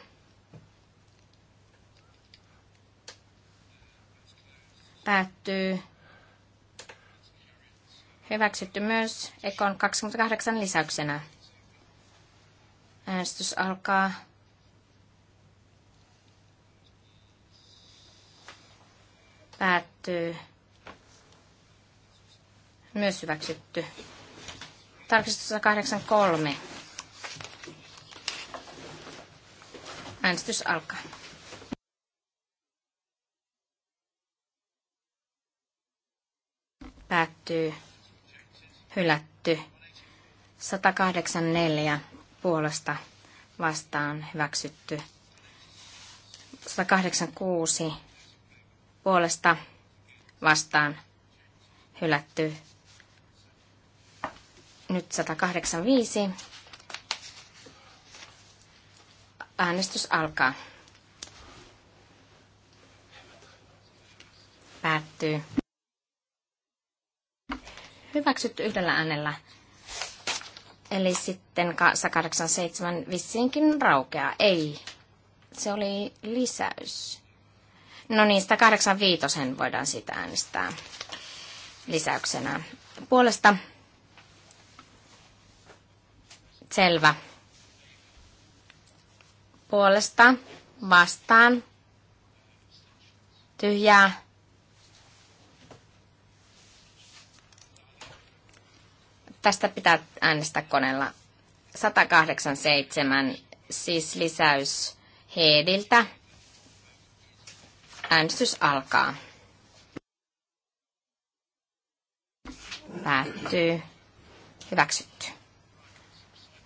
D: Päättyy. Hyväksytty myös Ekon 28 lisäyksenä. Äänestys alkaa. Päättyy. Myös hyväksytty. Tarkistus 183. Äänestys alkaa. Päättyy. Hylätty. 184 puolesta vastaan hyväksytty. 186 puolesta vastaan hylätty. Nyt 185 Äänestys alkaa. Päättyy. Hyväksytty yhdellä äänellä. Eli sitten 187 vissiinkin raukeaa. Ei. Se oli lisäys. No niin, 185 voidaan sitä äänestää lisäyksenä. Puolesta. Selvä puolesta vastaan tyhjää tästä pitää äänestää koneella 187, siis lisäys Heediltä. Äänestys alkaa. Päättyy. Hyväksytty.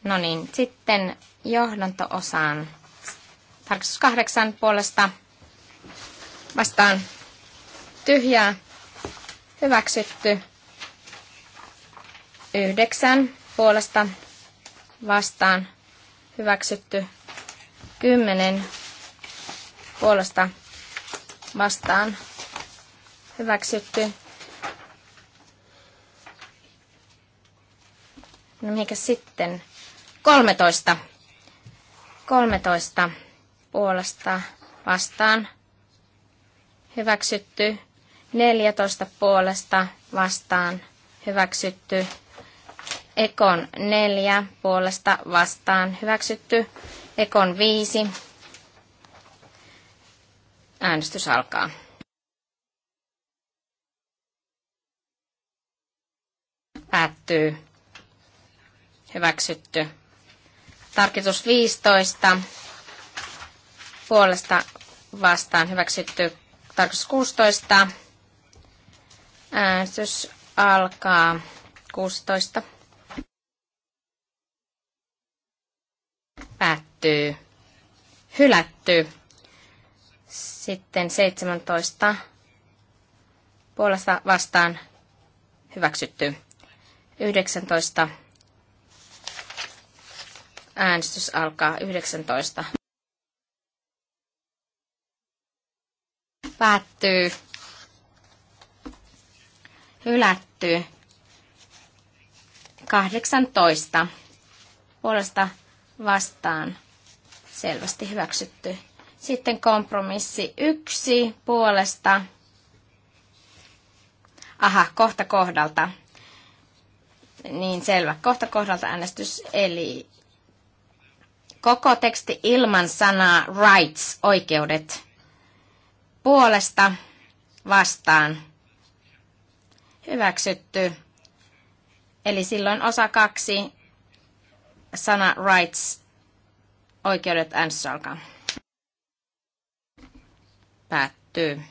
D: No niin, sitten johdonto osaan Tarkistus kahdeksan puolesta vastaan tyhjää. Hyväksytty. Yhdeksän puolesta vastaan hyväksytty. Kymmenen puolesta vastaan hyväksytty. No mikä sitten? 13. 13 puolesta vastaan hyväksytty. 14 puolesta vastaan hyväksytty. Ekon 4 puolesta vastaan hyväksytty. Ekon 5. Äänestys alkaa. Päättyy. Hyväksytty. Tarkitus 15 puolesta vastaan hyväksytty tarkoitus 16. Äänestys alkaa 16. Päättyy. Hylätty. Sitten 17. Puolesta vastaan hyväksytty. 19. Äänestys alkaa 19. päättyy, hylätty, 18 puolesta vastaan selvästi hyväksytty. Sitten kompromissi 1 puolesta. Aha, kohta kohdalta. Niin selvä. Kohta kohdalta äänestys, eli koko teksti ilman sanaa rights, oikeudet puolesta vastaan. Hyväksytty. Eli silloin osa kaksi, sana rights, oikeudet äänestys Päättyy.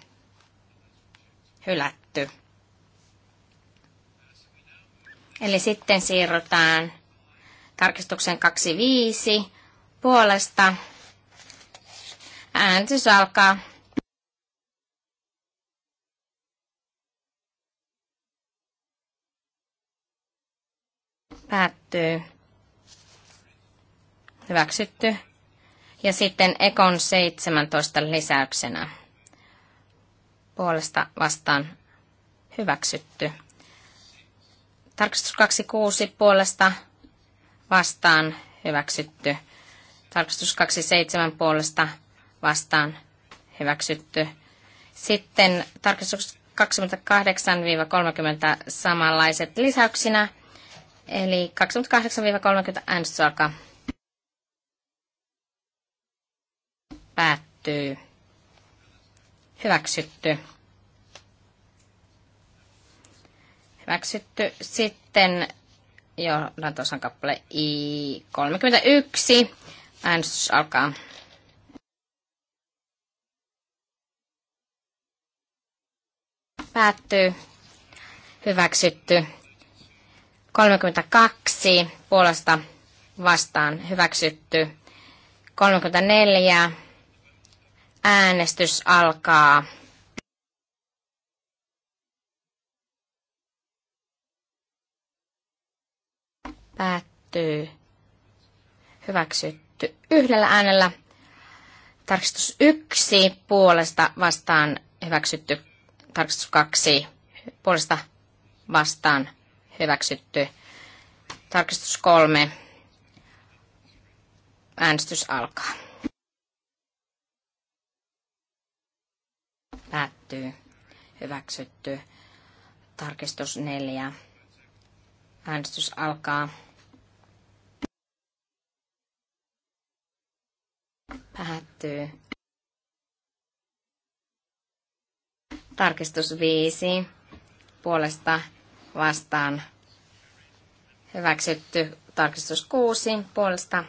D: Hylätty. Eli sitten siirrytään tarkistuksen 25 puolesta. Äänestys alkaa. Päättyy. Hyväksytty. Ja sitten Ekon 17 lisäyksenä. Puolesta vastaan hyväksytty. Tarkastus 26 puolesta vastaan hyväksytty. Tarkastus 27 puolesta vastaan hyväksytty. Sitten tarkastus 28-30 samanlaiset lisäyksinä Eli 28-30 äänestys alkaa. Päättyy. Hyväksytty. Hyväksytty. Sitten johdantosan kappale I31. Äänestys alkaa. Päättyy. Hyväksytty. 32 puolesta vastaan hyväksytty. 34 äänestys alkaa. Päättyy. Hyväksytty yhdellä äänellä. Tarkistus 1 puolesta vastaan hyväksytty. Tarkistus 2 puolesta vastaan hyväksytty. Tarkistus kolme. Äänestys alkaa. Päättyy. Hyväksytty. Tarkistus neljä. Äänestys alkaa. Päättyy. Tarkistus viisi. Puolesta vastaan hyväksytty tarkistus 6 puolesta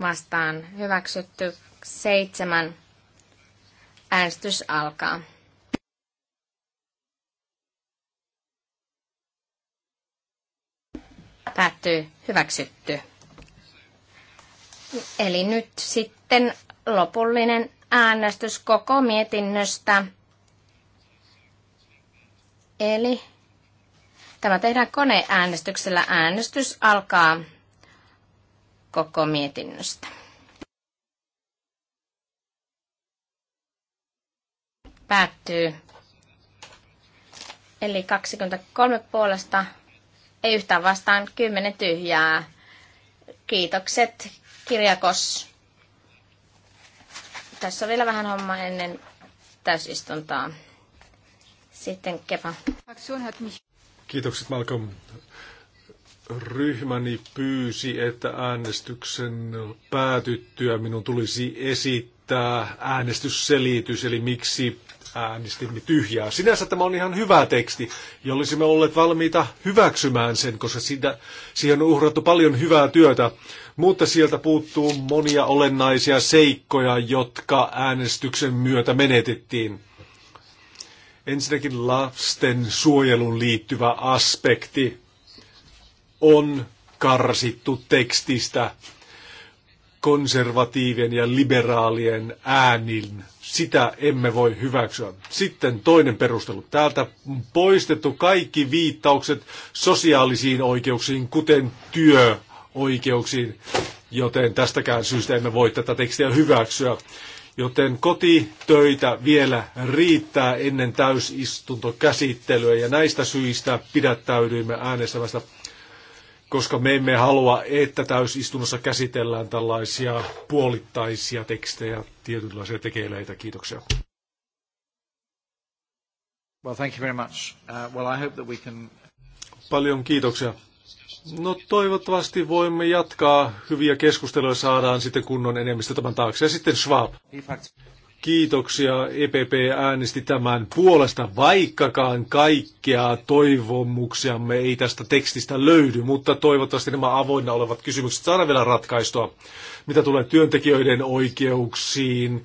D: vastaan hyväksytty 7. Äänestys alkaa. Päättyy hyväksytty. Eli nyt sitten lopullinen äänestys koko mietinnöstä. Eli Tämä tehdään koneäänestyksellä. Äänestys alkaa koko mietinnöstä. Päättyy. Eli 23 puolesta, ei yhtään vastaan, 10 tyhjää. Kiitokset, kirjakos. Tässä on vielä vähän hommaa ennen täysistuntaa. Sitten Kepa.
B: Kiitokset Malcolm. Ryhmäni pyysi, että äänestyksen päätyttyä minun tulisi esittää äänestysselitys, eli miksi äänestimme tyhjää. Sinänsä tämä on ihan hyvä teksti, ja olisimme olleet valmiita hyväksymään sen, koska sitä, siihen on uhrattu paljon hyvää työtä, mutta sieltä puuttuu monia olennaisia seikkoja, jotka äänestyksen myötä menetettiin. Ensinnäkin lasten suojelun liittyvä aspekti on karsittu tekstistä konservatiivien ja liberaalien äänin. Sitä emme voi hyväksyä. Sitten toinen perustelu. Täältä poistettu kaikki viittaukset sosiaalisiin oikeuksiin, kuten työoikeuksiin, joten tästäkään syystä emme voi tätä tekstiä hyväksyä joten kotitöitä vielä riittää ennen täysistuntokäsittelyä ja näistä syistä pidättäydyimme äänestämästä, koska me emme halua, että täysistunnossa käsitellään tällaisia puolittaisia tekstejä, tietynlaisia tekeleitä. Kiitoksia.
A: Well, thank you very much. Uh, well, I hope that we can...
B: Paljon kiitoksia. No toivottavasti voimme jatkaa hyviä keskusteluja, saadaan sitten kunnon enemmistö tämän taakse. Ja sitten Schwab. Kiitoksia, EPP äänesti tämän puolesta, vaikkakaan kaikkea toivomuksiamme ei tästä tekstistä löydy, mutta toivottavasti nämä avoinna olevat kysymykset saadaan vielä ratkaistua, mitä tulee työntekijöiden oikeuksiin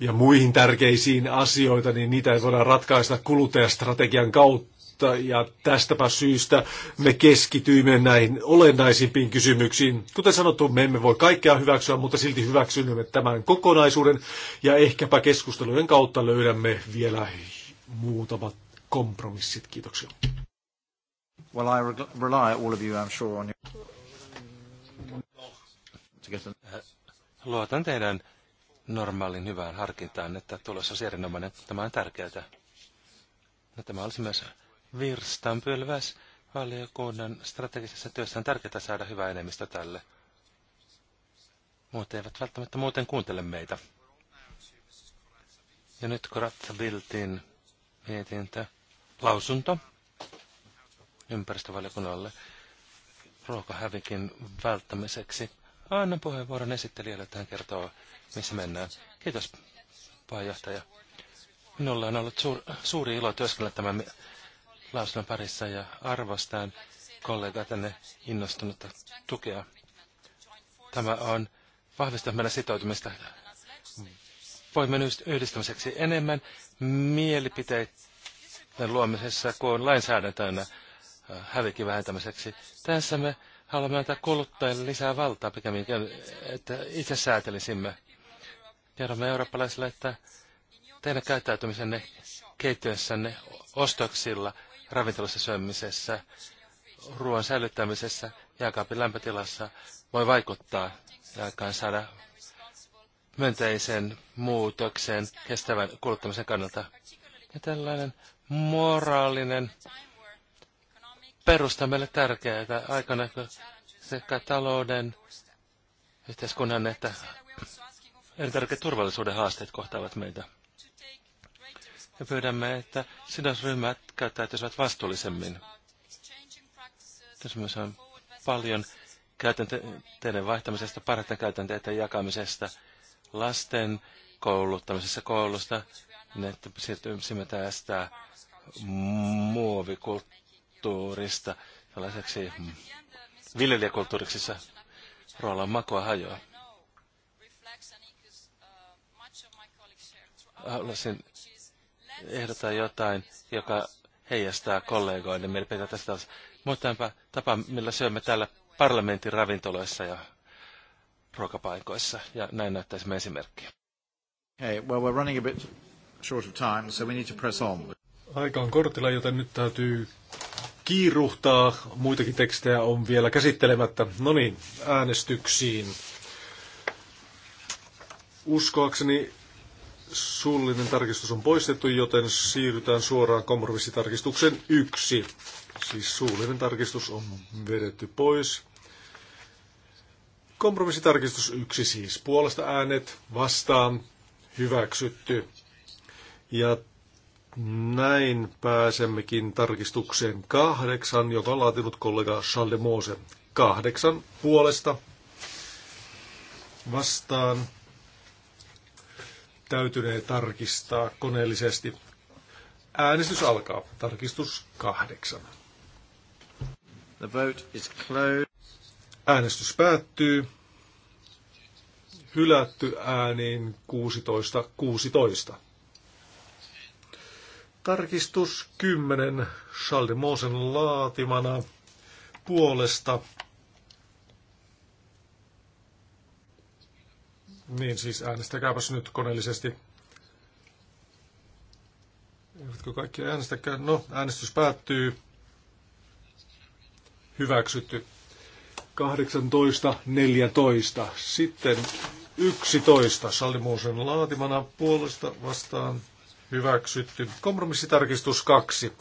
B: ja muihin tärkeisiin asioita, niin niitä ei voida ratkaista kuluttajastrategian kautta mutta ja tästäpä syystä me keskityimme näihin olennaisimpiin kysymyksiin. Kuten sanottu, me emme voi kaikkea hyväksyä, mutta silti hyväksymme tämän kokonaisuuden ja ehkäpä keskustelujen kautta löydämme vielä muutamat
A: kompromissit. Kiitoksia. Well, I rely all of you, I'm sure,
C: on your... Luotan teidän normaalin hyvään harkintaan, että tulossa olisi erinomainen. Tämä on tärkeää. No, tämä olisi myös virstanpylväs valiokunnan strategisessa työssä on tärkeää saada hyvä enemmistö tälle. Muut eivät välttämättä muuten kuuntele meitä. Ja nyt Koratsabiltin mietintö, lausunto ympäristövaliokunnalle ruokahävikin välttämiseksi. Annan puheenvuoron esittelijälle, että hän kertoo, missä mennään. Kiitos, puheenjohtaja. Minulla on ollut suur, suuri ilo työskennellä tämän lausunnon parissa ja arvostan kollega tänne innostunutta tukea. Tämä on vahvistanut meidän sitoutumista voimme yhdistämiseksi enemmän mielipiteiden luomisessa kuin lainsäädäntönä äh, hävikin vähentämiseksi. Tässä me haluamme antaa kuluttajille lisää valtaa pikemminkin, että itse säätelisimme. Kerromme eurooppalaisille, että teidän käyttäytymisenne keittiössänne ostoksilla – ravintolassa syömisessä, ruoan säilyttämisessä, jääkaapin lämpötilassa voi vaikuttaa ja aikaan saada myönteisen muutoksen kestävän kuluttamisen kannalta. Ja tällainen moraalinen perusta meille tärkeää aikana sekä talouden, yhteiskunnan että elintarviketurvallisuuden haasteet kohtaavat meitä ja pyydämme, että sidosryhmät käyttäytyisivät vastuullisemmin. Kysymys on paljon käytänteiden vaihtamisesta, parhaiten käytänteiden jakamisesta, lasten kouluttamisessa koulusta, niin että siirtyisimme tästä muovikulttuurista tällaiseksi viljelijäkulttuuriksi ruoan makua hajoaa. Haluaisin ehdottaa jotain, joka heijastaa kollegoiden mielipiteitä tästä. Muistaanpa tapa, millä syömme täällä parlamentin ravintoloissa ja ruokapaikoissa. Ja näin näyttäisimme
B: esimerkkiä. Hey,
A: well, we're running a bit short of time, so we need to press on.
B: Aika on kortilla, joten nyt täytyy kiiruhtaa. Muitakin tekstejä on vielä käsittelemättä. No niin, äänestyksiin. Uskoakseni Suullinen tarkistus on poistettu, joten siirrytään suoraan kompromissitarkistuksen yksi. Siis suullinen tarkistus on vedetty pois. Kompromissitarkistus yksi siis. Puolesta äänet vastaan hyväksytty. Ja näin pääsemmekin tarkistukseen kahdeksan, joka on laatinut kollega Charles Mose. Kahdeksan puolesta vastaan täytynee tarkistaa koneellisesti. Äänestys alkaa. Tarkistus kahdeksan. The vote is closed. Äänestys päättyy. Hylätty ääniin 16.16. 16. Tarkistus 10 Charles Mosen laatimana puolesta Niin siis äänestäkääpäs nyt koneellisesti. Eivätkö kaikki äänestäkään? No, äänestys päättyy. Hyväksytty. 18.14. Sitten 11. Sallimuusen laatimana puolesta vastaan hyväksytty. Kompromissitarkistus 2.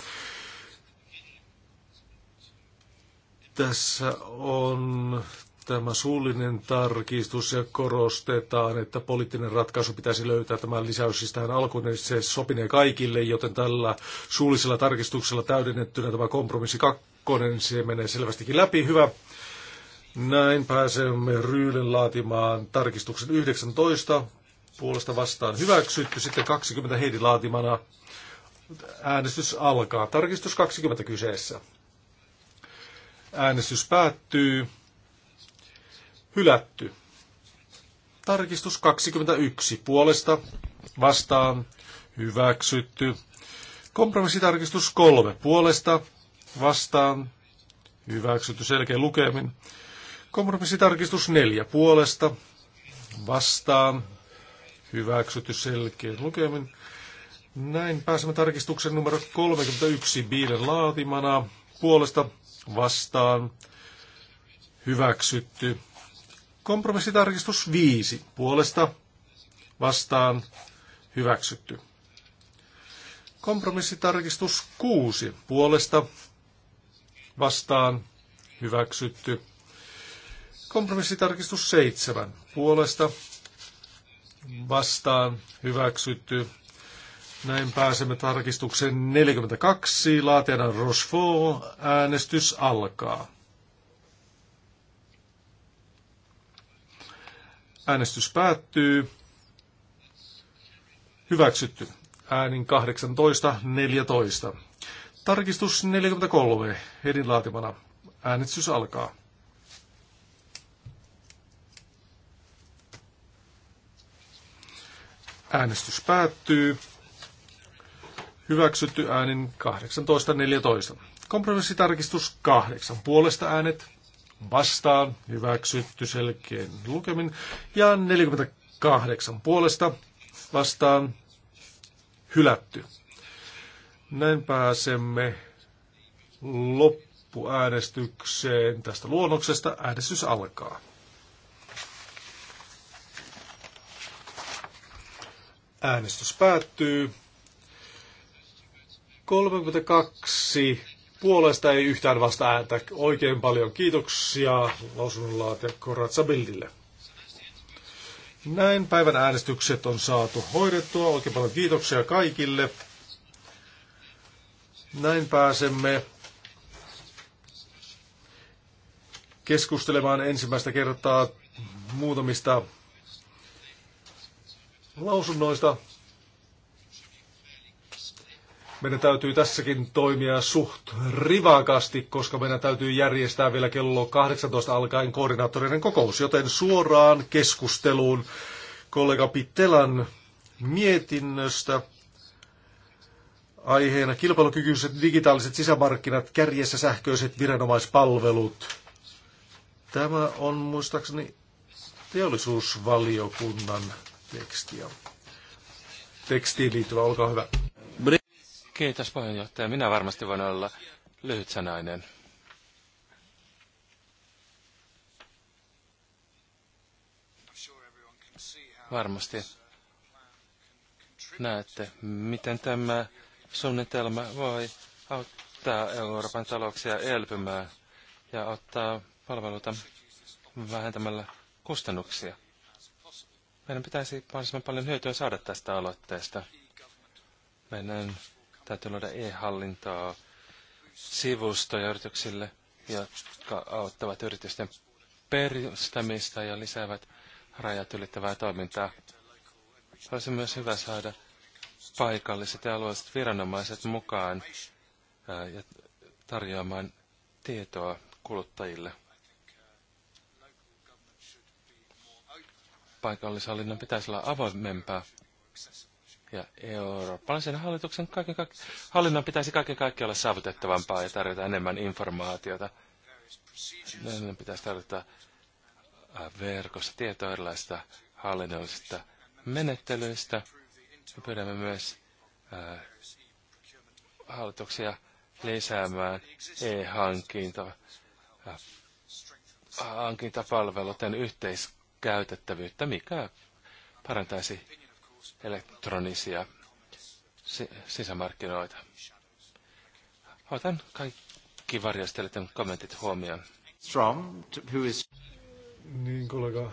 B: Tässä on tämä suullinen tarkistus ja korostetaan, että poliittinen ratkaisu pitäisi löytää tämän lisäys. Siis tähän alkuun niin se sopinee kaikille, joten tällä suullisella tarkistuksella täydennettynä tämä kompromissi kakkonen, se menee selvästikin läpi. Hyvä. Näin pääsemme Ryylen laatimaan tarkistuksen 19 puolesta vastaan hyväksytty, sitten 20 Heidi laatimana äänestys alkaa. Tarkistus 20 kyseessä. Äänestys päättyy. Hylätty. Tarkistus 21. Puolesta vastaan hyväksytty. Kompromissitarkistus 3. Puolesta vastaan hyväksytty selkeä lukemin. Kompromissitarkistus 4. Puolesta vastaan hyväksytty selkeä lukemin. Näin pääsemme tarkistuksen numero 31 Biilen laatimana. Puolesta vastaan hyväksytty Kompromissitarkistus 5. Puolesta vastaan hyväksytty. Kompromissitarkistus 6. Puolesta vastaan hyväksytty. Kompromissitarkistus 7. Puolesta vastaan hyväksytty. Näin pääsemme tarkistukseen 42. Laatiana Rochefort. Äänestys alkaa. Äänestys päättyy. Hyväksytty. Äänin 18.14. Tarkistus 43. Hedin laatimana. Äänestys alkaa. Äänestys päättyy. Hyväksytty äänin 18.14. Kompromissitarkistus 8. Puolesta äänet vastaan, hyväksytty selkein lukemin, ja 48 puolesta vastaan, hylätty. Näin pääsemme loppuäänestykseen tästä luonnoksesta. Äänestys alkaa. Äänestys päättyy. 32 puolesta ei yhtään vasta ääntä. Oikein paljon kiitoksia lausunnonlaatija Koratsa Bildille. Näin päivän äänestykset on saatu hoidettua. Oikein paljon kiitoksia kaikille. Näin pääsemme keskustelemaan ensimmäistä kertaa muutamista lausunnoista. Meidän täytyy tässäkin toimia suht rivakasti, koska meidän täytyy järjestää vielä kello 18 alkaen koordinaattoreiden kokous, joten suoraan keskusteluun kollega Pittelan mietinnöstä aiheena kilpailukykyiset digitaaliset sisämarkkinat, kärjessä sähköiset viranomaispalvelut. Tämä on muistaakseni teollisuusvaliokunnan tekstiä. Tekstiin liittyvä, olkaa hyvä.
C: Kiitos puheenjohtaja. Minä varmasti voin olla lyhytsanainen. Varmasti näette, miten tämä suunnitelma voi auttaa Euroopan talouksia elpymään ja ottaa palveluita vähentämällä kustannuksia. Meidän pitäisi mahdollisimman paljon hyötyä saada tästä aloitteesta. Meidän Täytyy luoda e-hallintaa sivustoja yrityksille, jotka auttavat yritysten perustamista ja lisäävät rajat ylittävää toimintaa. Olisi myös hyvä saada paikalliset ja alueelliset viranomaiset mukaan ja tarjoamaan tietoa kuluttajille. Paikallishallinnon pitäisi olla avoimempaa ja eurooppalaisen hallituksen kaiken kaik- hallinnan pitäisi kaiken kaikkiaan olla saavutettavampaa ja tarjota enemmän informaatiota. Meidän pitäisi tarjota verkossa tietoa erilaisista hallinnollisista menettelyistä. Me pyydämme myös äh, hallituksia lisäämään e-hankinta, äh, hankintapalveluiden yhteiskäytettävyyttä, mikä parantaisi elektronisia sisämarkkinoita.
B: Otan kaikki
C: varjostelijoiden kommentit huomioon. Strong,
B: who is... Niin, kollega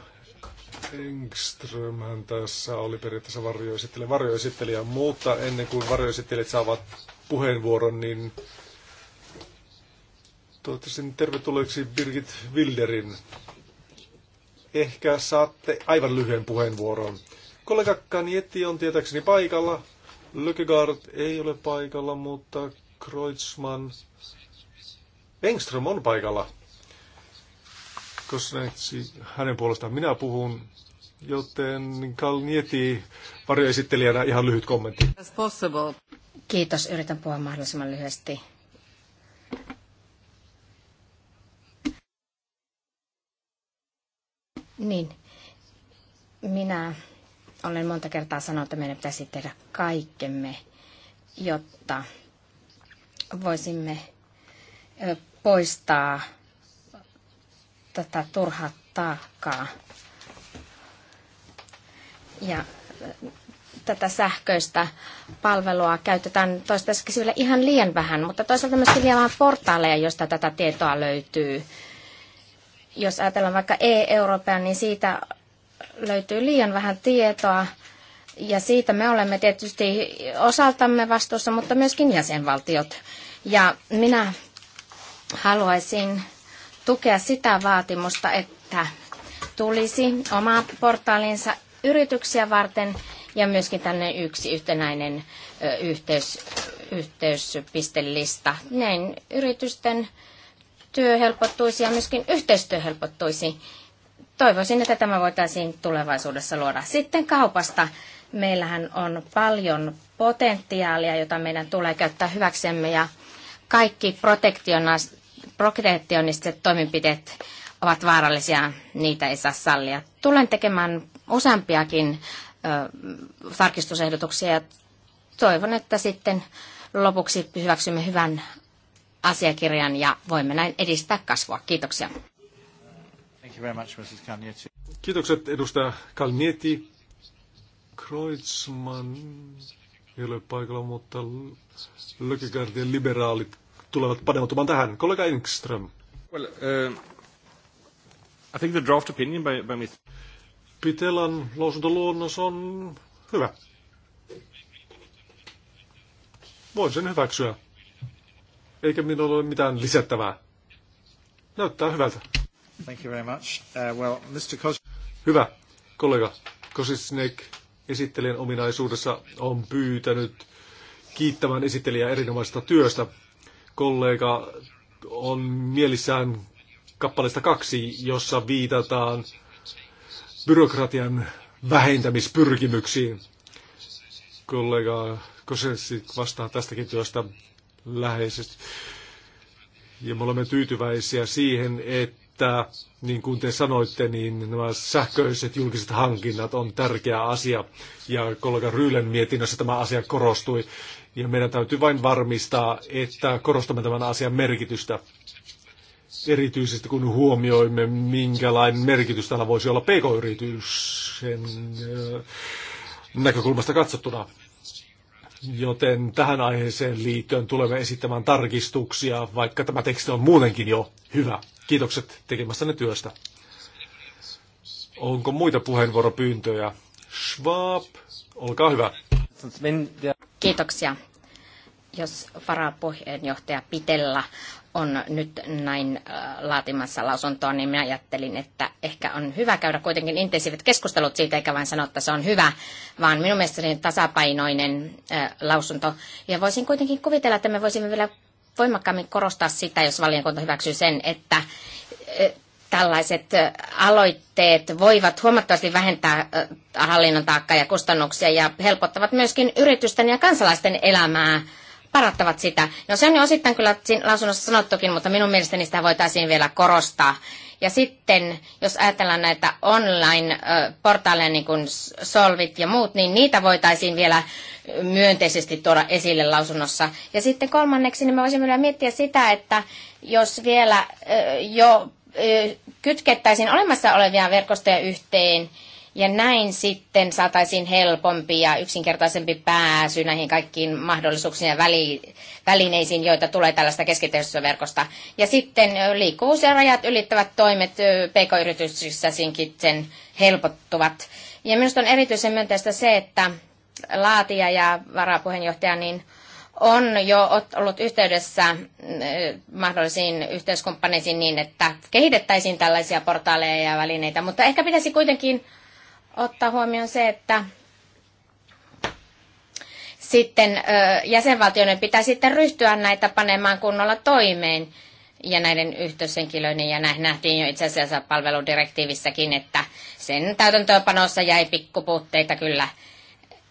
B: Engström hän tässä oli periaatteessa varjoesittelijä, varjoesittelijä, mutta ennen kuin varjoesittelijät saavat puheenvuoron, niin toivottavasti tervetulleeksi Birgit Wilderin. Ehkä saatte aivan lyhyen puheenvuoron. Kollega Canietti on tietääkseni paikalla. Lykegaard ei ole paikalla, mutta Kreutzmann... Engström on paikalla. Kosnetsi, hänen puolestaan minä puhun. Joten Kalnieti varjoesittelijänä ihan lyhyt kommentti.
D: Kiitos, yritän puhua mahdollisimman lyhyesti. Niin, minä olen monta kertaa sanonut, että meidän pitäisi tehdä kaikkemme, jotta voisimme poistaa tätä turhaa taakkaa. Ja tätä sähköistä palvelua käytetään toistaiseksi vielä ihan liian vähän, mutta toisaalta myöskin liian vähän portaaleja, joista tätä tietoa löytyy. Jos ajatellaan vaikka e Euroopan, niin siitä löytyy liian vähän tietoa ja siitä me olemme tietysti osaltamme vastuussa, mutta myöskin jäsenvaltiot. Ja minä haluaisin tukea sitä vaatimusta, että tulisi oma portaalinsa yrityksiä varten ja myöskin tänne yksi yhtenäinen yhteys, yhteyspistelista. Näin yritysten työ helpottuisi ja myöskin yhteistyö helpottuisi toivoisin, että tämä voitaisiin tulevaisuudessa luoda. Sitten kaupasta. Meillähän on paljon potentiaalia, jota meidän tulee käyttää hyväksemme ja kaikki protektionistiset toimenpiteet ovat vaarallisia, niitä ei saa sallia. Tulen tekemään useampiakin ö, tarkistusehdotuksia ja toivon, että sitten lopuksi hyväksymme hyvän asiakirjan ja voimme näin edistää kasvua. Kiitoksia.
B: Thank you very much, Mrs. Kalnieti. Kiitokset edustaja Kalnieti. Kreutzmann ei ole paikalla, mutta Lökegaardien liberaalit tulevat paneutumaan tähän. Kollega Engström. Well, uh, I think the draft opinion by, by Mr. Pitelan lausuntoluonnos on hyvä. Voin sen hyväksyä. Eikä minulla ole mitään lisättävää. Näyttää hyvältä. Thank you very much. Uh, well, Mr. Kos- Hyvä. Kollega Kosisnek esittelijän ominaisuudessa on pyytänyt kiittämään esittelijää erinomaisesta työstä. Kollega on mielissään kappaleesta kaksi, jossa viitataan byrokratian vähentämispyrkimyksiin. Kollega Kosensik vastaa tästäkin työstä läheisesti. Ja me olemme tyytyväisiä siihen, että että niin kuin te sanoitte, niin nämä sähköiset julkiset hankinnat on tärkeä asia. Ja kollega Ryylen mietinnössä tämä asia korostui. Ja meidän täytyy vain varmistaa, että korostamme tämän asian merkitystä. Erityisesti kun huomioimme, minkälainen merkitys täällä voisi olla pk-yrityksen näkökulmasta katsottuna joten tähän aiheeseen liittyen tulemme esittämään tarkistuksia, vaikka tämä teksti on muutenkin jo hyvä. Kiitokset tekemästänne työstä. Onko muita puheenvuoropyyntöjä? Schwab, olkaa hyvä.
D: Kiitoksia. Jos varapuheenjohtaja Pitellä on nyt näin äh, laatimassa lausuntoa, niin minä ajattelin, että ehkä on hyvä käydä kuitenkin intensiiviset keskustelut siitä, eikä vain sanoa, että se on hyvä, vaan minun mielestäni tasapainoinen äh, lausunto. Ja voisin kuitenkin kuvitella, että me voisimme vielä voimakkaammin korostaa sitä, jos valiokunta hyväksyy sen, että äh, tällaiset aloitteet voivat huomattavasti vähentää hallinnon taakkaa ja kustannuksia ja helpottavat myöskin yritysten ja kansalaisten elämää Parattavat sitä. No se on jo osittain kyllä siinä lausunnossa sanottukin, mutta minun mielestäni sitä voitaisiin vielä korostaa. Ja sitten, jos ajatellaan näitä online-portaaleja, niin kuin Solvit ja muut, niin niitä voitaisiin vielä myönteisesti tuoda esille lausunnossa. Ja sitten kolmanneksi, niin me voisimme vielä miettiä sitä, että jos vielä jo kytkettäisiin olemassa olevia verkostoja yhteen, ja näin sitten saataisiin helpompi ja yksinkertaisempi pääsy näihin kaikkiin mahdollisuuksiin ja välineisiin, joita tulee tällaista keskitetystä verkosta. Ja sitten liikkuvuus ja rajat ylittävät toimet pk-yrityksissä sen helpottuvat. Ja minusta on erityisen myönteistä se, että laatija ja varapuheenjohtaja niin on jo ollut yhteydessä mahdollisiin yhteiskumppaneisiin niin, että kehitettäisiin tällaisia portaaleja ja välineitä, mutta ehkä pitäisi kuitenkin ottaa huomioon se, että sitten jäsenvaltioiden pitää sitten ryhtyä näitä panemaan kunnolla toimeen ja näiden yhteyshenkilöiden, ja näin nähtiin jo itse asiassa palveludirektiivissäkin, että sen täytäntöönpanossa jäi pikkupuutteita kyllä.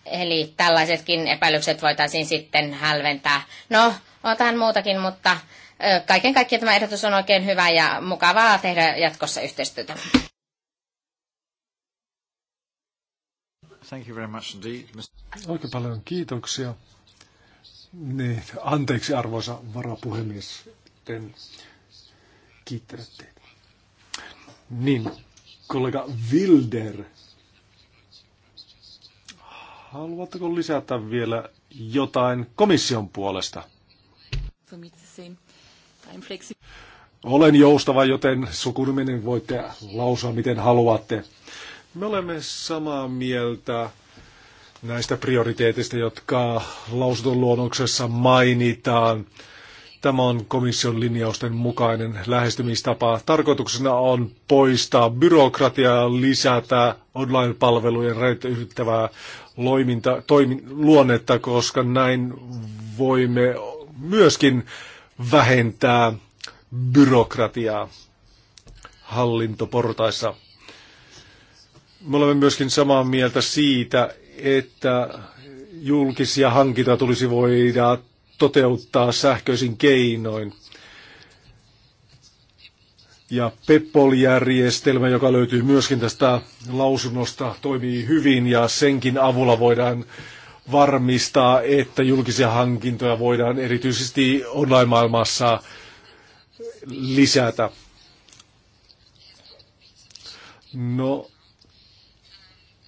D: Eli tällaisetkin epäilykset voitaisiin sitten hälventää. No, on tähän muutakin, mutta kaiken kaikkiaan tämä ehdotus on oikein hyvä ja mukavaa tehdä jatkossa yhteistyötä.
A: Thank you very much indeed,
B: Oikein paljon kiitoksia. Niin, anteeksi arvoisa varapuhemies, en kiittänyt teitä. Niin, kollega Wilder, haluatteko lisätä vielä jotain komission puolesta? Olen joustava, joten sukuniminen voitte lausua miten haluatte. Me olemme samaa mieltä näistä prioriteeteista, jotka luonnoksessa mainitaan. Tämä on komission linjausten mukainen lähestymistapa. Tarkoituksena on poistaa byrokratiaa, lisätä online-palvelujen rajat loiminta, toimi, luonnetta, koska näin voimme myöskin vähentää byrokratiaa hallintoportaissa. Me olemme myöskin samaa mieltä siitä, että julkisia hankintoja tulisi voida toteuttaa sähköisin keinoin. Ja PEPOL-järjestelmä, joka löytyy myöskin tästä lausunnosta, toimii hyvin ja senkin avulla voidaan varmistaa, että julkisia hankintoja voidaan erityisesti online-maailmassa lisätä. No,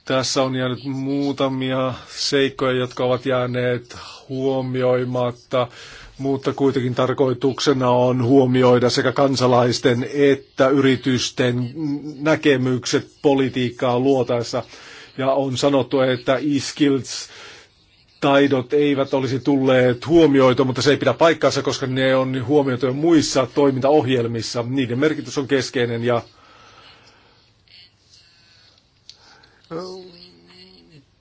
B: tässä on jäänyt muutamia seikkoja, jotka ovat jääneet huomioimatta, mutta kuitenkin tarkoituksena on huomioida sekä kansalaisten että yritysten näkemykset politiikkaa luotaessa. Ja on sanottu, että e-skills taidot eivät olisi tulleet huomioitu, mutta se ei pidä paikkaansa, koska ne on huomioitu jo muissa toimintaohjelmissa. Niiden merkitys on keskeinen ja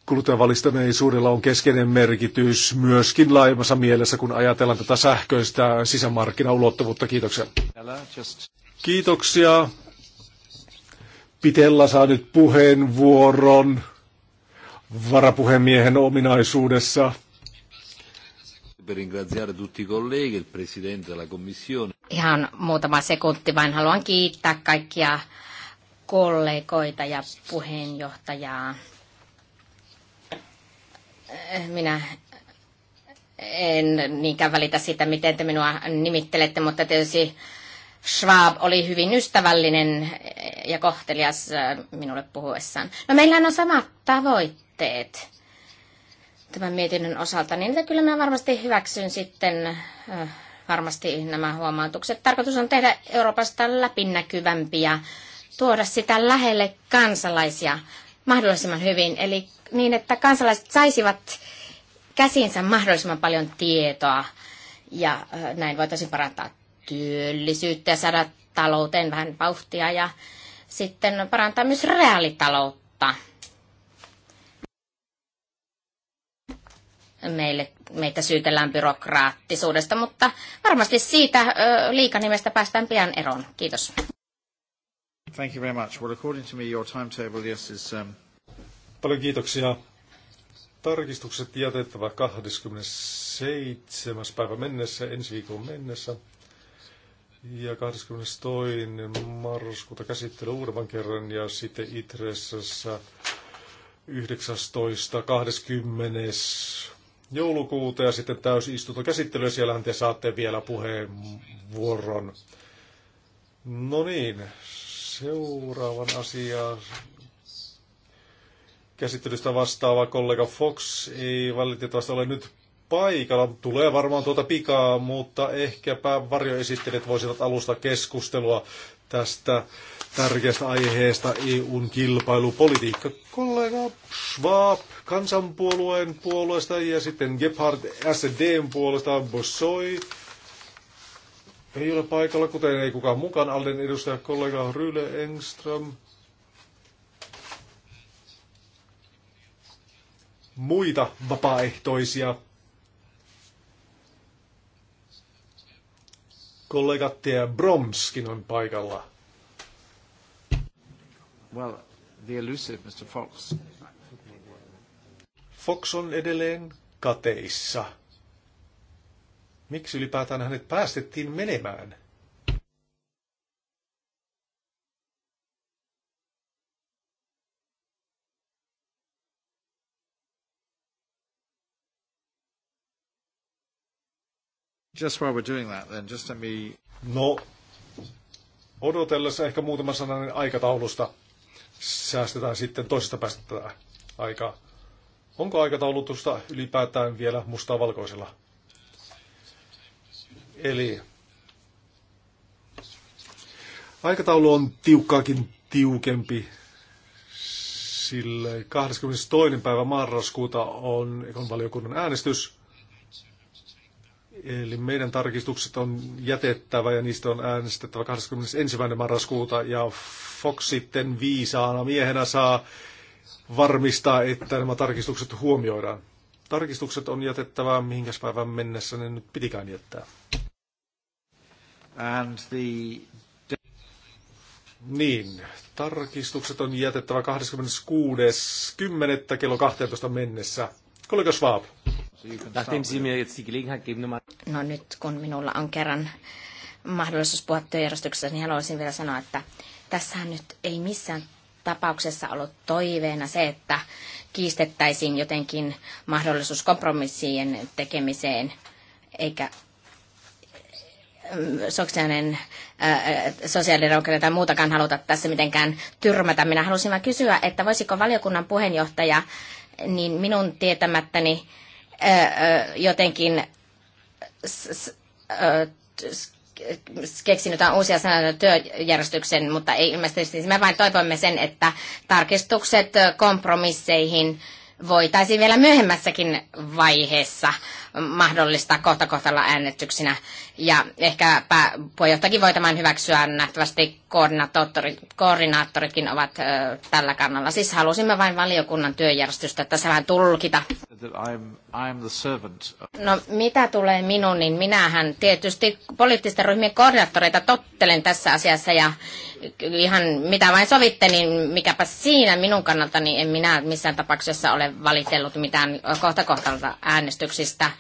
B: kuluttajan valistaneisuudella on keskeinen merkitys myöskin laajemmassa mielessä, kun ajatellaan tätä sähköistä sisämarkkinaulottuvuutta. Kiitoksia. Kiitoksia. Pitella saa nyt puheenvuoron varapuhemiehen ominaisuudessa.
D: Ihan muutama sekunti vain haluan kiittää kaikkia kollegoita ja puheenjohtajaa. Minä en niinkään välitä siitä, miten te minua nimittelette, mutta tietysti Schwab oli hyvin ystävällinen ja kohtelias minulle puhuessaan. No meillä on samat tavoitteet tämän mietinnön osalta, niin kyllä minä varmasti hyväksyn sitten varmasti nämä huomautukset. Tarkoitus on tehdä Euroopasta läpinäkyvämpiä. ja tuoda sitä lähelle kansalaisia mahdollisimman hyvin, eli niin, että kansalaiset saisivat käsinsä mahdollisimman paljon tietoa ja näin voitaisiin parantaa työllisyyttä ja saada talouteen vähän vauhtia ja sitten parantaa myös reaalitaloutta. Meille, meitä syytellään byrokraattisuudesta, mutta varmasti siitä liikanimestä päästään pian eroon. Kiitos.
A: Thank you very much. Well, according to me, your timetable, yes, is... Um, Paljon kiitoksia.
B: Tarkistukset jätettävä 27. päivä mennessä, ensi viikon mennessä. Ja 22. marraskuuta käsittely uudemman kerran ja sitten Itressassa 19. 20. joulukuuta ja sitten täysistunto käsittely. Siellähän te saatte vielä puheenvuoron. No niin, seuraavan asian käsittelystä vastaava kollega Fox ei valitettavasti ole nyt paikalla. Tulee varmaan tuota pikaa, mutta ehkäpä varjoesittelijät voisivat alusta keskustelua tästä tärkeästä aiheesta EUn kilpailupolitiikka. Kollega Schwab kansanpuolueen puolesta ja sitten Gebhard SD puolesta Bossoi ei ole paikalla, kuten ei kukaan mukaan. Alden edustaja kollega Ryle Engström. Muita vapaaehtoisia. Kollegat ja Bromskin on paikalla. Well, the elusive Mr. Fox. Fox on edelleen kateissa. Miksi ylipäätään hänet päästettiin menemään? Just while we're doing that then, just let me... No, odotellessa ehkä muutama sananen aikataulusta säästetään sitten toisesta päästä tätä aikaa. Onko aikataulutusta ylipäätään vielä mustaa valkoisella? Eli aikataulu on tiukkaakin tiukempi, sillä 22. päivä marraskuuta on ekonvaliokunnan valiokunnan äänestys. Eli meidän tarkistukset on jätettävä ja niistä on äänestettävä 21. marraskuuta. Ja Fox sitten viisaana miehenä saa varmistaa, että nämä tarkistukset huomioidaan. Tarkistukset on jätettävä, mihinkäs päivän mennessä ne nyt pitikään jättää. And the... Niin, tarkistukset on jätettävä 26.10. kello 12 mennessä. Kollega Schwab.
D: No nyt kun minulla on kerran mahdollisuus puhua työjärjestyksessä, niin haluaisin vielä sanoa, että tässähän nyt ei missään tapauksessa ollut toiveena se, että kiistettäisiin jotenkin mahdollisuus kompromissien tekemiseen, eikä sosiaalinen, sosiaalidemokratia tai muutakaan haluta tässä mitenkään tyrmätä. Minä halusin vain kysyä, että voisiko valiokunnan puheenjohtaja niin minun tietämättäni jotenkin keksinyt uusia sanoja työjärjestyksen, mutta ei ilmeisesti. Me vain toivomme sen, että tarkistukset kompromisseihin voitaisiin vielä myöhemmässäkin vaiheessa mahdollista kohta kohtalla äänestyksinä. Ja ehkä puheenjohtajakin voi tämän hyväksyä nähtävästi koordinaattorit, koordinaattoritkin ovat tällä kannalla. Siis halusimme vain valiokunnan työjärjestystä että se vähän tulkita. No mitä tulee minun, niin minähän tietysti poliittisten ryhmien koordinaattoreita tottelen tässä asiassa ja ihan mitä vain sovitte, niin mikäpä siinä minun kannalta, niin en minä missään tapauksessa ole valitellut mitään kohta kohtalta äänestyksistä.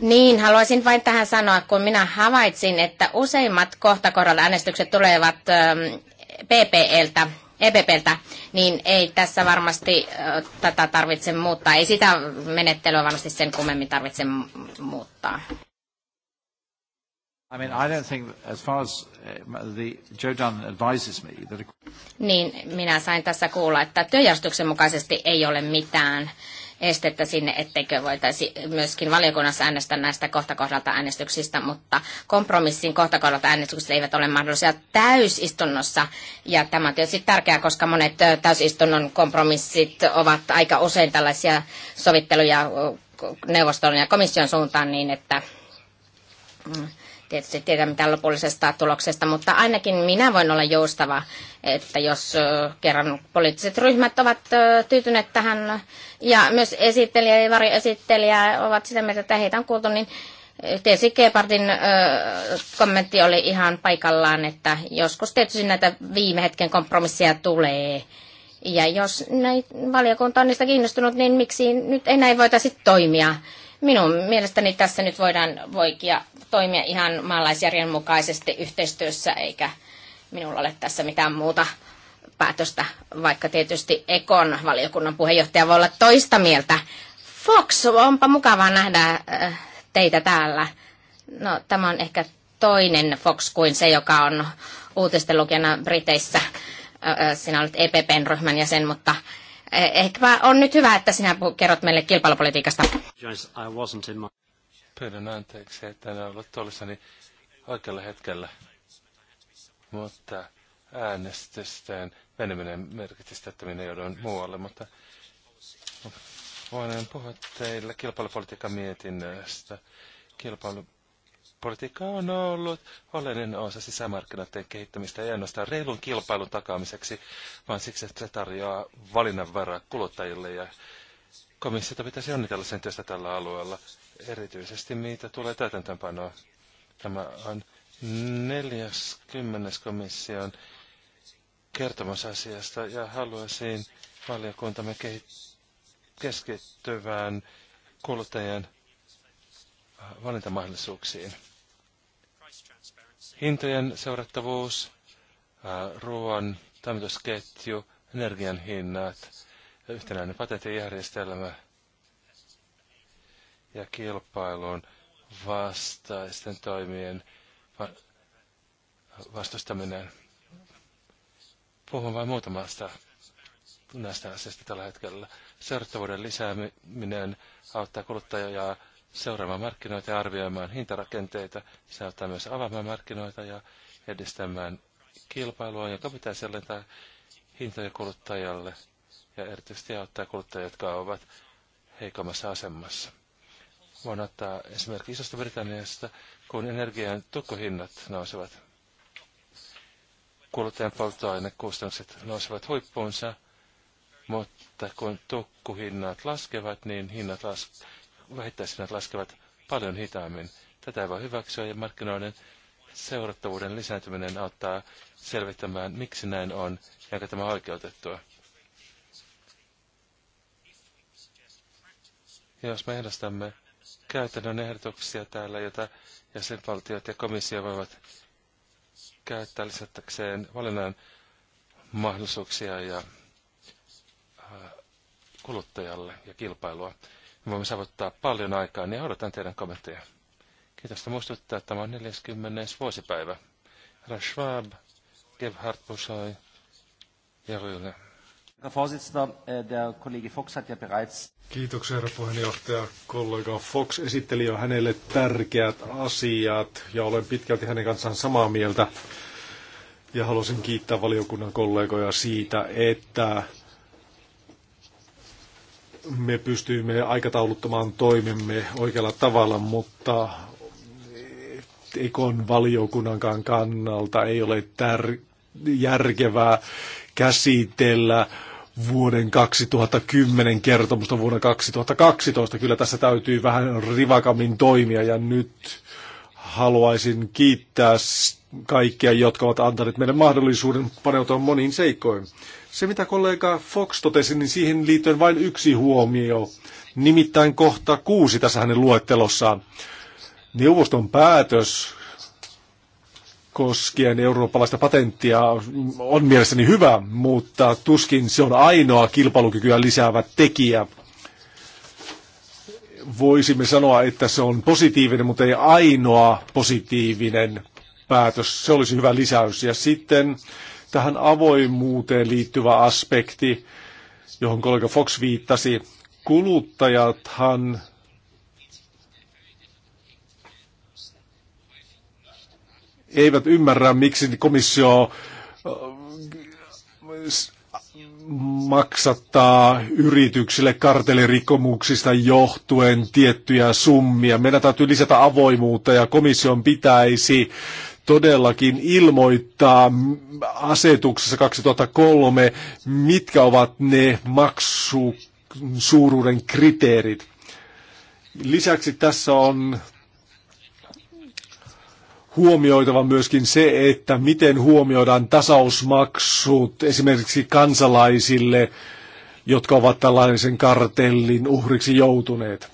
D: Niin, haluaisin vain tähän sanoa, kun minä havaitsin, että useimmat kohtakorralla äänestykset tulevat ähm, PPLtä, e EPPltä, niin ei tässä varmasti äh, tätä tarvitse muuttaa. Ei sitä menettelyä varmasti sen kummemmin tarvitse muuttaa.
A: I mean, I don't think, as far as uh, the Joe Dunn advises me, that...
D: Niin, minä sain tässä kuulla, että työjärjestyksen mukaisesti ei ole mitään estettä sinne, etteikö voitaisi myöskin valiokunnassa äänestää näistä kohtakohdalta äänestyksistä, mutta kompromissin kohtakohdalta äänestykset eivät ole mahdollisia täysistunnossa. Ja tämä on tietysti tärkeää, koska monet täysistunnon kompromissit ovat aika usein tällaisia sovitteluja neuvoston ja komission suuntaan niin, että mm, tietysti tiedä mitä lopullisesta tuloksesta, mutta ainakin minä voin olla joustava, että jos kerran poliittiset ryhmät ovat tyytyneet tähän ja myös esittelijä ja varjoesittelijä ovat sitä mieltä, että heitä on kuultu, niin Tietysti ö, kommentti oli ihan paikallaan, että joskus tietysti näitä viime hetken kompromisseja tulee. Ja jos näin valiokunta on niistä kiinnostunut, niin miksi nyt ei näin voitaisi toimia? Minun mielestäni tässä nyt voidaan voikia toimia ihan maalaisjärjen mukaisesti yhteistyössä, eikä minulla ole tässä mitään muuta päätöstä, vaikka tietysti Ekon valiokunnan puheenjohtaja voi olla toista mieltä. Fox, onpa mukavaa nähdä äh, teitä täällä. No, tämä on ehkä toinen Fox kuin se, joka on uutisten lukijana Briteissä. Äh, äh, sinä olet EPPn ryhmän jäsen, mutta Eh, Ehkä on nyt hyvä, että sinä kerrot meille kilpailupolitiikasta.
C: Pyydän anteeksi, että en ollut tuollissani oikealla hetkellä, mutta äänestysten meneminen merkitsi sitä, että minä joudun muualle, mutta voin puhua teille kilpailupolitiikan mietinnöstä. kilpailu. Politiikka on ollut oleellinen osa sisämarkkinoiden kehittämistä ei ainoastaan reilun kilpailun takaamiseksi, vaan siksi, että se tarjoaa valinnanvaraa kuluttajille ja komissiota pitäisi onnitella sen työstä tällä alueella, erityisesti mitä tulee täytäntöönpanoa. Tämä on 40. komission kertomus asiasta ja haluaisin valiokuntamme keskittyvään kuluttajien valintamahdollisuuksiin. Hintojen seurattavuus, ruoan toimitusketju, energian hinnat, yhtenäinen patenttijärjestelmä ja kilpailun vastaisten toimien vastustaminen. Puhun vain muutamasta näistä asioista tällä hetkellä. Seurattavuuden lisääminen auttaa kuluttajaa seuraamaan markkinoita ja arvioimaan hintarakenteita. Se auttaa myös avaamaan markkinoita ja edistämään kilpailua, joka pitää sellaista hintoja kuluttajalle ja erityisesti auttaa kuluttajia, jotka ovat heikommassa asemassa. Voin ottaa esimerkiksi isosta Britanniasta, kun energian tukkohinnat nousevat. Kuluttajan polttoainekustannukset nousevat huippuunsa, mutta kun tukkuhinnat laskevat, niin hinnat laskevat vähittäishinnat laskevat paljon hitaammin. Tätä ei voi hyväksyä ja markkinoiden seurattavuuden lisääntyminen auttaa selvittämään, miksi näin on ja onko tämä oikeutettua. Jos me ehdostamme käytännön ehdotuksia täällä, joita jäsenvaltiot ja komissio voivat käyttää lisättäkseen valinnan mahdollisuuksia ja kuluttajalle ja kilpailua. Me voimme saavuttaa paljon aikaa, niin odotan teidän kommentteja. Kiitos, että muistuttaa, että tämä on 40. vuosipäivä. Herra Schwab, Gebhard Buschoi ja äh,
B: Kiitoksia, herra puheenjohtaja. Kollega Fox esitteli jo hänelle tärkeät asiat ja olen pitkälti hänen kanssaan samaa mieltä. Ja haluaisin kiittää valiokunnan kollegoja siitä, että me pystyimme aikatauluttamaan toimimme oikealla tavalla, mutta ekon valiokunnankaan kannalta ei ole tär- järkevää käsitellä vuoden 2010 kertomusta vuonna 2012. Kyllä tässä täytyy vähän rivakammin toimia ja nyt haluaisin kiittää kaikkia, jotka ovat antaneet meille mahdollisuuden paneutua moniin seikkoihin. Se, mitä kollega Fox totesi, niin siihen liittyen vain yksi huomio. Nimittäin kohta kuusi tässä hänen luettelossaan. Neuvoston päätös koskien eurooppalaista patenttia on mielestäni hyvä, mutta tuskin se on ainoa kilpailukykyä lisäävä tekijä. Voisimme sanoa, että se on positiivinen, mutta ei ainoa positiivinen päätös. Se olisi hyvä lisäys. Ja sitten tähän avoimuuteen liittyvä aspekti, johon kollega Fox viittasi. Kuluttajathan eivät ymmärrä, miksi komissio äh, maksattaa yrityksille kartelirikkomuksista johtuen tiettyjä summia. Meidän täytyy lisätä avoimuutta ja komission pitäisi todellakin ilmoittaa asetuksessa 2003, mitkä ovat ne maksu kriteerit. Lisäksi tässä on huomioitava myöskin se, että miten huomioidaan tasausmaksut esimerkiksi kansalaisille, jotka ovat tällaisen kartellin uhriksi joutuneet.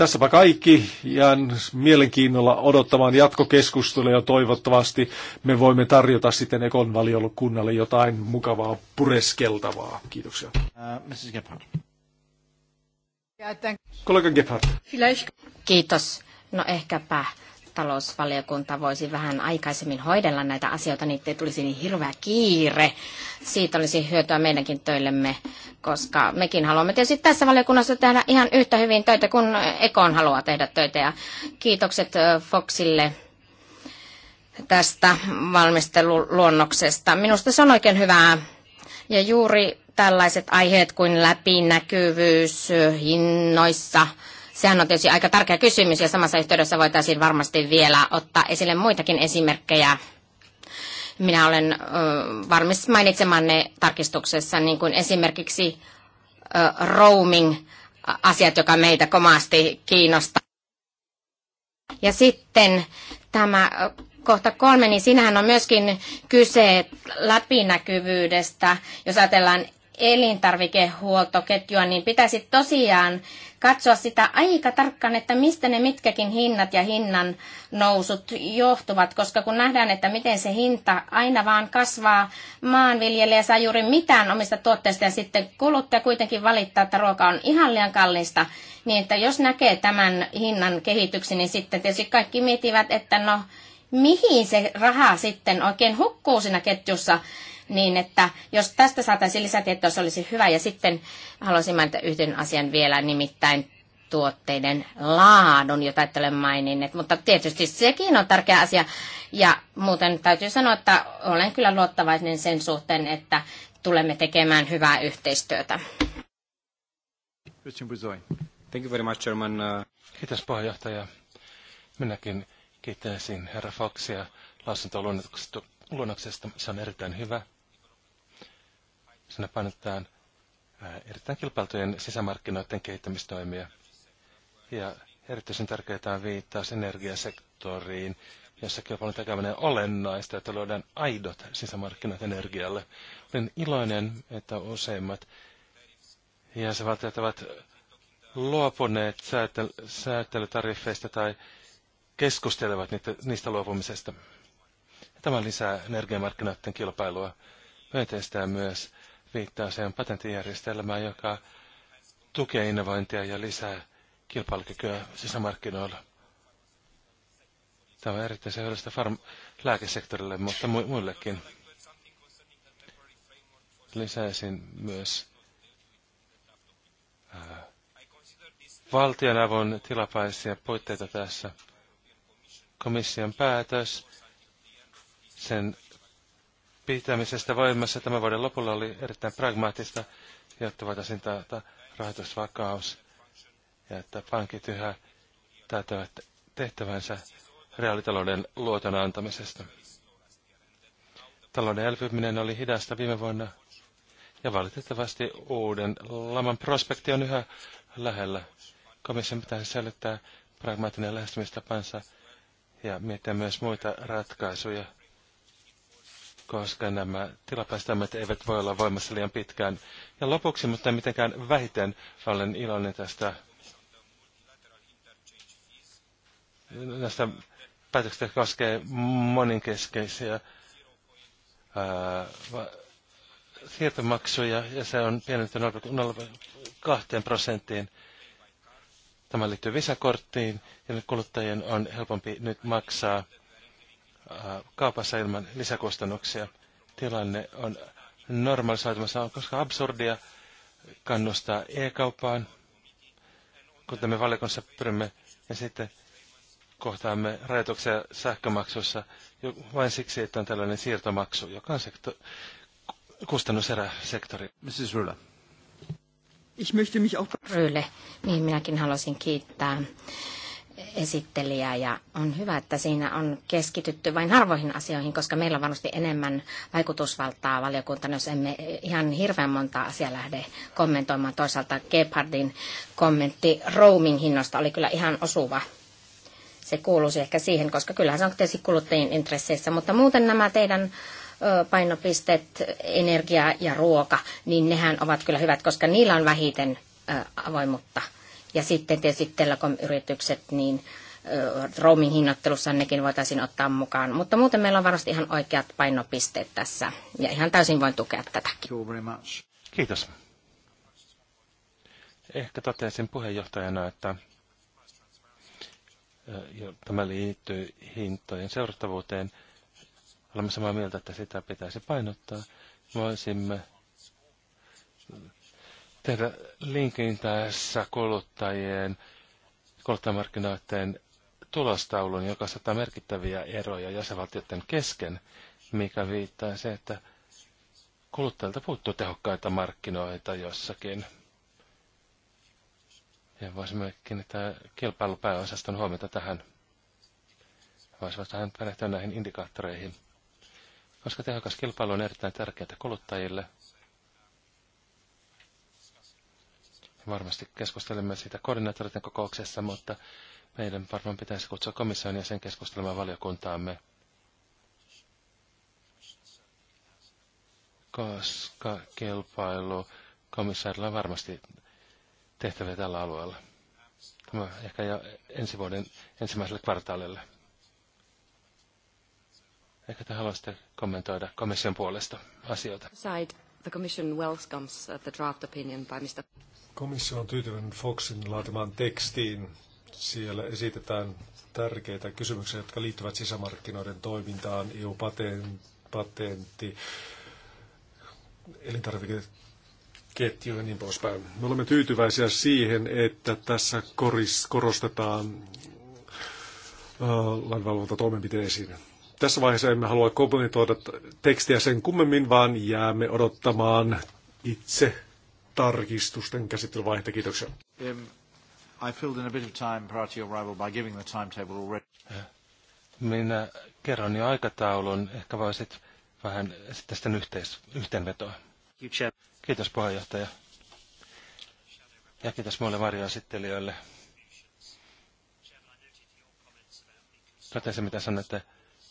B: Tässäpä kaikki. Jään mielenkiinnolla odottamaan jatkokeskustelua ja toivottavasti me voimme tarjota sitten Ekon valiokunnalle jotain mukavaa pureskeltavaa. Kiitoksia. Uh, äh, Mrs. Kollega Gebhardt.
D: Kiitos. No ehkäpä talousvaliokunta voisi vähän aikaisemmin hoidella näitä asioita, niin ei tulisi niin hirveä kiire. Siitä olisi hyötyä meidänkin töillemme, koska mekin haluamme tietysti tässä valiokunnassa tehdä ihan yhtä hyvin töitä kuin Ekon haluaa tehdä töitä. Ja kiitokset Foxille tästä valmisteluluonnoksesta. Minusta se on oikein hyvää. Ja juuri tällaiset aiheet kuin läpinäkyvyys hinnoissa – Sehän on tietysti aika tärkeä kysymys ja samassa yhteydessä voitaisiin varmasti vielä ottaa esille muitakin esimerkkejä. Minä olen ö, mainitsemaan mainitsemanne tarkistuksessa, niin kuin esimerkiksi ö, roaming-asiat, joka meitä komaasti kiinnostaa. Ja sitten tämä kohta kolme, niin sinähän on myöskin kyse läpinäkyvyydestä. Jos ajatellaan elintarvikehuoltoketjua, niin pitäisi tosiaan katsoa sitä aika tarkkaan, että mistä ne mitkäkin hinnat ja hinnan nousut johtuvat, koska kun nähdään, että miten se hinta aina vaan kasvaa, maanviljelijä saa juuri mitään omista tuotteista ja sitten kuluttaja kuitenkin valittaa, että ruoka on ihan liian kallista, niin että jos näkee tämän hinnan kehityksen, niin sitten tietysti kaikki miettivät, että no mihin se raha sitten oikein hukkuu siinä ketjussa, niin että jos tästä saataisiin lisätietoa, se olisi hyvä. Ja sitten haluaisin mainita yhden asian vielä, nimittäin tuotteiden laadun, jota ette ole maininnut. mutta tietysti sekin on tärkeä asia. Ja muuten täytyy sanoa, että olen kyllä luottavainen sen suhteen, että tulemme tekemään hyvää yhteistyötä.
C: Thank you very much, Chairman. Kiitos puheenjohtaja. Minäkin kiittäisin herra Foxia lausuntoluonnoksesta. Se on erittäin hyvä. Siinä painotetaan erittäin kilpailtujen sisämarkkinoiden kehittämistoimia. Ja erityisen tärkeää on viittaus energiasektoriin, jossa kilpailun tekeminen on olennaista, että luodaan aidot sisämarkkinat energialle. Olen iloinen, että useimmat jäsenvaltiot ovat luopuneet säätelytariffeista tai keskustelevat niistä luopumisesta. Tämä lisää energiamarkkinoiden kilpailua. Myönteistää myös viittaa sen patenttijärjestelmään, joka tukee innovointia ja lisää kilpailukykyä sisämarkkinoilla. Tämä on erittäin seurallista farm- lääkesektorille, mutta mu- muillekin. Lisäisin myös ää, äh, valtionavun tilapäisiä puitteita tässä. Komission päätös, sen pitämisestä voimassa tämän vuoden lopulla oli erittäin pragmaattista, jotta voitaisiin taata rahoitusvakaus ja että pankit yhä täyttävät tehtävänsä reaalitalouden luoton antamisesta. Talouden elpyminen oli hidasta viime vuonna ja valitettavasti uuden laman prospekti on yhä lähellä. Komission pitäisi säilyttää pragmaattinen lähestymistapansa ja miettiä myös muita ratkaisuja – koska nämä tilapäistämät eivät voi olla voimassa liian pitkään. Ja lopuksi, mutta mitenkään vähiten, olen iloinen tästä näistä päätöksistä, jotka koskee moninkeskeisiä ää, siirtomaksuja, ja se on pienennetty 0,2 prosenttiin. Tämä liittyy visakorttiin, ja kuluttajien on helpompi nyt maksaa – Äh, kaupassa ilman lisäkustannuksia. Tilanne on normalisoitumassa, on koska absurdia kannustaa e-kauppaan, kuten me valiokunnassa pyrimme, ja niin sitten kohtaamme rajoituksia sähkömaksussa vain siksi, että on tällainen siirtomaksu, joka on sektor, kustannuserä sektori. Mrs. Rula.
D: Ich möchte mich auch... Ryle, niin minäkin haluaisin kiittää esittelijä ja on hyvä, että siinä on keskitytty vain harvoihin asioihin, koska meillä on varmasti enemmän vaikutusvaltaa valiokuntana, jos emme ihan hirveän monta asiaa lähde kommentoimaan. Toisaalta Gebhardin kommentti roaming hinnosta oli kyllä ihan osuva. Se kuuluisi ehkä siihen, koska kyllähän se on tietysti kuluttajien intresseissä, mutta muuten nämä teidän painopisteet, energia ja ruoka, niin nehän ovat kyllä hyvät, koska niillä on vähiten avoimuutta ja sitten tietysti telekom-yritykset, niin roaming hinnoittelussa nekin voitaisiin ottaa mukaan. Mutta muuten meillä on varmasti ihan oikeat painopisteet tässä. Ja ihan täysin voin tukea tätäkin.
C: Kiitos. Ehkä totesin puheenjohtajana, että tämä liittyy hintojen seurattavuuteen. Olemme samaa mieltä, että sitä pitäisi painottaa. Voisimme tehdä linkin tässä kuluttajien, kuluttajamarkkinoiden tulostaulun, joka saattaa merkittäviä eroja jäsenvaltioiden kesken, mikä viittaa se, että kuluttajilta puuttuu tehokkaita markkinoita jossakin. Ja voisimme kiinnittää kilpailupääosaston huomiota tähän. Voisivat tähän perehtyä näihin indikaattoreihin. Koska tehokas kilpailu on erittäin tärkeää kuluttajille – varmasti keskustelemme siitä koordinaattoreiden kokouksessa, mutta meidän varmaan pitäisi kutsua komission ja sen keskustelemaan valiokuntaamme. Koska kilpailu komissaarilla on varmasti tehtäviä tällä alueella. Tämä ehkä jo ensi vuoden ensimmäiselle kvartaalille. Ehkä te haluaisitte kommentoida komission puolesta
B: asioita.
D: Side. The Commission welcomes uh, the draft opinion by Mr.
B: Komissio on tyytyväinen Foxin laatimaan tekstiin. Siellä esitetään tärkeitä kysymyksiä, jotka liittyvät sisämarkkinoiden toimintaan, EU-patentti, elintarvikeketju ja niin poispäin. Me olemme tyytyväisiä siihen, että tässä koris, korostetaan lainvalvontatoimenpiteisiin. Tässä vaiheessa emme halua kommentoida tekstiä sen kummemmin, vaan jäämme odottamaan itse tarkistusten käsittelyvaihetta. Kiitoksia.
A: Um, I filled in a bit of time prior to your arrival by giving the timetable already. Äh,
C: minä kerron jo aikataulun. Ehkä voisit vähän sitten sitten yhteis- yhteenvetoa. Kiitos puheenjohtaja. Ja kiitos muille varjoesittelijöille. Totesin, mitä sanotte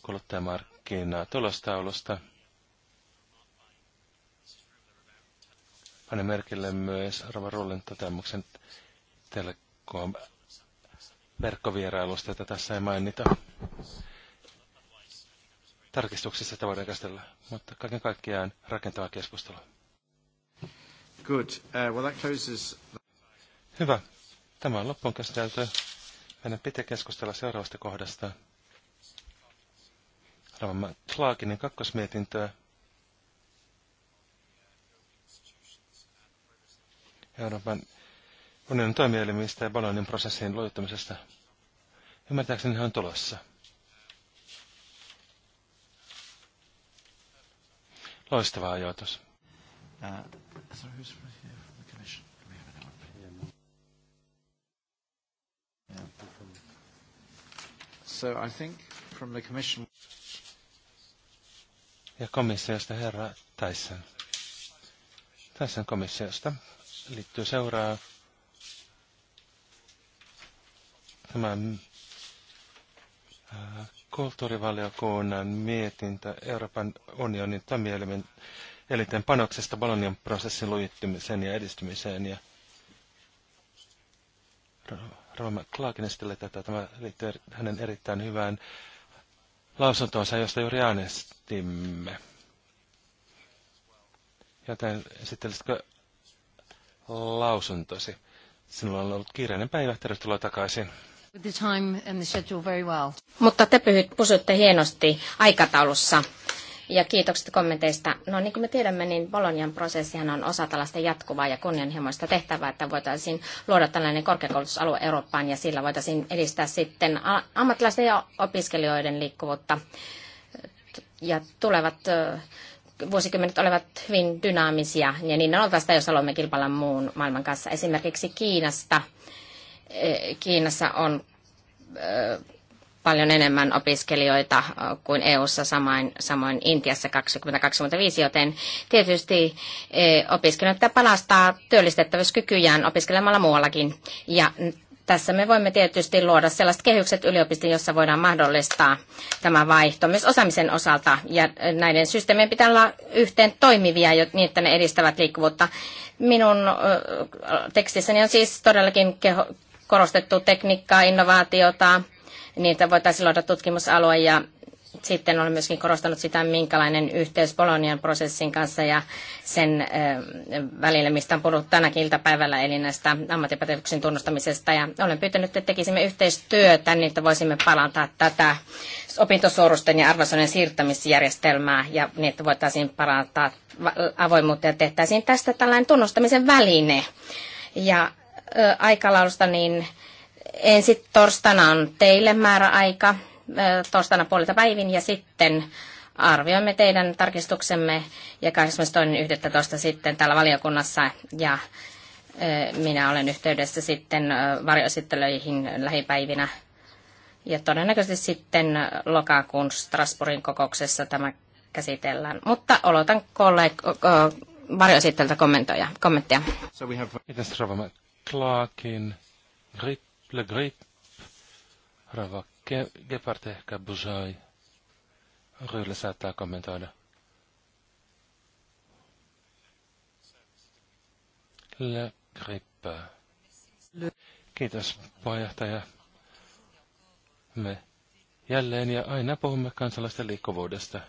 C: kuluttajamarkkinaa tulostaulusta. Panen merkille myös Rova Rullin toteamuksen telekoon verkkovierailusta, jota tässä ei mainita. Tarkistuksissa sitä voidaan käsitellä, mutta kaiken kaikkiaan rakentava keskustelu. Good. Uh, well, that closes... Hyvä. Tämä on loppuun käsitelty. Meidän pitää keskustella seuraavasta kohdasta. Rauhan Clarkinin kakkosmietintöä. Euroopan unionin toimielimistä ja Bolognin prosessin luottamisesta. Ymmärtääkseni hän on tulossa. Loistava ajoitus. So
A: I think from the commission...
C: Ja komissiosta herra Tyson. Tyson komissiosta liittyy seuraa. Tämä äh, kulttuurivaliokunnan mietintä Euroopan unionin toimielimen eliten panoksesta Bolonian prosessin lujittymiseen ja edistymiseen. Ja Roma klaakinestille tätä. Tämä liittyy hänen erittäin hyvään lausuntoonsa, josta juuri äänestimme. Joten esittelisitkö lausuntosi. Sinulla on ollut kiireinen päivä. Tervetuloa takaisin.
D: The time and the schedule very well. Mutta te pysytte hienosti aikataulussa. Ja kiitokset kommenteista. No niin kuin me tiedämme, niin Bolonian prosessihan on osa tällaista jatkuvaa ja kunnianhimoista tehtävää, että voitaisiin luoda tällainen korkeakoulutusalue Eurooppaan ja sillä voitaisiin edistää sitten ammattilaisten ja opiskelijoiden liikkuvuutta. Ja tulevat vuosikymmenet olivat hyvin dynaamisia, ja niin on oltaisiin jos haluamme kilpailla muun maailman kanssa. Esimerkiksi Kiinasta. Eh, Kiinassa on eh, paljon enemmän opiskelijoita eh, kuin EU-ssa, samoin, samoin Intiassa 2025, joten tietysti opiskelijoita palastaa työllistettävyyskykyjään opiskelemalla muuallakin. Ja tässä me voimme tietysti luoda sellaiset kehykset yliopistoon, jossa voidaan mahdollistaa tämä vaihto myös osaamisen osalta. Ja näiden systeemien pitää olla yhteen toimivia, niin että ne edistävät liikkuvuutta. Minun tekstissäni on siis todellakin keho, korostettu tekniikkaa, innovaatiota, niin että voitaisiin luoda tutkimusalue ja sitten olen myöskin korostanut sitä, minkälainen yhteys Bolonian prosessin kanssa ja sen välillä, mistä on puhuttu tänäkin iltapäivällä, eli näistä ammattipätevyyksien tunnustamisesta. Ja olen pyytänyt, että tekisimme yhteistyötä, niin että voisimme palantaa tätä opintosuorusten ja arvosanojen siirtämisjärjestelmää ja niin, että voitaisiin parantaa avoimuutta ja tehtäisiin tästä tällainen tunnustamisen väline. Ja aikalaulusta niin ensi torstaina on teille määräaika torstaina puolilta päivin ja sitten arvioimme teidän tarkistuksemme ja 22.11. sitten täällä valiokunnassa ja minä olen yhteydessä sitten varjoesittelyihin lähipäivinä. Ja todennäköisesti sitten lokakuun Strasbourgin kokouksessa tämä käsitellään. Mutta olotan kolleg- varjoesittelyltä kommentoja, kommentteja.
C: So we have... Rava Clarkin, Grip, Le Grip, Rava Ge- Gepard ehkä Bujai. Ryllä saattaa kommentoida. Le Grippa. Kiitos puheenjohtaja. Me jälleen ja aina puhumme kansalaisten liikkuvuudesta.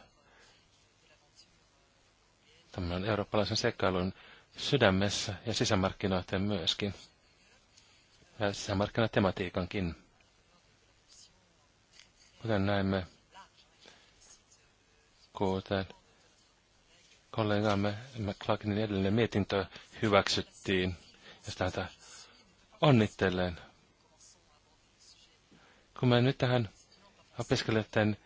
C: Tämä on eurooppalaisen sekailun sydämessä ja sisämarkkinoiden myöskin. Ja sisämarkkinatematiikankin. Kuten näemme, kuten kollegamme McClarkinin edellinen mietintö hyväksyttiin, ja tätä onnittelen. Kun me nyt tähän opiskelijoiden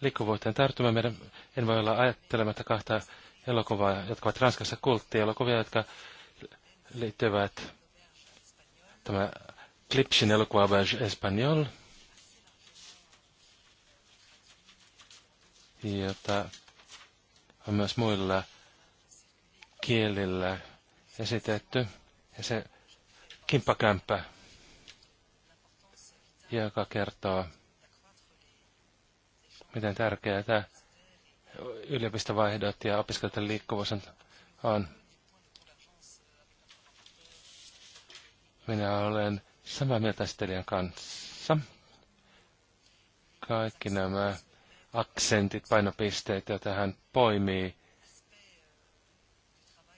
C: liikkuvuuteen tartumme, meidän en voi olla ajattelematta kahta elokuvaa, jotka ovat Ranskassa elokuvia, jotka liittyvät tämä Klipsin elokuva Verge Espagnol – että on myös muilla kielillä esitetty. Ja se kimppakämppä, joka kertoo, miten tärkeää yliopistovaihdot ja opiskelijoiden liikkuvuus on. Minä olen samaa mieltä esittelijän kanssa. Kaikki nämä aksentit, painopisteet, joita hän poimii.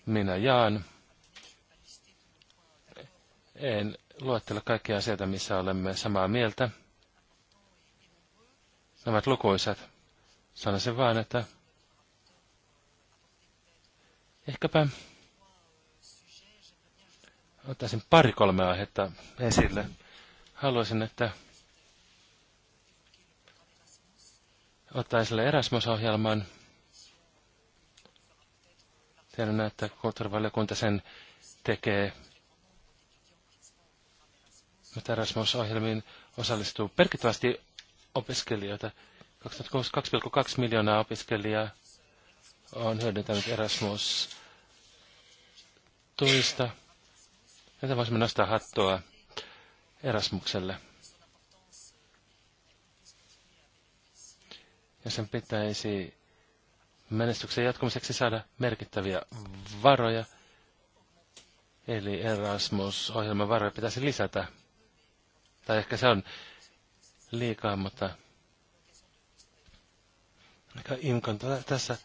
C: Minä jaan. En luettele kaikkia asioita, missä olemme samaa mieltä. Nämä lukuisat. Sanoisin vain, että ehkäpä ottaisin pari-kolme aihetta esille. Haluaisin, että ottaa esille Erasmus-ohjelman. Tiedän, että kulttuurivaliokunta sen tekee. Mutta Erasmus-ohjelmiin osallistuu merkittävästi opiskelijoita. 2,2 miljoonaa opiskelijaa on hyödyntänyt Erasmus-tuista. Joten voisimme nostaa hattua Erasmukselle. ja sen pitäisi menestyksen jatkumiseksi saada merkittäviä varoja. Eli Erasmus-ohjelman varoja pitäisi lisätä. Tai ehkä se on liikaa, mutta Imkon tässä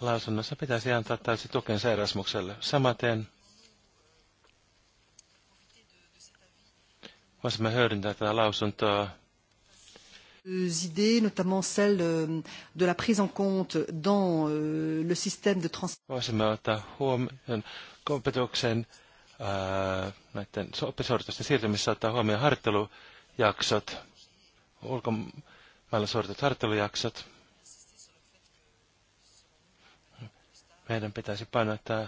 C: lausunnossa pitäisi antaa täysi tukensa Erasmukselle. Samaten voisimme hyödyntää tätä lausuntoa
A: idées, notamment celle euh, de la prise en compte dans
C: euh, le système de transport. näiden oppisuoritusten siirtymisessä ottaa huomioon harjoittelujaksot, ulkomailla suoritetut harjoittelujaksot. Meidän pitäisi painottaa,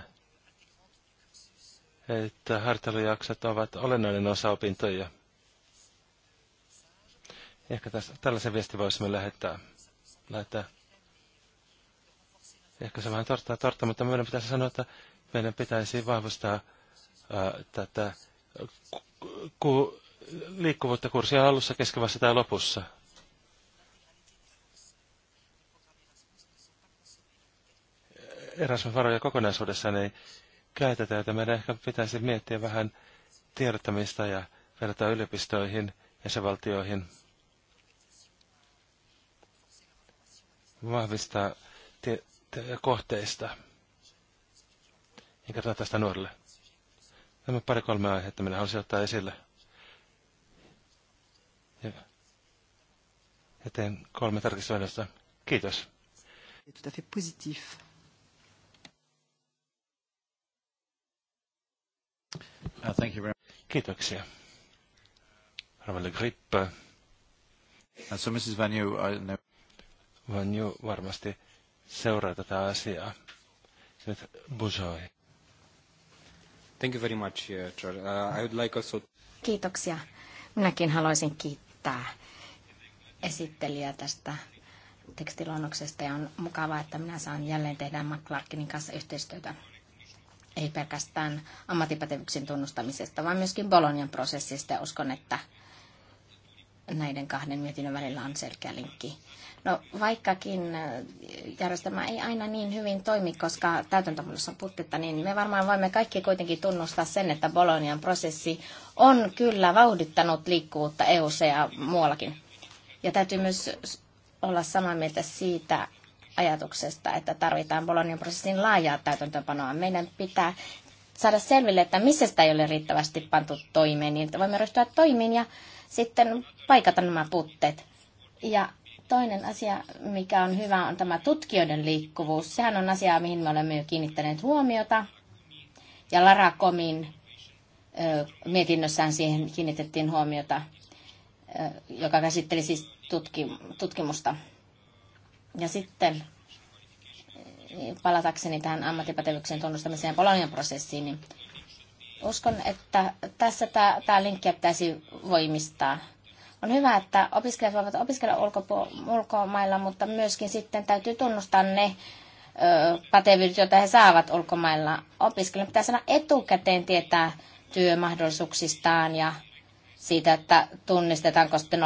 C: että harjoittelujaksot ovat olennainen osa opintoja. Ehkä tässä, tällaisen viestin voisimme lähettää. lähettää. Ehkä se vähän tarttaa, torttaa, mutta meidän pitäisi sanoa, että meidän pitäisi vahvistaa ää, tätä ku, liikkuvuutta kurssia alussa, keskivässä tai lopussa. Erasmus-varoja kokonaisuudessaan ei käytetä, että meidän ehkä pitäisi miettiä vähän tiedottamista ja verrata yliopistoihin, valtioihin. vahvistaa tie- te- kohteista ja katsotaan tästä nuorille. Nämä pari-kolme aihetta minä haluaisin ottaa esille. Ja, ja teen kolme tarkistusvälineistä. Kiitos.
A: Tout à fait positif.
C: Uh, thank you very much. Kiitoksia. Arvoisa Grippe. Uh, so Mrs. Vanu, I know... Van jo varmasti seuraa tätä asiaa. Nyt Bujoi. Thank you very much, George. Uh, uh, I would like also...
D: Kiitoksia. Minäkin haluaisin kiittää esittelijä tästä tekstiluonnoksesta ja on mukavaa, että minä saan jälleen tehdä McClarkinin kanssa yhteistyötä. Ei pelkästään ammattipätevyksen tunnustamisesta, vaan myöskin Bolonian prosessista. Uskon, että näiden kahden mietinnön välillä on selkeä linkki. No vaikkakin äh, järjestelmä ei aina niin hyvin toimi, koska täytäntöönpanossa on puttetta, niin me varmaan voimme kaikki kuitenkin tunnustaa sen, että Bolonian prosessi on kyllä vauhdittanut liikkuvuutta eu ja muuallakin. Ja täytyy myös olla samaa mieltä siitä ajatuksesta, että tarvitaan Bolonian prosessin laajaa täytäntöönpanoa. Meidän pitää saada selville, että missä sitä ei ole riittävästi pantu toimeen, niin että voimme ryhtyä toimiin ja sitten paikata nämä puutteet. Ja Toinen asia, mikä on hyvä, on tämä tutkijoiden liikkuvuus. Sehän on asia, mihin me olemme jo kiinnittäneet huomiota. Ja Lara Komin mietinnössään siihen kiinnitettiin huomiota, joka käsitteli siis tutkimusta. Ja sitten palatakseni tähän ammattipätevyyksien tunnustamiseen ja Polonian prosessiin, niin uskon, että tässä tämä linkki pitäisi voimistaa. On hyvä, että opiskelijat voivat opiskella ulkomailla, mutta myöskin sitten täytyy tunnustaa ne ö, pätevyydet, joita he saavat ulkomailla. opiskella. pitää sanoa etukäteen tietää työmahdollisuuksistaan ja siitä, että tunnistetaanko sitten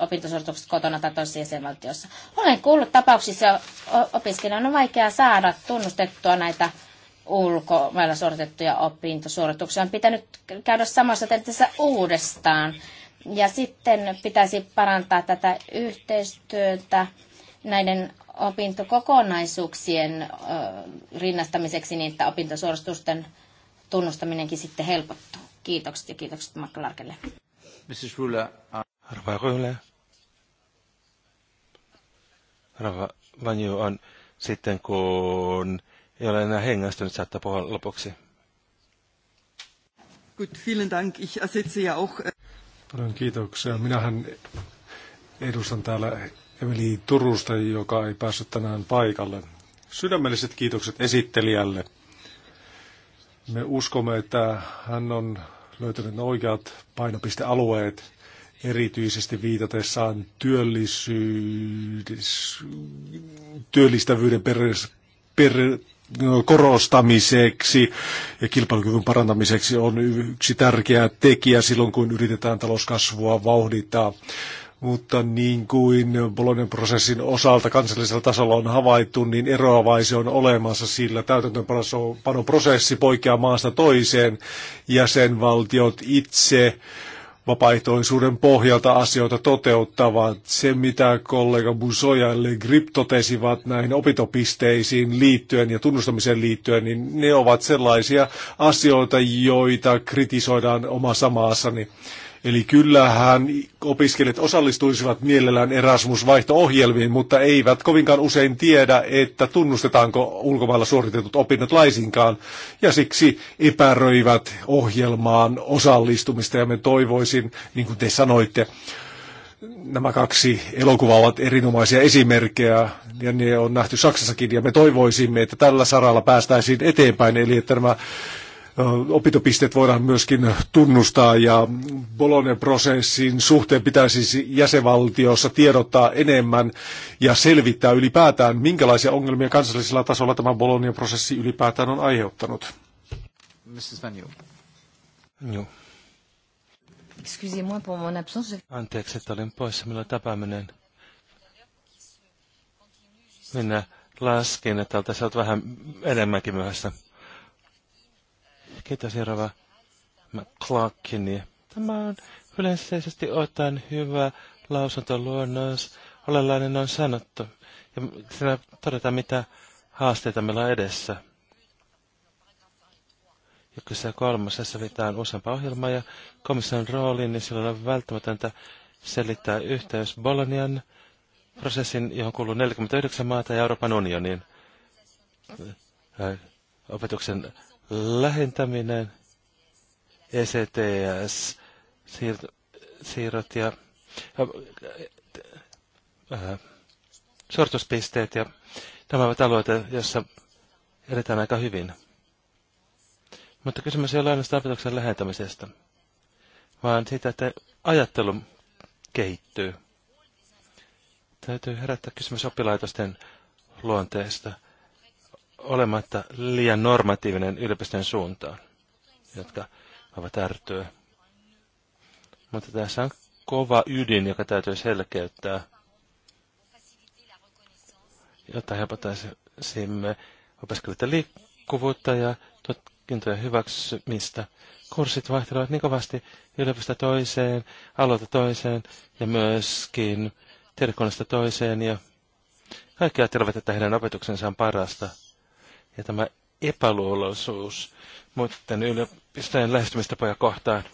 D: opintosuoritukset kotona tai toisessa jäsenvaltiossa. Olen kuullut tapauksissa, opiskelijan on vaikea saada tunnustettua näitä ulkomailla suoritettuja opintosuorituksia. On pitänyt käydä samassa tehtävässä uudestaan. Ja sitten pitäisi parantaa tätä yhteistyötä näiden opintokokonaisuuksien rinnastamiseksi niin, että opintosuoritusten tunnustaminenkin sitten helpottuu. Kiitokset ja kiitokset Markku Larkelle.
C: Mrs. Rula, Rava Rula. Rava Vanju on sitten, kun ei ole enää hengästynyt, saattaa puhua lopuksi.
A: Gut, vielen Dank. Ich ersetze ja auch... Äh,
B: Paljon kiitoksia. Minähän edustan täällä Emeli Turusta, joka ei päässyt tänään paikalle. Sydämelliset kiitokset esittelijälle. Me uskomme, että hän on löytänyt oikeat painopistealueet, erityisesti viitatessaan työllisyys, työllistävyyden per, per, korostamiseksi ja kilpailukyvyn parantamiseksi on yksi tärkeä tekijä silloin, kun yritetään talouskasvua vauhdittaa. Mutta niin kuin Bolognan prosessin osalta kansallisella tasolla on havaittu, niin eroavaisi on olemassa, sillä prosessi poikkeaa maasta toiseen. Jäsenvaltiot itse vapaaehtoisuuden pohjalta asioita toteuttavat. Se, mitä kollega Busoja ja Grip totesivat näihin opintopisteisiin liittyen ja tunnustamiseen liittyen, niin ne ovat sellaisia asioita, joita kritisoidaan omassa maassani. Eli kyllähän opiskelijat osallistuisivat mielellään Erasmus-vaihto-ohjelmiin, mutta eivät kovinkaan usein tiedä, että tunnustetaanko ulkomailla suoritetut opinnot laisinkaan, ja siksi epäröivät ohjelmaan osallistumista, ja me toivoisin, niin kuin te sanoitte, nämä kaksi elokuvaa ovat erinomaisia esimerkkejä, ja ne on nähty Saksassakin, ja me toivoisimme, että tällä saralla päästäisiin eteenpäin, eli että nämä opintopisteet voidaan myöskin tunnustaa ja Bolognan prosessin suhteen pitäisi siis jäsenvaltiossa tiedottaa enemmän ja selvittää ylipäätään, minkälaisia ongelmia kansallisella tasolla tämä Bolognan prosessi ylipäätään on aiheuttanut.
A: Mrs.
C: Van Joo.
D: Excusez-moi pour mon absence.
B: Anteeksi,
C: että olin poissa. Milloin tapaaminen? Minä laskin, että oltaisiin vähän enemmänkin myöhässä. Ketä seuraava? McClarkini. Tämä on yleisesti ottaen hyvä lausuntoluonnos. Olenlainen on sanottu. Ja siinä todetaan, mitä haasteita meillä on edessä. Ja kyse kolmosessa viitaan useampaa ohjelmaa ja komission rooliin, niin silloin on välttämätöntä selittää yhteys Bolonian prosessin, johon kuuluu 49 maata ja Euroopan unionin opetuksen lähentäminen, ECTS, siir- siirrot ja, ja äh, sortuspisteet ja nämä ovat alueita, joissa edetään aika hyvin. Mutta kysymys ei ole ainoastaan opetuksen lähentämisestä, vaan siitä, että ajattelu kehittyy. Täytyy herättää kysymys oppilaitosten luonteesta olematta liian normatiivinen yliopistojen suuntaan, jotka ovat ärtyä. Mutta tässä on kova ydin, joka täytyy selkeyttää, jotta helpottaisimme opiskelijoiden liikkuvuutta ja tutkintojen hyväksymistä. Kurssit vaihtelevat niin kovasti yliopistosta toiseen, alueelta toiseen ja myöskin tiedekunnasta toiseen ja kaikki ajattelevat, että heidän opetuksensa on parasta – ja tämä epäluuloisuus muiden yliopistojen lähestymistapoja kohtaan.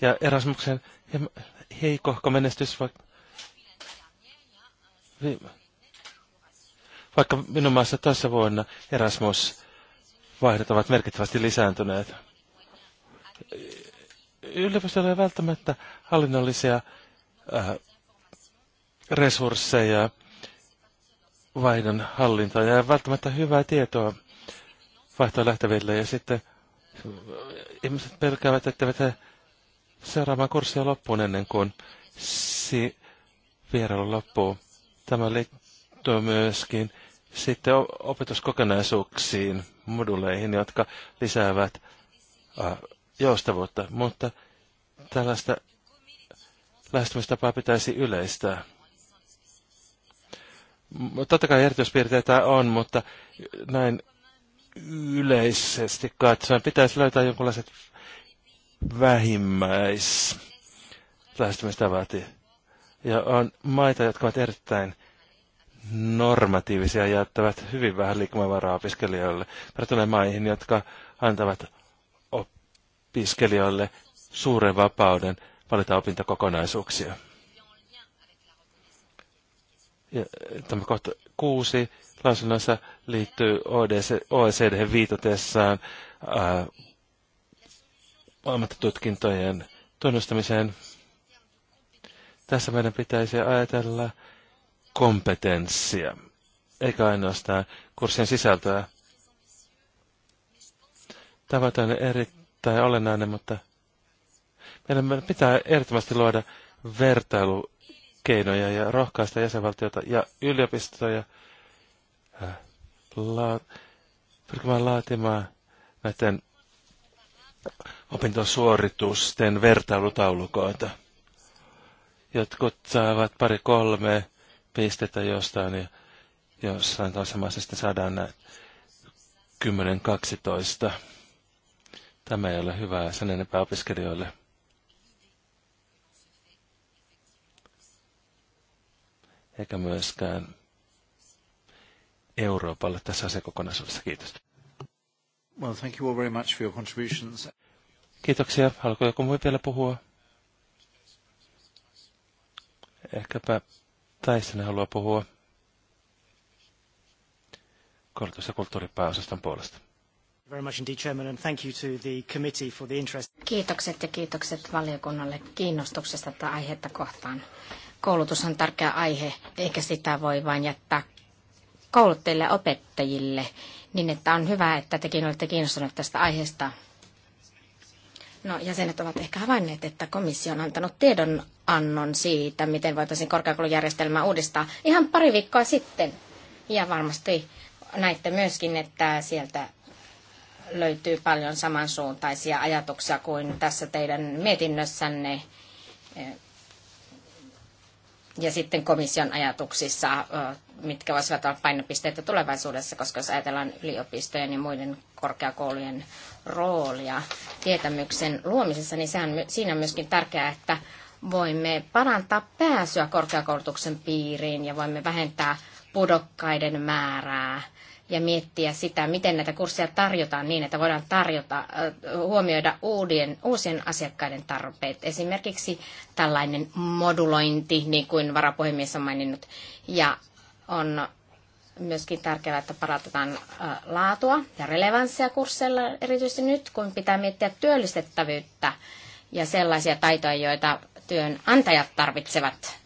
C: Ja Erasmuksen heikohko menestys, vaikka, vaikka minun maassa tässä vuonna Erasmus vaihdot ovat merkittävästi lisääntyneet. Yliopistolla ei välttämättä hallinnollisia ää, äh, resursseja vaihdon hallinta ja välttämättä hyvää tietoa vaihtoa lähteville. Ja sitten äh, ihmiset pelkäävät, että he seuraavaan kurssia loppuun ennen kuin si vierailu loppuu. Tämä liittyy myöskin sitten opetuskokonaisuuksiin, moduleihin, jotka lisäävät äh, joustavuutta, mutta tällaista lähestymistapaa pitäisi yleistää. Totta kai erityispiirteitä on, mutta näin yleisesti katsoen pitäisi löytää jonkinlaiset vähimmäis lähestymistavat. Ja on maita, jotka ovat erittäin normatiivisia ja jättävät hyvin vähän liikkumavaraa opiskelijoille. tulee maihin, jotka antavat opiskelijoille suuren vapauden valita opintokokonaisuuksia. Ja, tämä kohta kuusi lausunnossa liittyy OECD viitatessaan ammattitutkintojen tunnustamiseen. Tässä meidän pitäisi ajatella kompetenssia, eikä ainoastaan kurssien sisältöä. Tämä on erittäin olennainen, mutta meidän pitää erittäin luoda vertailu keinoja ja rohkaista jäsenvaltiota ja yliopistoja äh, la, pyrkimään laatimaan näiden opintosuoritusten vertailutaulukoita. Jotkut saavat pari kolme pistettä jostain ja jossain toisessa maassa sitten saadaan näitä 10-12. Tämä ei ole hyvää sen enempää opiskelijoille. eikä myöskään Euroopalle tässä asiakokonaisuudessa. Kiitos.
A: Well, thank you all very much for your contributions.
C: Kiitoksia. Haluatko joku muu vielä puhua? Ehkäpä Tyson haluaa puhua koulutus- ja kulttuuripääosaston puolesta.
D: Kiitokset ja kiitokset valiokunnalle kiinnostuksesta tätä aihetta kohtaan koulutus on tärkeä aihe, eikä sitä voi vain jättää kouluttajille opettajille, niin että on hyvä, että tekin olette kiinnostuneet tästä aiheesta. No, jäsenet ovat ehkä havainneet, että komissio on antanut tiedonannon siitä, miten voitaisiin korkeakoulujärjestelmää uudistaa ihan pari viikkoa sitten. Ja varmasti näitte myöskin, että sieltä löytyy paljon samansuuntaisia ajatuksia kuin tässä teidän mietinnössänne ja sitten komission ajatuksissa, mitkä voisivat olla painopisteitä tulevaisuudessa, koska jos ajatellaan yliopistojen ja muiden korkeakoulujen roolia tietämyksen luomisessa, niin sehän, siinä on myöskin tärkeää, että voimme parantaa pääsyä korkeakoulutuksen piiriin ja voimme vähentää pudokkaiden määrää ja miettiä sitä, miten näitä kursseja tarjotaan niin, että voidaan tarjota, huomioida uudien, uusien asiakkaiden tarpeet. Esimerkiksi tällainen modulointi, niin kuin varapuhemies on maininnut, ja on myöskin tärkeää, että parantetaan laatua ja relevanssia kursseilla, erityisesti nyt, kun pitää miettiä työllistettävyyttä ja sellaisia taitoja, joita työnantajat tarvitsevat.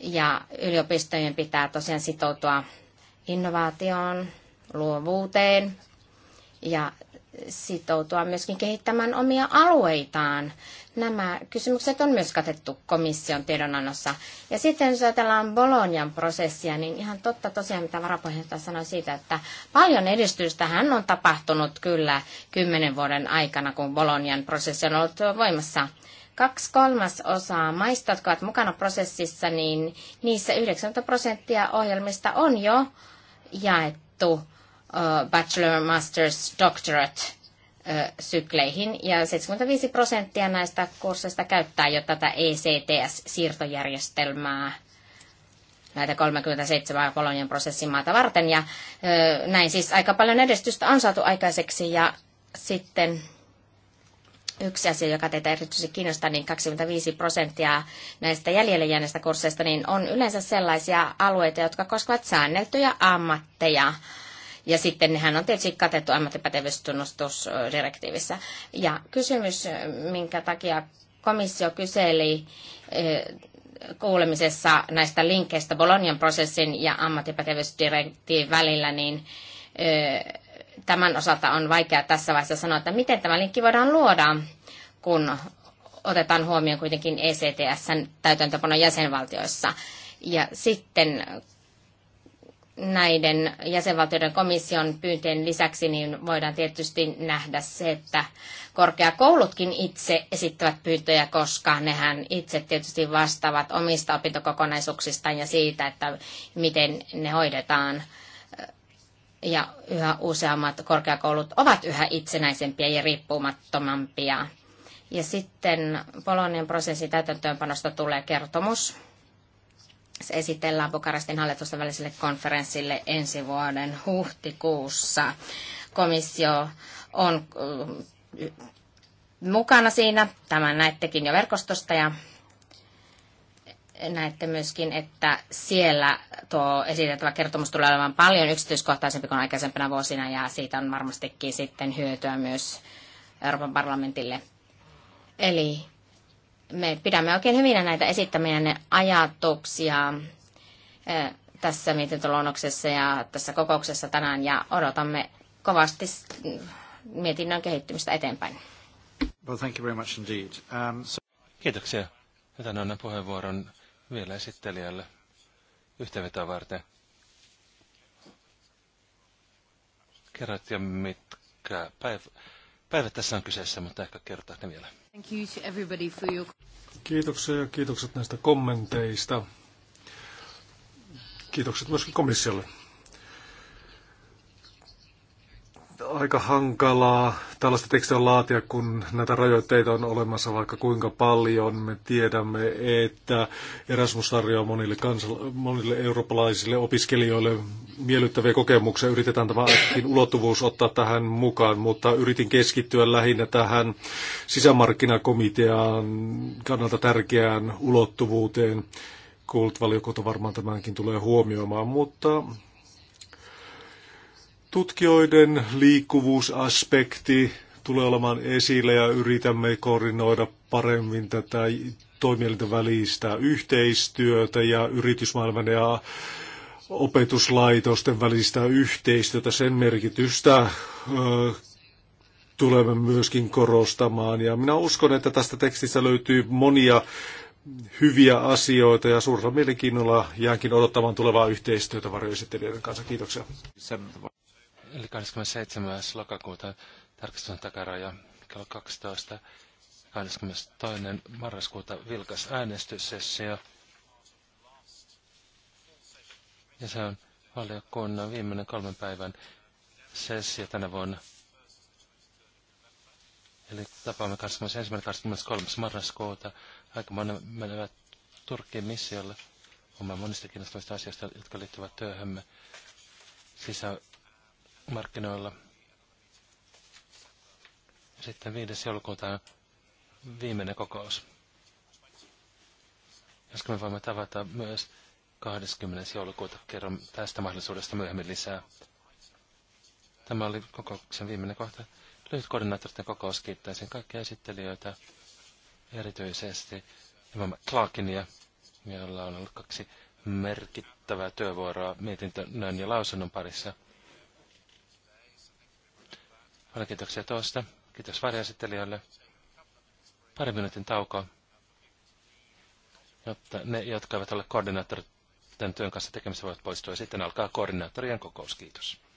D: Ja yliopistojen pitää tosiaan sitoutua innovaatioon, luovuuteen ja sitoutua myöskin kehittämään omia alueitaan. Nämä kysymykset on myös katettu komission tiedonannossa. Ja sitten jos ajatellaan Bolognan prosessia, niin ihan totta tosiaan, mitä varapuheenjohtaja sanoi siitä, että paljon edistystä hän on tapahtunut kyllä kymmenen vuoden aikana, kun Bolognan prosessi on ollut voimassa. Kaksi osaa maista, jotka ovat mukana prosessissa, niin niissä 90 prosenttia ohjelmista on jo jaettu bachelor, masters, doctorate sykleihin ja 75 prosenttia näistä kursseista käyttää jo tätä ECTS-siirtojärjestelmää näitä 37 kolonien prosessin maata varten. Ja näin siis aika paljon edistystä on saatu aikaiseksi ja sitten yksi asia, joka teitä erityisesti kiinnostaa, niin 25 prosenttia näistä jäljelle jääneistä kursseista niin on yleensä sellaisia alueita, jotka koskevat säänneltyjä ammatteja. Ja sitten nehän on tietysti katettu ammattipätevyystunnustusdirektiivissä. Ja kysymys, minkä takia komissio kyseli eh, kuulemisessa näistä linkkeistä Bolognan prosessin ja ammattipätevyysdirektiivin välillä, niin eh, tämän osalta on vaikea tässä vaiheessa sanoa, että miten tämä linkki voidaan luoda, kun otetaan huomioon kuitenkin ECTSn täytäntöpanon jäsenvaltioissa. Ja sitten näiden jäsenvaltioiden komission pyyntien lisäksi niin voidaan tietysti nähdä se, että korkeakoulutkin itse esittävät pyyntöjä, koska nehän itse tietysti vastaavat omista opintokokonaisuuksistaan ja siitä, että miten ne hoidetaan ja yhä useammat korkeakoulut ovat yhä itsenäisempiä ja riippumattomampia. Ja sitten Polonian prosessin täytäntöönpanosta tulee kertomus. Se esitellään Bukarestin hallitusten väliselle konferenssille ensi vuoden huhtikuussa. Komissio on mm, mukana siinä. Tämän näettekin jo verkostosta ja näette myöskin, että siellä tuo esitettävä kertomus tulee olemaan paljon yksityiskohtaisempi kuin aikaisempina vuosina ja siitä on varmastikin sitten hyötyä myös Euroopan parlamentille. Eli me pidämme oikein hyvinä näitä esittämiä ajatuksia tässä mietintöluonnoksessa ja tässä kokouksessa tänään ja odotamme kovasti mietinnön kehittymistä eteenpäin.
C: Well, thank you very much indeed. Um, so... Kiitoksia. Nyt annan puheenvuoron vielä esittelijälle yhteenvetoa varten. Kerrot ja mitkä päiv- päivät tässä on kyseessä, mutta ehkä kertaa ne vielä.
D: Thank you to everybody for your...
B: Kiitoksia ja kiitokset näistä kommenteista. Kiitokset myöskin komissiolle. aika hankalaa tällaista tekstiä laatia, kun näitä rajoitteita on olemassa vaikka kuinka paljon. Me tiedämme, että Erasmus tarjoaa monille, kansal- monille eurooppalaisille opiskelijoille miellyttäviä kokemuksia. Yritetään tämä ulottuvuus ottaa tähän mukaan, mutta yritin keskittyä lähinnä tähän sisämarkkinakomitean kannalta tärkeään ulottuvuuteen. Kultvaliokunta varmaan tämänkin tulee huomioimaan, mutta Tutkijoiden liikkuvuusaspekti tulee olemaan esillä ja yritämme koordinoida paremmin tätä toimielinten välistä yhteistyötä ja yritysmaailman ja opetuslaitosten välistä yhteistyötä, sen merkitystä ö, tulemme myöskin korostamaan. Ja minä uskon, että tästä tekstistä löytyy monia hyviä asioita ja suurella mielenkiinnolla jäänkin odottamaan tulevaa yhteistyötä varjoesittelijöiden kanssa. Kiitoksia. Eli 27.
C: lokakuuta tarkistuksen takaraja kello 12. 22. marraskuuta vilkas äänestyssessio. Ja se on valiokunnan viimeinen kolmen päivän sessio tänä vuonna. Eli tapaamme 21. 23. marraskuuta. Aika monen menevät Turkkiin missiolle. Olemme monista kiinnostavista asioista, jotka liittyvät työhömme. Sisä, markkinoilla. Sitten 5. joulukuuta on viimeinen kokous. Jos me voimme tavata myös 20. joulukuuta, kerron tästä mahdollisuudesta myöhemmin lisää. Tämä oli kokouksen viimeinen kohta. Lyhyt koordinaattoriten kokous kiittäisin kaikkia esittelijöitä, erityisesti Emma Clarkinia, jolla on ollut kaksi merkittävää työvuoroa mietintönön ja lausunnon parissa – Paljon kiitoksia tuosta. Kiitos varjaesittelijöille. Pari minuutin taukoa, jotta ne, jotka eivät ole koordinaattorit tämän työn kanssa tekemisessä, voivat poistua. Sitten alkaa koordinaattorien kokous. Kiitos.